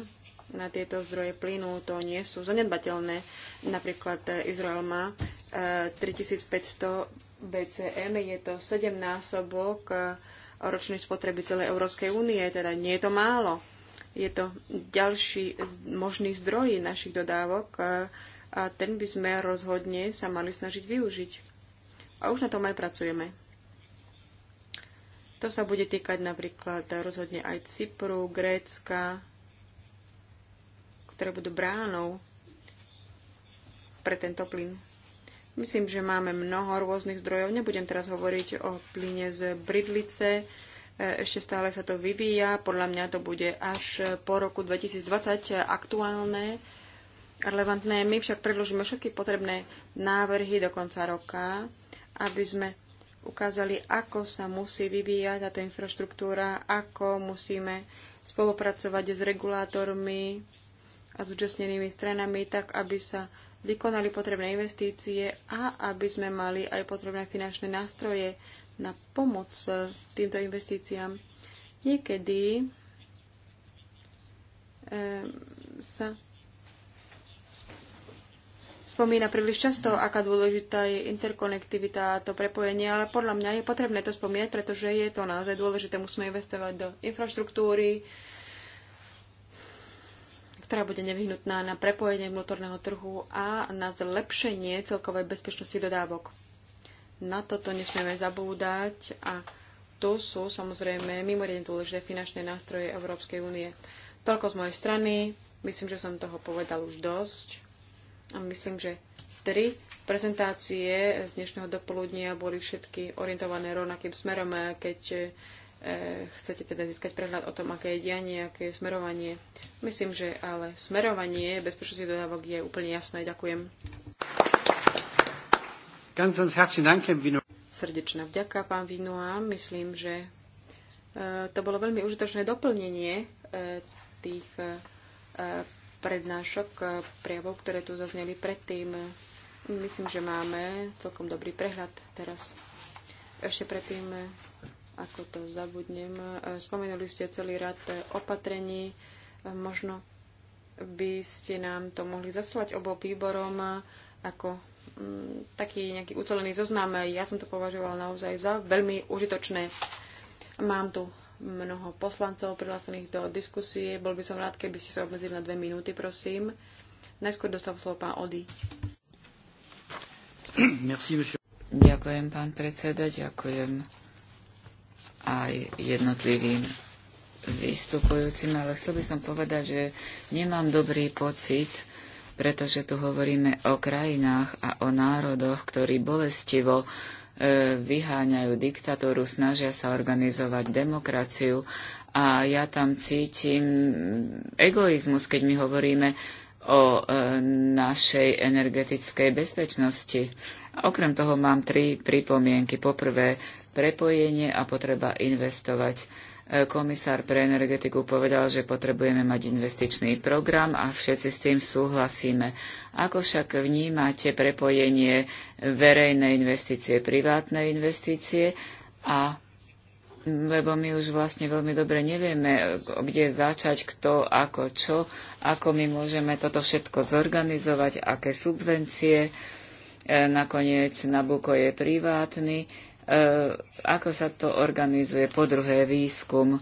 na tieto zdroje plynu, to nie sú zanedbateľné. Napríklad e, Izrael má 3500 e, BCM, je to 7 násobok e, ročnej spotreby celej Európskej únie, teda nie je to málo. Je to ďalší možný zdroj našich dodávok a ten by sme rozhodne sa mali snažiť využiť. A už na tom aj pracujeme. To sa bude týkať napríklad rozhodne aj Cypru, Grécka, ktoré budú bránou pre tento plyn. Myslím, že máme mnoho rôznych zdrojov. Nebudem teraz hovoriť o plyne z Bridlice. E, ešte stále sa to vyvíja. Podľa mňa to bude až po roku 2020 aktuálne, relevantné. My však predložíme všetky potrebné návrhy do konca roka, aby sme ukázali, ako sa musí vyvíjať táto infraštruktúra, ako musíme spolupracovať s regulátormi a zúčastnenými stranami, tak aby sa vykonali potrebné investície a aby sme mali aj potrebné finančné nástroje na pomoc týmto investíciám. Niekedy eh, sa spomína príliš často, aká dôležitá je interkonektivita a to prepojenie, ale podľa mňa je potrebné to spomínať, pretože je to naozaj dôležité. Musíme investovať do infraštruktúry, ktorá bude nevyhnutná na prepojenie vnútorného trhu a na zlepšenie celkovej bezpečnosti dodávok. Na toto nesmieme zabúdať a to sú samozrejme mimoriadne dôležité finančné nástroje Európskej únie. Toľko z mojej strany. Myslím, že som toho povedal už dosť. Myslím, že tri prezentácie z dnešného dopoludnia boli všetky orientované rovnakým smerom, keď e, chcete teda získať prehľad o tom, aké je dianie, aké je smerovanie. Myslím, že ale smerovanie bezpečnosti dodávok je úplne jasné. Ďakujem. Srdečná vďaka, pán Vinua. Myslím, že e, to bolo veľmi užitočné doplnenie e, tých prednášok, eh, prejavov, ktoré tu zazneli predtým. Myslím, že máme celkom dobrý prehľad teraz. Ešte predtým, eh, ako to zabudnem, eh, spomenuli ste celý rad opatrení. Možno by ste nám to mohli zaslať obo výborom ako mm, taký nejaký ucelený zoznam. Ja som to považovala naozaj za veľmi užitočné. Mám tu mnoho poslancov prihlásených do diskusie. Bol by som rád, keby ste sa obmedzili na dve minúty, prosím. Najskôr dostal slovo pán Ody. Ďakujem, pán predseda, ďakujem aj jednotlivým vystupujúcim, ale chcel by som povedať, že nemám dobrý pocit, pretože tu hovoríme o krajinách a o národoch, ktorí bolestivo E, vyháňajú diktatúru, snažia sa organizovať demokraciu a ja tam cítim egoizmus, keď my hovoríme o e, našej energetickej bezpečnosti. A okrem toho mám tri pripomienky. Poprvé, prepojenie a potreba investovať Komisár pre energetiku povedal, že potrebujeme mať investičný program a všetci s tým súhlasíme. Ako však vnímate prepojenie verejnej investície, privátnej investície a lebo my už vlastne veľmi dobre nevieme, kde začať, kto, ako, čo, ako my môžeme toto všetko zorganizovať, aké subvencie. E, nakoniec Nabuko je privátny E, ako sa to organizuje, po druhé výskum.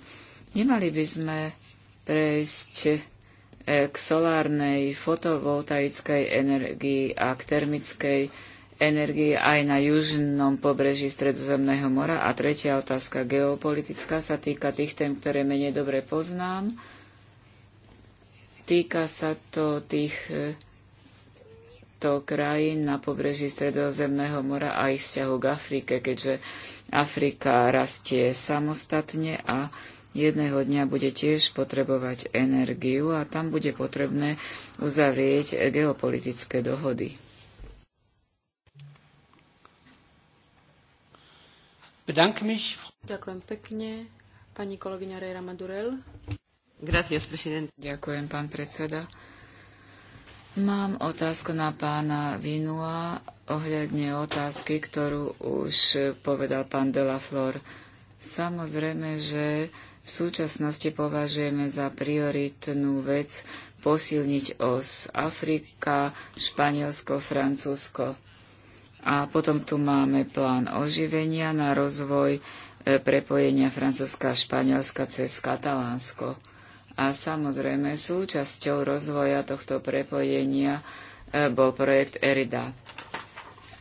Nemali by sme prejsť e, k solárnej fotovoltaickej energii a k termickej energii aj na južnom pobreží Stredozemného mora. A tretia otázka geopolitická sa týka tých tém, ktoré menej dobre poznám. Týka sa to tých e, týchto krajín na pobreží Stredozemného mora a ich vzťahu k Afrike, keďže Afrika rastie samostatne a jedného dňa bude tiež potrebovať energiu a tam bude potrebné uzavrieť geopolitické dohody. Ďakujem pekne. Pani kolegyňa Rejra Madurel. Gracias, Ďakujem, pán predseda. Mám otázku na pána Vinua ohľadne otázky, ktorú už povedal pán Flor. Samozrejme, že v súčasnosti považujeme za prioritnú vec posilniť os Afrika, Španielsko, Francúzsko. A potom tu máme plán oživenia na rozvoj e, prepojenia Francúzska a Španielska cez Katalánsko. A samozrejme súčasťou rozvoja tohto prepojenia e, bol projekt ERIDA.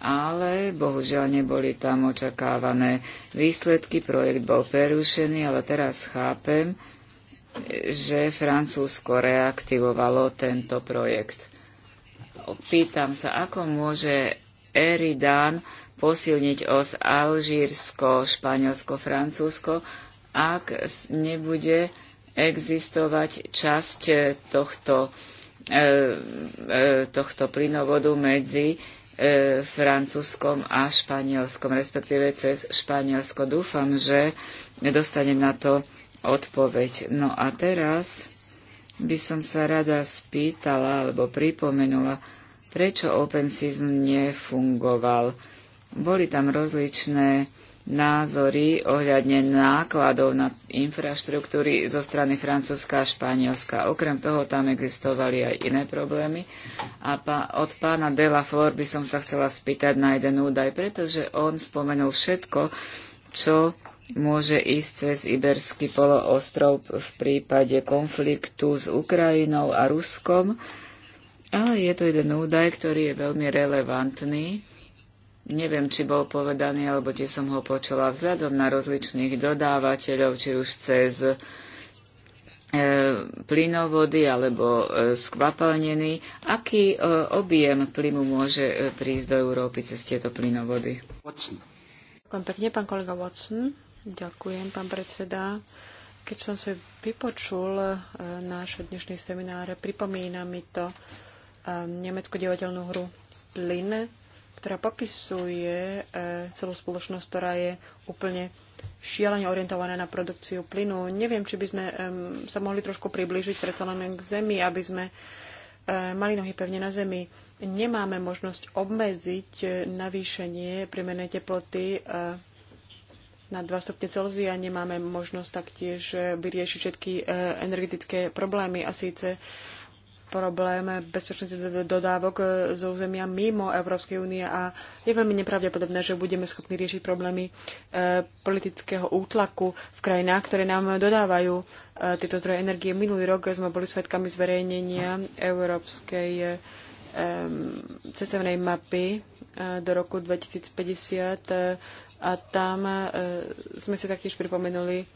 Ale bohužiaľ neboli tam očakávané výsledky, projekt bol prerušený, ale teraz chápem, že Francúzsko reaktivovalo tento projekt. Pýtam sa, ako môže Eridan posilniť os Alžírsko, Španielsko, Francúzsko, ak nebude existovať časť e, tohto, e, e, tohto plynovodu medzi Francúzskom a Španielskom, respektíve cez Španielsko. Dúfam, že dostanem na to odpoveď. No a teraz by som sa rada spýtala alebo pripomenula, prečo Season nefungoval. Boli tam rozličné názory ohľadne nákladov na infraštruktúry zo strany Francúzska a Španielska. Okrem toho tam existovali aj iné problémy. A pa, od pána Flor by som sa chcela spýtať na jeden údaj, pretože on spomenul všetko, čo môže ísť cez Iberský poloostrov v prípade konfliktu s Ukrajinou a Ruskom. Ale je to jeden údaj, ktorý je veľmi relevantný Neviem, či bol povedaný, alebo či som ho počula vzhľadom na rozličných dodávateľov, či už cez e, plynovody alebo e, skvapalnený. Aký e, objem plynu môže prísť do Európy cez tieto plynovody? Ďakujem pekne, pán kolega Watson. Ďakujem, pán predseda. Keď som si vypočul náš dnešný seminár, pripomína mi to nemeckú divateľnú hru Plyn, ktorá popisuje e, celú spoločnosť, ktorá je úplne šialene orientovaná na produkciu plynu. Neviem, či by sme sa mohli trošku priblížiť predsa len k zemi, aby sme e, mali nohy pevne na zemi. Nemáme možnosť obmedziť e, navýšenie priemernej teploty na 2 stupne Celzia. Nemáme možnosť taktiež vyriešiť všetky energetické problémy a síce problém bezpečnosti dodávok e, z územia mimo Európskej únie a je veľmi nepravdepodobné, že budeme schopní riešiť problémy e, politického útlaku v krajinách, ktoré nám dodávajú e, tieto zdroje energie. Minulý rok sme boli svedkami zverejnenia Európskej cestovnej mapy do roku 2050 a tam sme si taktiež pripomenuli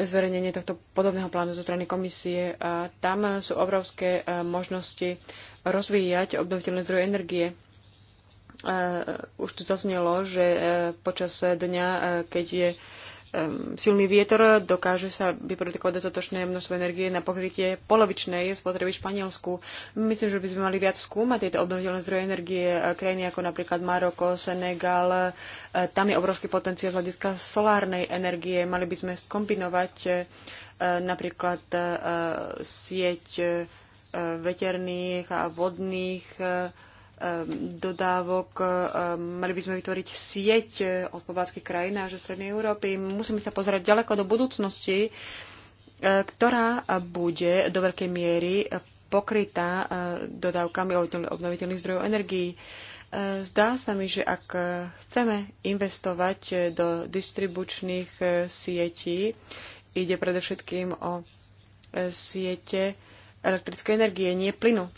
zverejnenie tohto podobného plánu zo strany komisie. A tam sú obrovské e, možnosti rozvíjať obnoviteľné zdroje energie. E, už tu zaznelo, že e, počas dňa, keď je silný vietor, dokáže sa vyprodukovať dostatočné množstvo energie na pokrytie polovičnej spotreby v Španielsku. Myslím, že by sme mali viac skúmať tieto obnoviteľné zdroje energie e, krajiny ako napríklad Maroko, Senegal. E, tam je obrovský potenciál z hľadiska solárnej energie. Mali by sme skombinovať e, napríklad sieť veterných a vodných dodávok. Mali by sme vytvoriť sieť eh, od pobalských krajín až do Strednej Európy. Musíme sa pozerať ďaleko do budúcnosti, eh, ktorá bude do veľkej miery eh, pokrytá dodávkami obnoviteľných zdrojov energií. Zdá sa mi, že ak chceme investovať do distribučných sietí, ide predovšetkým o siete elektrickej energie, nie plynu.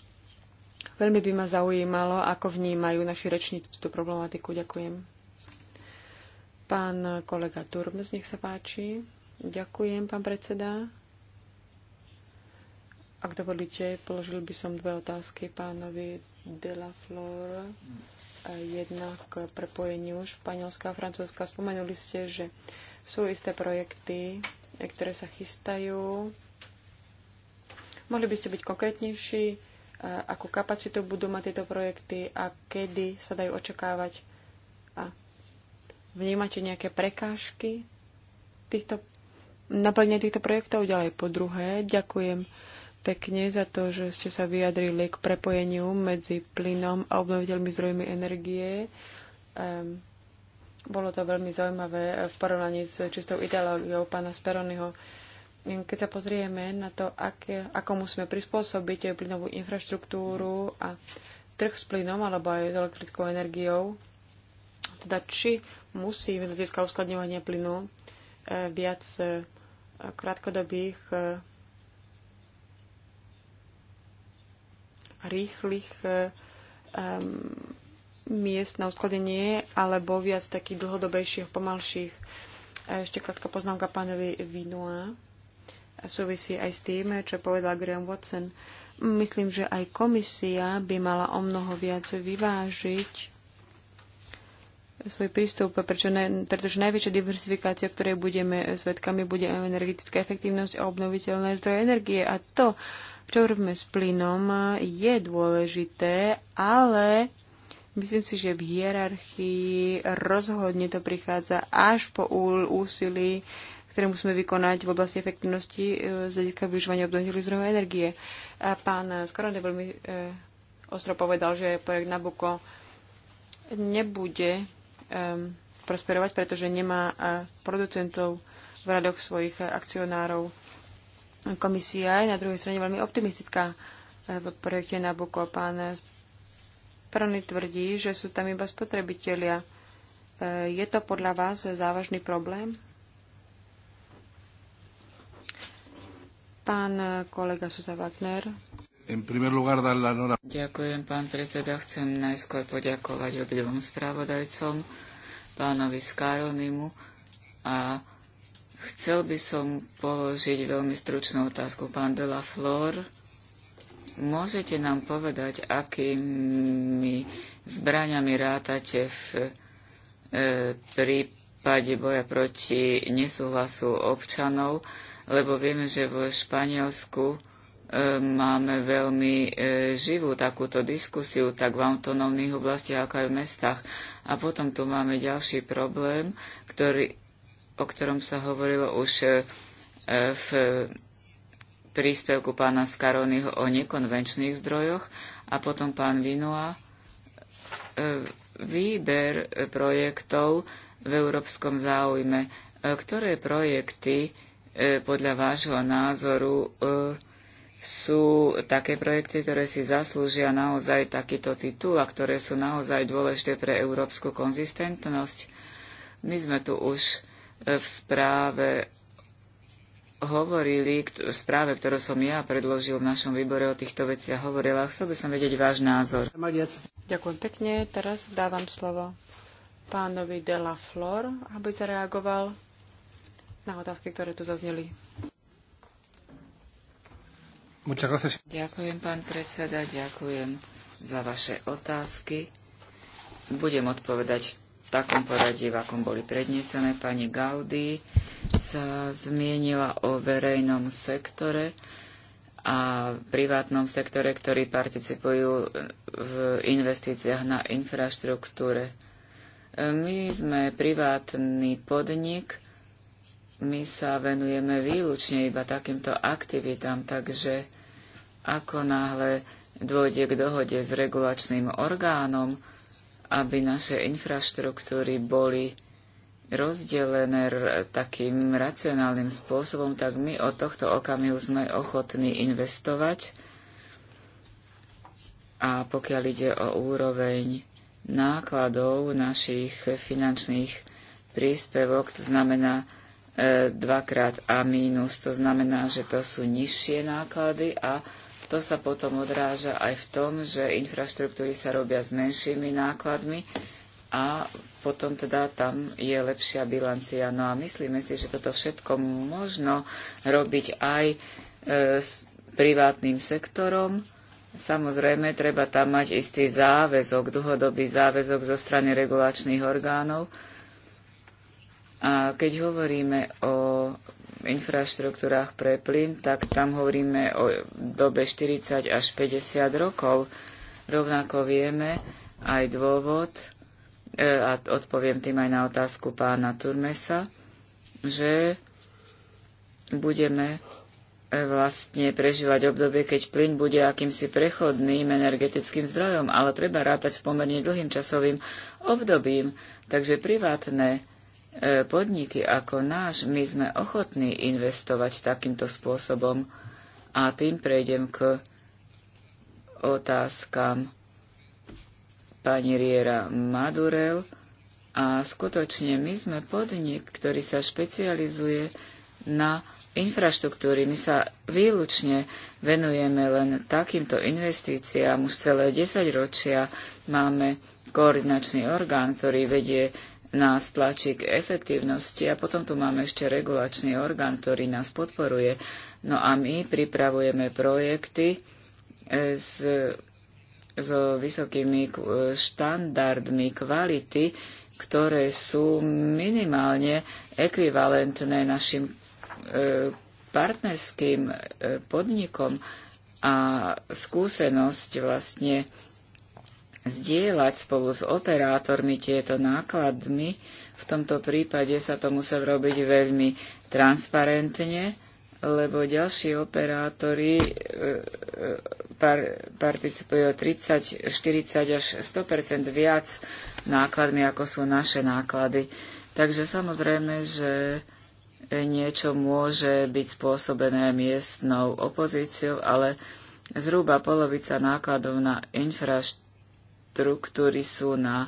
Veľmi by ma zaujímalo, ako vnímajú naši rečníci túto problematiku. Ďakujem. Pán kolega Turmes, nech sa páči. Ďakujem, pán predseda. Ak dovolíte, položil by som dve otázky pánovi De La Flor. Jedna k prepojeniu Španielska a Francúzska. Spomenuli ste, že sú isté projekty, ktoré sa chystajú. Mohli by ste byť konkrétnejší? akú kapacitu budú mať tieto projekty a kedy sa dajú očakávať. A vnímate nejaké prekážky týchto, naplnenia týchto projektov? Ďalej po druhé, ďakujem pekne za to, že ste sa vyjadrili k prepojeniu medzi plynom a obnoviteľmi zdrojmi energie. Um, bolo to veľmi zaujímavé v porovnaní s čistou ideológiou pána Speronyho. Uh, keď sa pozrieme na to, aké, ako musíme prispôsobiť plynovú infraštruktúru a trh s plynom alebo aj s elektrickou energiou, teda či musí z hľadiska uskladňovania plynu e, viac e, krátkodobých e, rýchlych miest na uskladenie alebo viac takých dlhodobejších, pomalších. Ešte krátka poznámka pánovi Vinoa súvisí aj s tým, čo povedal Graham Watson. Myslím, že aj komisia by mala o mnoho viac vyvážiť svoj prístup, pretože najväčšia diversifikácia, ktorej budeme svetkami, bude energetická efektívnosť a obnoviteľné zdroje energie. A to, čo robíme s plynom, je dôležité, ale myslím si, že v hierarchii rozhodne to prichádza až po úsilí ktoré musíme vykonať v oblasti efektivnosti e, z hľadiska využívania obnoviteľných zdrojov energie. A pán Skorande veľmi e, ostro povedal, že projekt Nabuko nebude prosperovať, pretože nemá e, producentov v radoch svojich akcionárov. Komisia je na druhej strane veľmi optimistická v projekte Nabuko. Pán Prony tvrdí, že sú tam iba spotrebitelia. Je to podľa vás závažný problém? Pán kolega Suza Wagner. Ďakujem, pán predseda. Chcem najskôr poďakovať obidvom správodajcom, pánovi Skaronimu a chcel by som položiť veľmi stručnú otázku. Pán de la Flor, môžete nám povedať, akými zbraniami rátate v e, prípade boja proti nesúhlasu občanov, lebo vieme, že v Španielsku e, máme veľmi e, živú takúto diskusiu, tak v autonómnych oblastiach, ako aj v mestách. A potom tu máme ďalší problém, ktorý, o ktorom sa hovorilo už e, v príspevku pána Skaronyho o nekonvenčných zdrojoch a potom pán Vinoa výber projektov v európskom záujme, ktoré projekty E, podľa vášho názoru e, sú také projekty, ktoré si zaslúžia naozaj takýto titul a ktoré sú naozaj dôležité pre európsku konzistentnosť. My sme tu už e, v správe hovorili, v správe, ktorú som ja predložil v našom výbore o týchto veciach hovorila. Chcel by som vedieť váš názor. Ďakujem pekne. Teraz dávam slovo pánovi de la Flor, aby zareagoval na otázky, ktoré tu zazneli. Ďakujem, pán predseda, ďakujem za vaše otázky. Budem odpovedať v takom poradí, v akom boli prednesené. Pani Gaudy sa zmienila o verejnom sektore a privátnom sektore, ktorí participujú v investíciách na infraštruktúre. My sme privátny podnik, my sa venujeme výlučne iba takýmto aktivitám, takže ako náhle dôjde k dohode s regulačným orgánom, aby naše infraštruktúry boli rozdelené takým racionálnym spôsobom, tak my od tohto okamihu sme ochotní investovať. A pokiaľ ide o úroveň nákladov našich finančných príspevok, to znamená dvakrát A mínus. To znamená, že to sú nižšie náklady a to sa potom odráža aj v tom, že infraštruktúry sa robia s menšími nákladmi a potom teda tam je lepšia bilancia. No a myslíme si, že toto všetko možno robiť aj e, s privátnym sektorom. Samozrejme, treba tam mať istý záväzok, dlhodobý záväzok zo strany regulačných orgánov, a keď hovoríme o infraštruktúrách pre plyn, tak tam hovoríme o dobe 40 až 50 rokov. Rovnako vieme aj dôvod, e, a odpoviem tým aj na otázku pána Turmesa, že budeme e, vlastne prežívať obdobie, keď plyn bude akýmsi prechodným energetickým zdrojom, ale treba rátať s pomerne dlhým časovým obdobím. Takže privátne E, podniky ako náš, my sme ochotní investovať takýmto spôsobom. A tým prejdem k otázkam pani Riera Madurel. A skutočne my sme podnik, ktorý sa špecializuje na infraštruktúry. My sa výlučne venujeme len takýmto investíciám. Už celé 10 ročia máme koordinačný orgán, ktorý vedie nás tlačí k efektívnosti a potom tu máme ešte regulačný orgán, ktorý nás podporuje. No a my pripravujeme projekty e, s, so vysokými e, štandardmi kvality, ktoré sú minimálne ekvivalentné našim e, partnerským podnikom a skúsenosť vlastne zdieľať spolu s operátormi tieto nákladmi. V tomto prípade sa to musel robiť veľmi transparentne, lebo ďalší operátori e, e, par, participujú 30, 40 až 100 viac nákladmi, ako sú naše náklady. Takže samozrejme, že niečo môže byť spôsobené miestnou opozíciou, ale zhruba polovica nákladov na infraštruktúru štruktúry sú na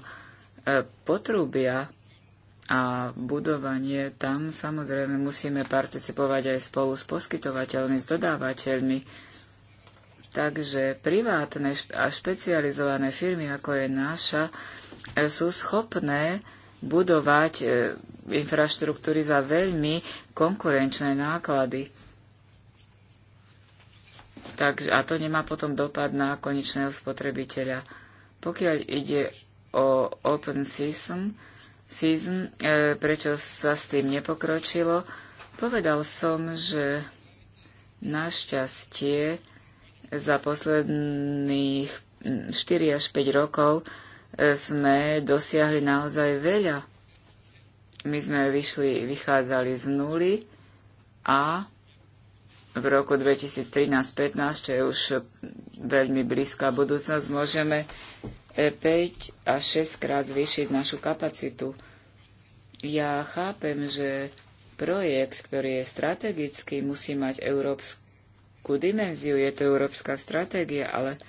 e, potrubia a budovanie, tam samozrejme musíme participovať aj spolu s poskytovateľmi, s dodávateľmi. Takže privátne a špecializované firmy, ako je náša, e, sú schopné budovať e, infraštruktúry za veľmi konkurenčné náklady. Takže, a to nemá potom dopad na konečného spotrebiteľa. Pokiaľ ide o Open Season, season e, prečo sa s tým nepokročilo, povedal som, že našťastie za posledných 4 až 5 rokov e, sme dosiahli naozaj veľa. My sme vyšli, vychádzali z nuly a v roku 2013-15, čo je už veľmi blízka budúcnosť, môžeme 5 až 6 krát zvýšiť našu kapacitu. Ja chápem, že projekt, ktorý je strategický, musí mať európsku dimenziu, je to európska stratégia, ale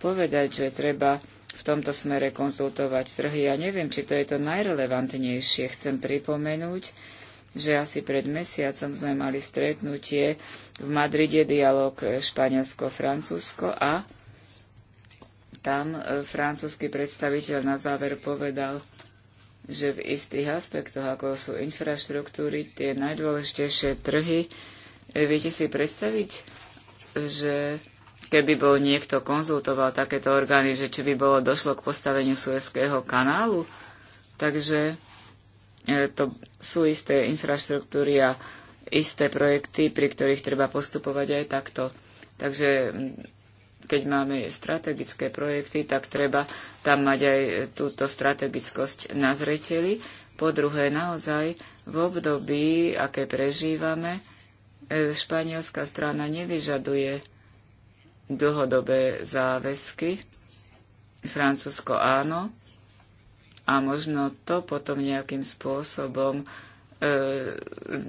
povedať, že treba v tomto smere konzultovať trhy. Ja neviem, či to je to najrelevantnejšie. Chcem pripomenúť, že asi pred mesiacom sme mali stretnutie v Madride dialog Španielsko-Francúzsko a tam e, francúzsky predstaviteľ na záver povedal, že v istých aspektoch, ako sú infraštruktúry, tie najdôležitejšie trhy, e, viete si predstaviť, že keby bol niekto konzultoval takéto orgány, že či by bolo došlo k postaveniu Suezského kanálu. Takže e, to sú isté infraštruktúry a isté projekty, pri ktorých treba postupovať aj takto. Takže keď máme strategické projekty, tak treba tam mať aj túto strategickosť na zreteli. Po druhé, naozaj v období, aké prežívame, e, španielská strana nevyžaduje dlhodobé záväzky. Francúzsko áno. A možno to potom nejakým spôsobom e,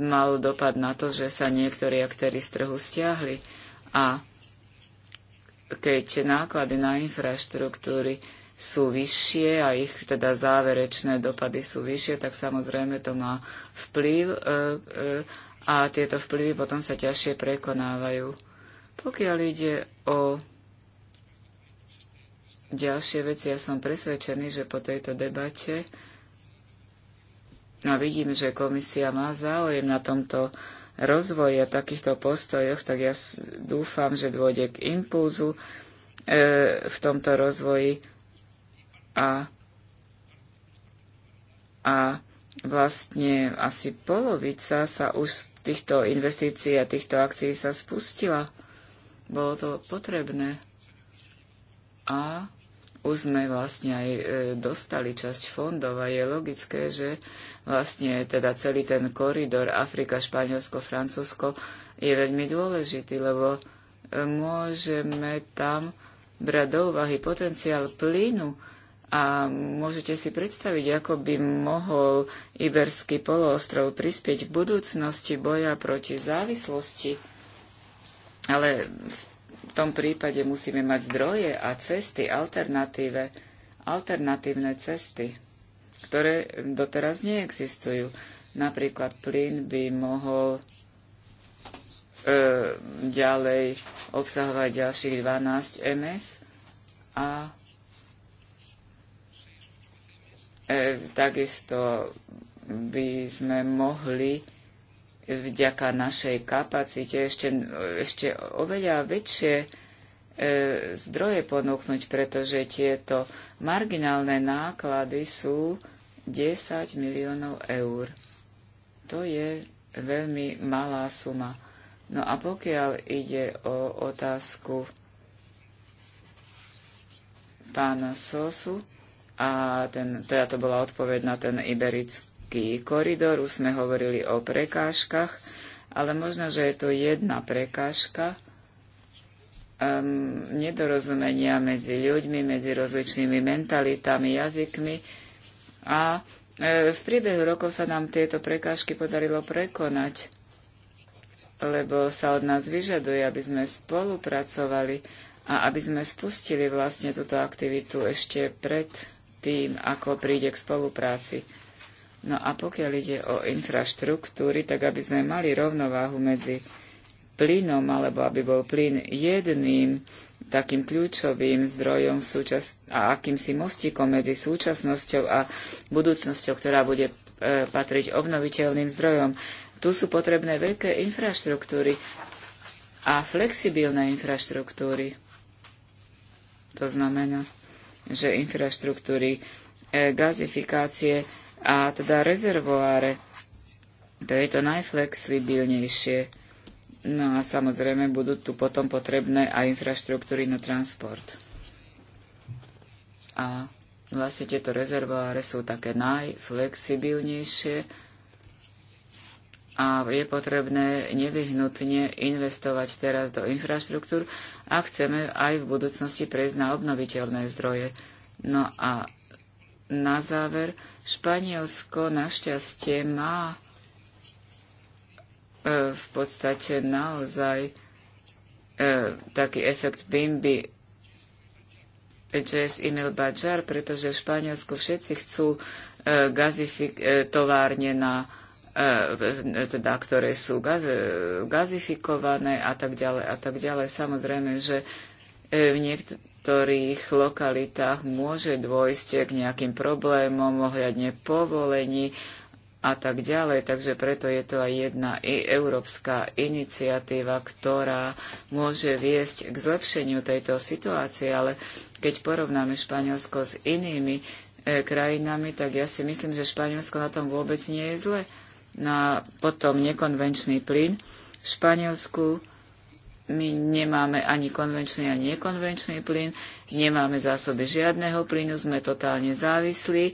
malo dopad na to, že sa niektorí aktéry z trhu stiahli. A keď náklady na infraštruktúry sú vyššie a ich teda záverečné dopady sú vyššie, tak samozrejme to má vplyv e, e, a tieto vplyvy potom sa ťažšie prekonávajú. Pokiaľ ide o ďalšie veci, ja som presvedčený, že po tejto debate no a no vidím, že komisia má záujem na tomto rozvoji a takýchto postojoch, tak ja dúfam, že dôjde k impulzu e, v tomto rozvoji a, a vlastne asi polovica sa už z týchto investícií a týchto akcií sa spustila. Bolo to potrebné. A už sme vlastne aj e, dostali časť fondov a je logické, že vlastne teda celý ten koridor Afrika, Španielsko, Francúzsko je veľmi dôležitý, lebo e, môžeme tam brať do úvahy potenciál plynu a môžete si predstaviť, ako by mohol Iberský poloostrov prispieť v budúcnosti boja proti závislosti. Ale v tom prípade musíme mať zdroje a cesty, alternatíve, alternatívne cesty, ktoré doteraz neexistujú. Napríklad plyn by mohol e, ďalej obsahovať ďalších 12 ms a e, takisto by sme mohli vďaka našej kapacite ešte, ešte oveľa väčšie e, zdroje ponúknuť, pretože tieto marginálne náklady sú 10 miliónov eur. To je veľmi malá suma. No a pokiaľ ide o otázku pána Sosu, a ten, teda to bola odpoveď na ten iberický Európsky koridor, už sme hovorili o prekážkach, ale možno, že je to jedna prekážka um, nedorozumenia medzi ľuďmi, medzi rozličnými mentalitami, jazykmi a e, v priebehu rokov sa nám tieto prekážky podarilo prekonať, lebo sa od nás vyžaduje, aby sme spolupracovali a aby sme spustili vlastne túto aktivitu ešte pred tým, ako príde k spolupráci. No a pokiaľ ide o infraštruktúry, tak aby sme mali rovnováhu medzi plynom, alebo aby bol plyn jedným takým kľúčovým zdrojom súčas- a akýmsi mostíkom medzi súčasnosťou a budúcnosťou, ktorá bude e, patriť obnoviteľným zdrojom. Tu sú potrebné veľké infraštruktúry a flexibilné infraštruktúry. To znamená, že infraštruktúry e, gazifikácie a teda rezervoáre. To je to najflexibilnejšie. No a samozrejme budú tu potom potrebné aj infraštruktúry na transport. A vlastne tieto rezervoáre sú také najflexibilnejšie a je potrebné nevyhnutne investovať teraz do infraštruktúr a chceme aj v budúcnosti prejsť na obnoviteľné zdroje. No a na záver, Španielsko našťastie má e, v podstate naozaj e, taký efekt bimby Jazz Emil Bajar, pretože v Španielsku všetci chcú e, gazifik, e, továrne na e, teda, ktoré sú gaz, e, gazifikované a tak ďalej a tak ďalej. Samozrejme, že e, ktorých lokalitách môže dôjsť k nejakým problémom ohľadne povolení a tak ďalej. Takže preto je to aj jedna i európska iniciatíva, ktorá môže viesť k zlepšeniu tejto situácie, ale keď porovnáme Španielsko s inými e, krajinami, tak ja si myslím, že Španielsko na tom vôbec nie je zle. na potom nekonvenčný plyn. V Španielsku my nemáme ani konvenčný, ani nekonvenčný plyn, nemáme zásoby žiadneho plynu, sme totálne závislí,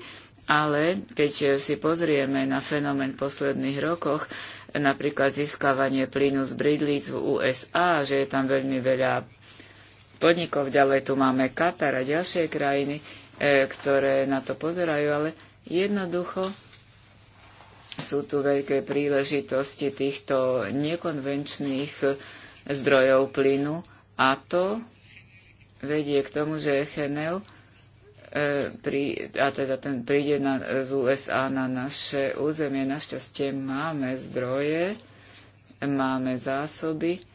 ale keď si pozrieme na fenomén posledných rokoch, napríklad získavanie plynu z bridlíc v USA, že je tam veľmi veľa podnikov, ďalej tu máme Katar a ďalšie krajiny, e, ktoré na to pozerajú, ale jednoducho sú tu veľké príležitosti týchto nekonvenčných zdrojov plynu a to vedie k tomu, že Echenel e, pri, a teda ten príde na, z USA na naše územie. Našťastie máme zdroje, máme zásoby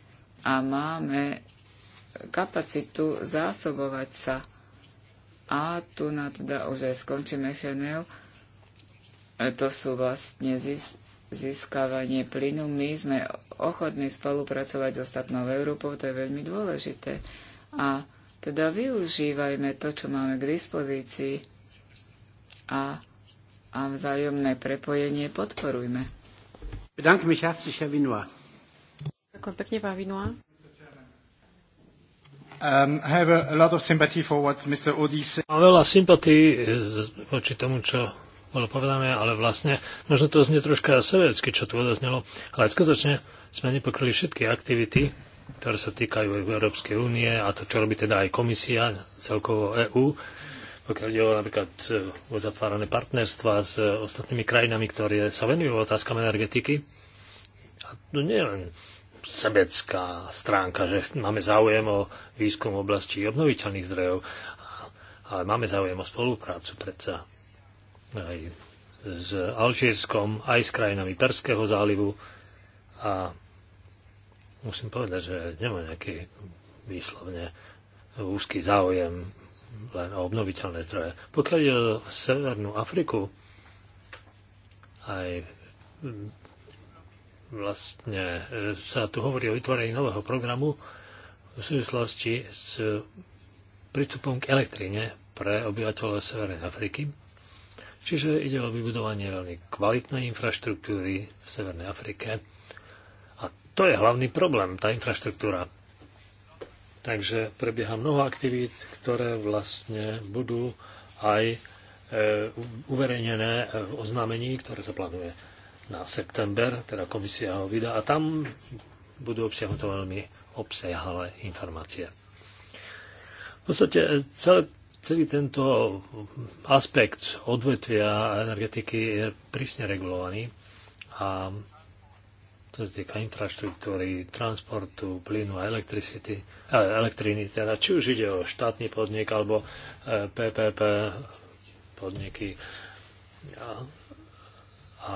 a máme kapacitu zásobovať sa. A tu na teda už aj skončíme Cheneu. E, to sú vlastne zist, získavanie plynu. My sme ochotní spolupracovať s ostatnou Európou, to je veľmi dôležité. A teda využívajme to, čo máme k dispozícii a, a vzájomné prepojenie podporujme. Bedanke mich herzlich, Herr Vinois. Ďakujem pekne, pán Vinois. Um, I have a, lot of sympathy for what Mr. Odis... Mám veľa sympatí eh, voči tomu, čo bolo povedané, ale vlastne možno to znie troška sovietsky, čo tu odoznelo, ale skutočne sme nepokryli všetky aktivity, ktoré sa týkajú Európskej únie a to, čo robí teda aj komisia, celkovo EÚ, pokiaľ ide o napríklad e, uzatvárané partnerstva s ostatnými krajinami, ktoré sa venujú otázkam energetiky. A to nie len sebecká stránka, že máme záujem o výskum v oblasti obnoviteľných zdrojov, ale máme záujem o spoluprácu predsa aj s Alžírskom, aj s krajinami Perského zálivu a musím povedať, že nemá nejaký výslovne úzky záujem len o obnoviteľné zdroje. Pokiaľ je o Severnú Afriku, aj vlastne sa tu hovorí o vytvorení nového programu v súvislosti s prístupom k elektrine pre obyvateľov Severnej Afriky. Čiže ide o vybudovanie veľmi kvalitnej infraštruktúry v Severnej Afrike. A to je hlavný problém, tá infraštruktúra. Takže prebieha mnoho aktivít, ktoré vlastne budú aj e, uverejnené v oznámení, ktoré sa plánuje na september, teda komisia ho vydá a tam budú obsiahnuté veľmi obsiahle informácie. V podstate e, celé celý tento aspekt odvetvia energetiky je prísne regulovaný a to sa týka infraštruktúry, transportu, plynu a elektricity, elektriny, teda či už ide o štátny podnik alebo PPP e, podniky. A, a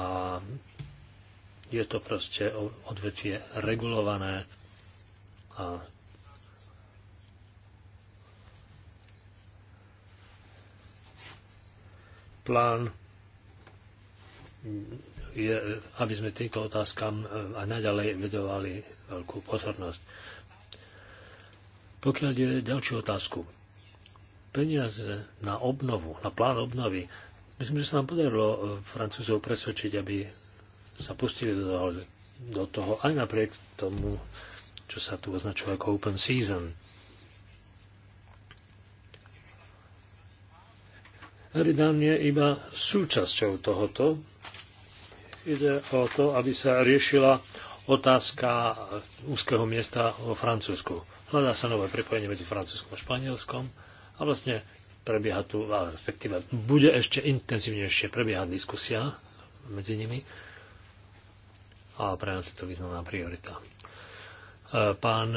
je to proste odvetvie regulované a plán je, aby sme týmto otázkam e, a naďalej vedovali veľkú pozornosť. Pokiaľ je ďalšiu otázku, peniaze na obnovu, na plán obnovy, myslím, že sa nám podarilo e, Francúzov presvedčiť, aby sa pustili do toho, do toho aj napriek tomu, čo sa tu označuje ako open season. Eridan je iba súčasťou tohoto. Ide o to, aby sa riešila otázka úzkeho miesta vo Francúzsku. Hľadá sa nové prepojenie medzi Francúzskom a Španielskom a vlastne prebieha tu, ale respektíve bude ešte intenzívnejšie prebiehať diskusia medzi nimi a pre nás je to významná priorita. Eh, pán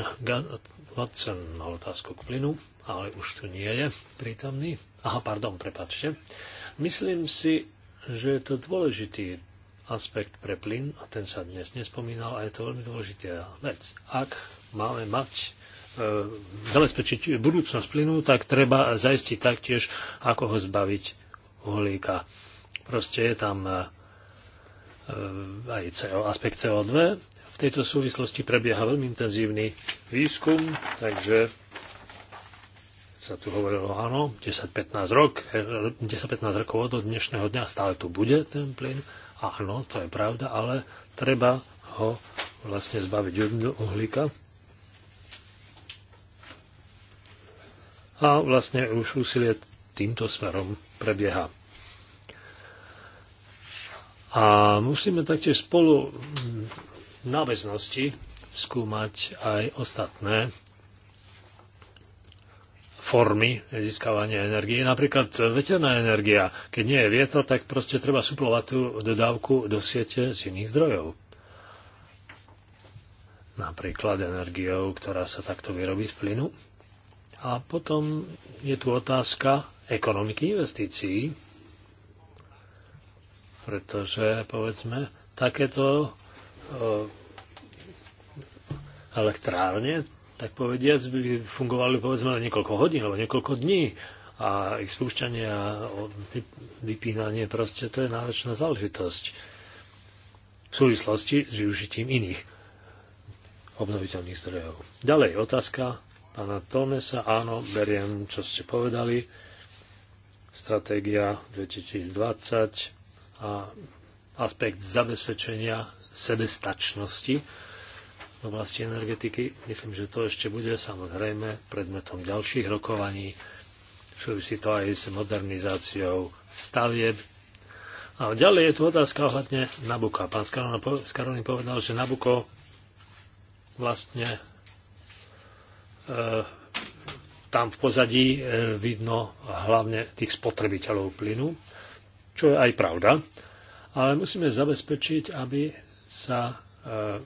Watson mal otázku k plynu, ale už tu nie je prítomný. Aha, pardon, prepačte. Myslím si, že je to dôležitý aspekt pre plyn, a ten sa dnes nespomínal, a je to veľmi dôležitá vec. Ak máme mať e, zabezpečiť budúcnosť plynu, tak treba zaistiť taktiež, ako ho zbaviť uhlíka. Proste je tam e, aj CO, aspekt CO2, tejto súvislosti prebieha veľmi intenzívny výskum, takže sa tu hovorilo, áno, 10-15 rok, 10-15 rokov od dnešného dňa stále tu bude ten plyn, áno, to je pravda, ale treba ho vlastne zbaviť uhlíka. A vlastne už úsilie týmto smerom prebieha. A musíme taktiež spolu náväznosti skúmať aj ostatné formy získavania energie. Napríklad veterná energia. Keď nie je vietor, tak proste treba suplovať tú dodávku do siete z iných zdrojov. Napríklad energiou, ktorá sa takto vyrobí z plynu. A potom je tu otázka ekonomiky investícií, pretože povedzme, takéto Eh, elektrárne, tak povediac, by fungovali povedzme len niekoľko hodín alebo niekoľko dní a ich spúšťanie a vypínanie proste to je náročná záležitosť v súvislosti s využitím iných obnoviteľných zdrojov. Ďalej otázka pána Tomesa. Áno, beriem, čo ste povedali. Stratégia 2020 a aspekt zabezpečenia sebestačnosti v oblasti energetiky. Myslím, že to ešte bude samozrejme predmetom ďalších rokovaní. Súvisí to aj s modernizáciou stavieb. A ďalej je tu otázka ohľadne Nabuka. Pán Skaroni povedal, že Nabuko vlastne e, tam v pozadí e, vidno hlavne tých spotrebiteľov plynu, čo je aj pravda. Ale musíme zabezpečiť, aby sa eh,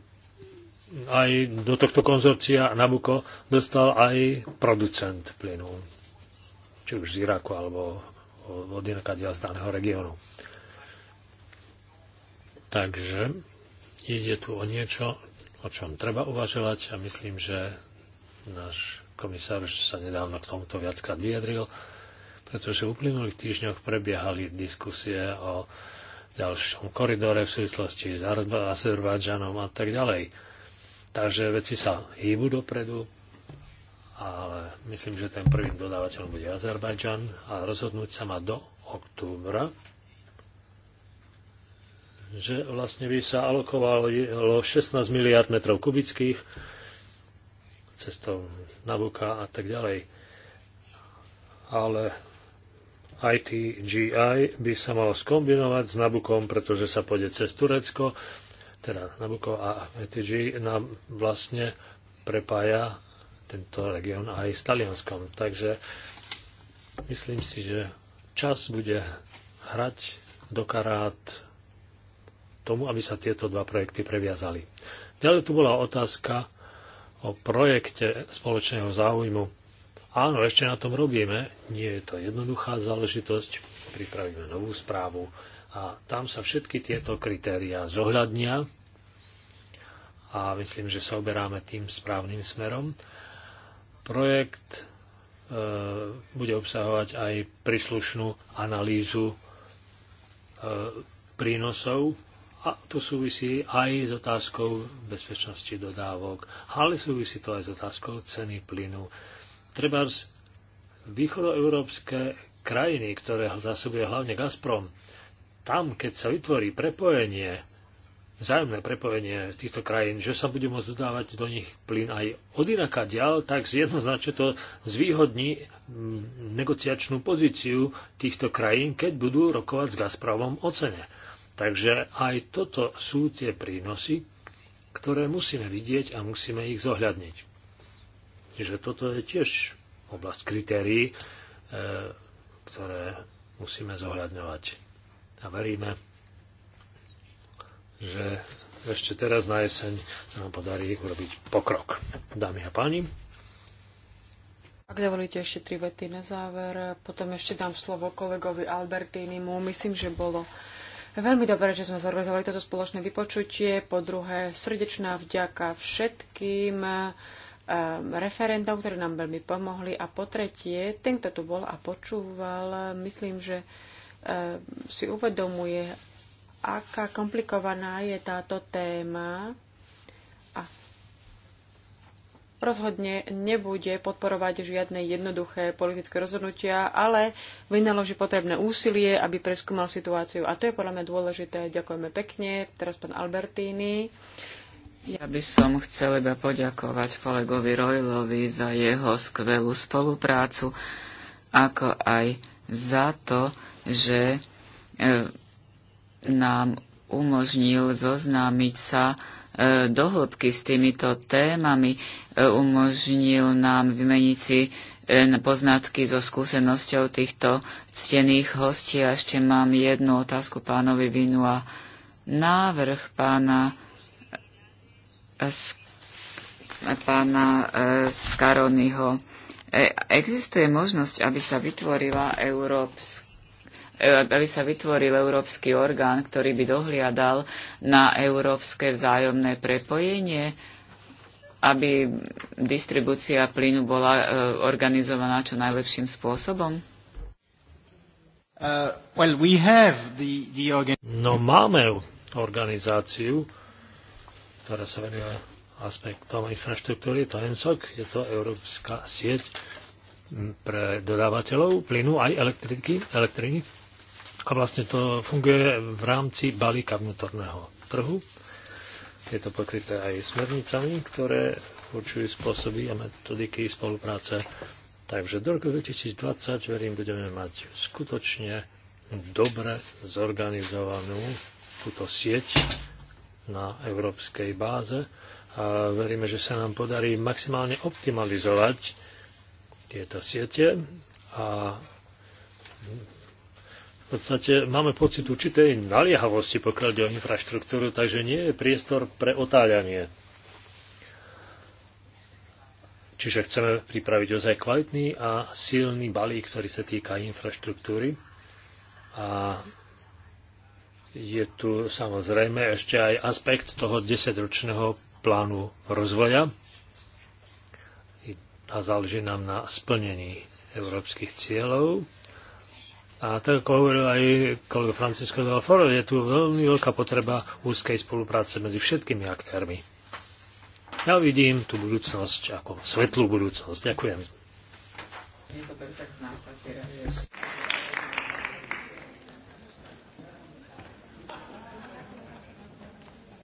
aj do tohto konzorcia Nabuko dostal aj producent plynu, či už z Iraku alebo od inakadia z daného regiónu. Takže ide tu o niečo, o čom treba uvažovať a myslím, že náš komisár sa nedávno k tomuto viackrát vyjadril, pretože v uplynulých týždňoch prebiehali diskusie o ďalšom koridore v súvislosti s Azerbajdžanom a tak ďalej. Takže veci sa hýbu dopredu, ale myslím, že ten prvým dodávateľom bude Azerbajdžan a rozhodnúť sa má do októbra, že vlastne by sa alokovalo 16 miliard metrov kubických cestou Nabuka a tak ďalej. Ale ITGI by sa mal skombinovať s Nabukom, pretože sa pôjde cez Turecko, teda Nabuko a ITG nám vlastne prepája tento región aj s Talianskom. Takže myslím si, že čas bude hrať do karát tomu, aby sa tieto dva projekty previazali. Ďalej tu bola otázka o projekte spoločného záujmu Áno, ešte na tom robíme. Nie je to jednoduchá záležitosť. Pripravíme novú správu a tam sa všetky tieto kritériá zohľadnia a myslím, že sa oberáme tým správnym smerom. Projekt e, bude obsahovať aj príslušnú analýzu e, prínosov a to súvisí aj s otázkou bezpečnosti dodávok, ale súvisí to aj s otázkou ceny plynu treba východoeurópske krajiny, ktoré zásobuje hlavne Gazprom, tam, keď sa vytvorí prepojenie, vzájomné prepojenie týchto krajín, že sa bude môcť dodávať do nich plyn aj od inaká ďal, tak jednoznačne to zvýhodní mm, negociačnú pozíciu týchto krajín, keď budú rokovať s Gazpromom o cene. Takže aj toto sú tie prínosy, ktoré musíme vidieť a musíme ich zohľadniť. Čiže toto je tiež oblasť kritérií, e, ktoré musíme zohľadňovať. A veríme, že ešte teraz na jeseň sa nám podarí urobiť pokrok. Dámy a páni. Ak dovolíte ešte tri vety na záver, potom ešte dám slovo kolegovi Albertínimu. Myslím, že bolo veľmi dobré, že sme zorganizovali toto spoločné vypočutie. Po druhé, srdečná vďaka všetkým referendov, ktoré nám veľmi pomohli. A po tretie, ten, kto tu bol a počúval, myslím, že si uvedomuje, aká komplikovaná je táto téma a rozhodne nebude podporovať žiadne jednoduché politické rozhodnutia, ale vynaloží potrebné úsilie, aby preskúmal situáciu. A to je podľa mňa dôležité. Ďakujeme pekne. Teraz pán Albertini. Ja by som chcel iba poďakovať kolegovi Rojlovi za jeho skvelú spoluprácu, ako aj za to, že e, nám umožnil zoznámiť sa e, dohlbky s týmito témami, e, umožnil nám vymeniť si poznatky so skúsenosťou týchto ctených hostí. A ešte mám jednu otázku pánovi Vinu a návrh pána pána e, Skaronyho. E, existuje možnosť, aby sa vytvorila európska e, aby sa vytvoril európsky orgán, ktorý by dohliadal na európske vzájomné prepojenie, aby distribúcia plynu bola organizovaná čo najlepším spôsobom? Uh, no máme organizáciu, ktorá sa venuje aspektom infraštruktúry, to ENSOC, je to Európska sieť pre dodávateľov plynu aj elektriky, elektriny. A vlastne to funguje v rámci balíka vnútorného trhu. Je to pokryté aj smernicami, ktoré určujú spôsoby a metodiky spolupráce. Takže do roku 2020, verím, budeme mať skutočne dobre zorganizovanú túto sieť na európskej báze a veríme, že sa nám podarí maximálne optimalizovať tieto siete a v podstate máme pocit určitej naliehavosti, pokiaľ ide o infraštruktúru, takže nie je priestor pre otáľanie. Čiže chceme pripraviť ozaj kvalitný a silný balík, ktorý sa týka infraštruktúry a je tu samozrejme ešte aj aspekt toho desaťročného plánu rozvoja a záleží nám na splnení európskych cieľov. A tak ako hovoril aj kolega Francisco de Alforo, je tu veľmi veľká potreba úzkej spolupráce medzi všetkými aktérmi. Ja vidím tú budúcnosť ako svetlú budúcnosť. Ďakujem. Je to perfektná satira,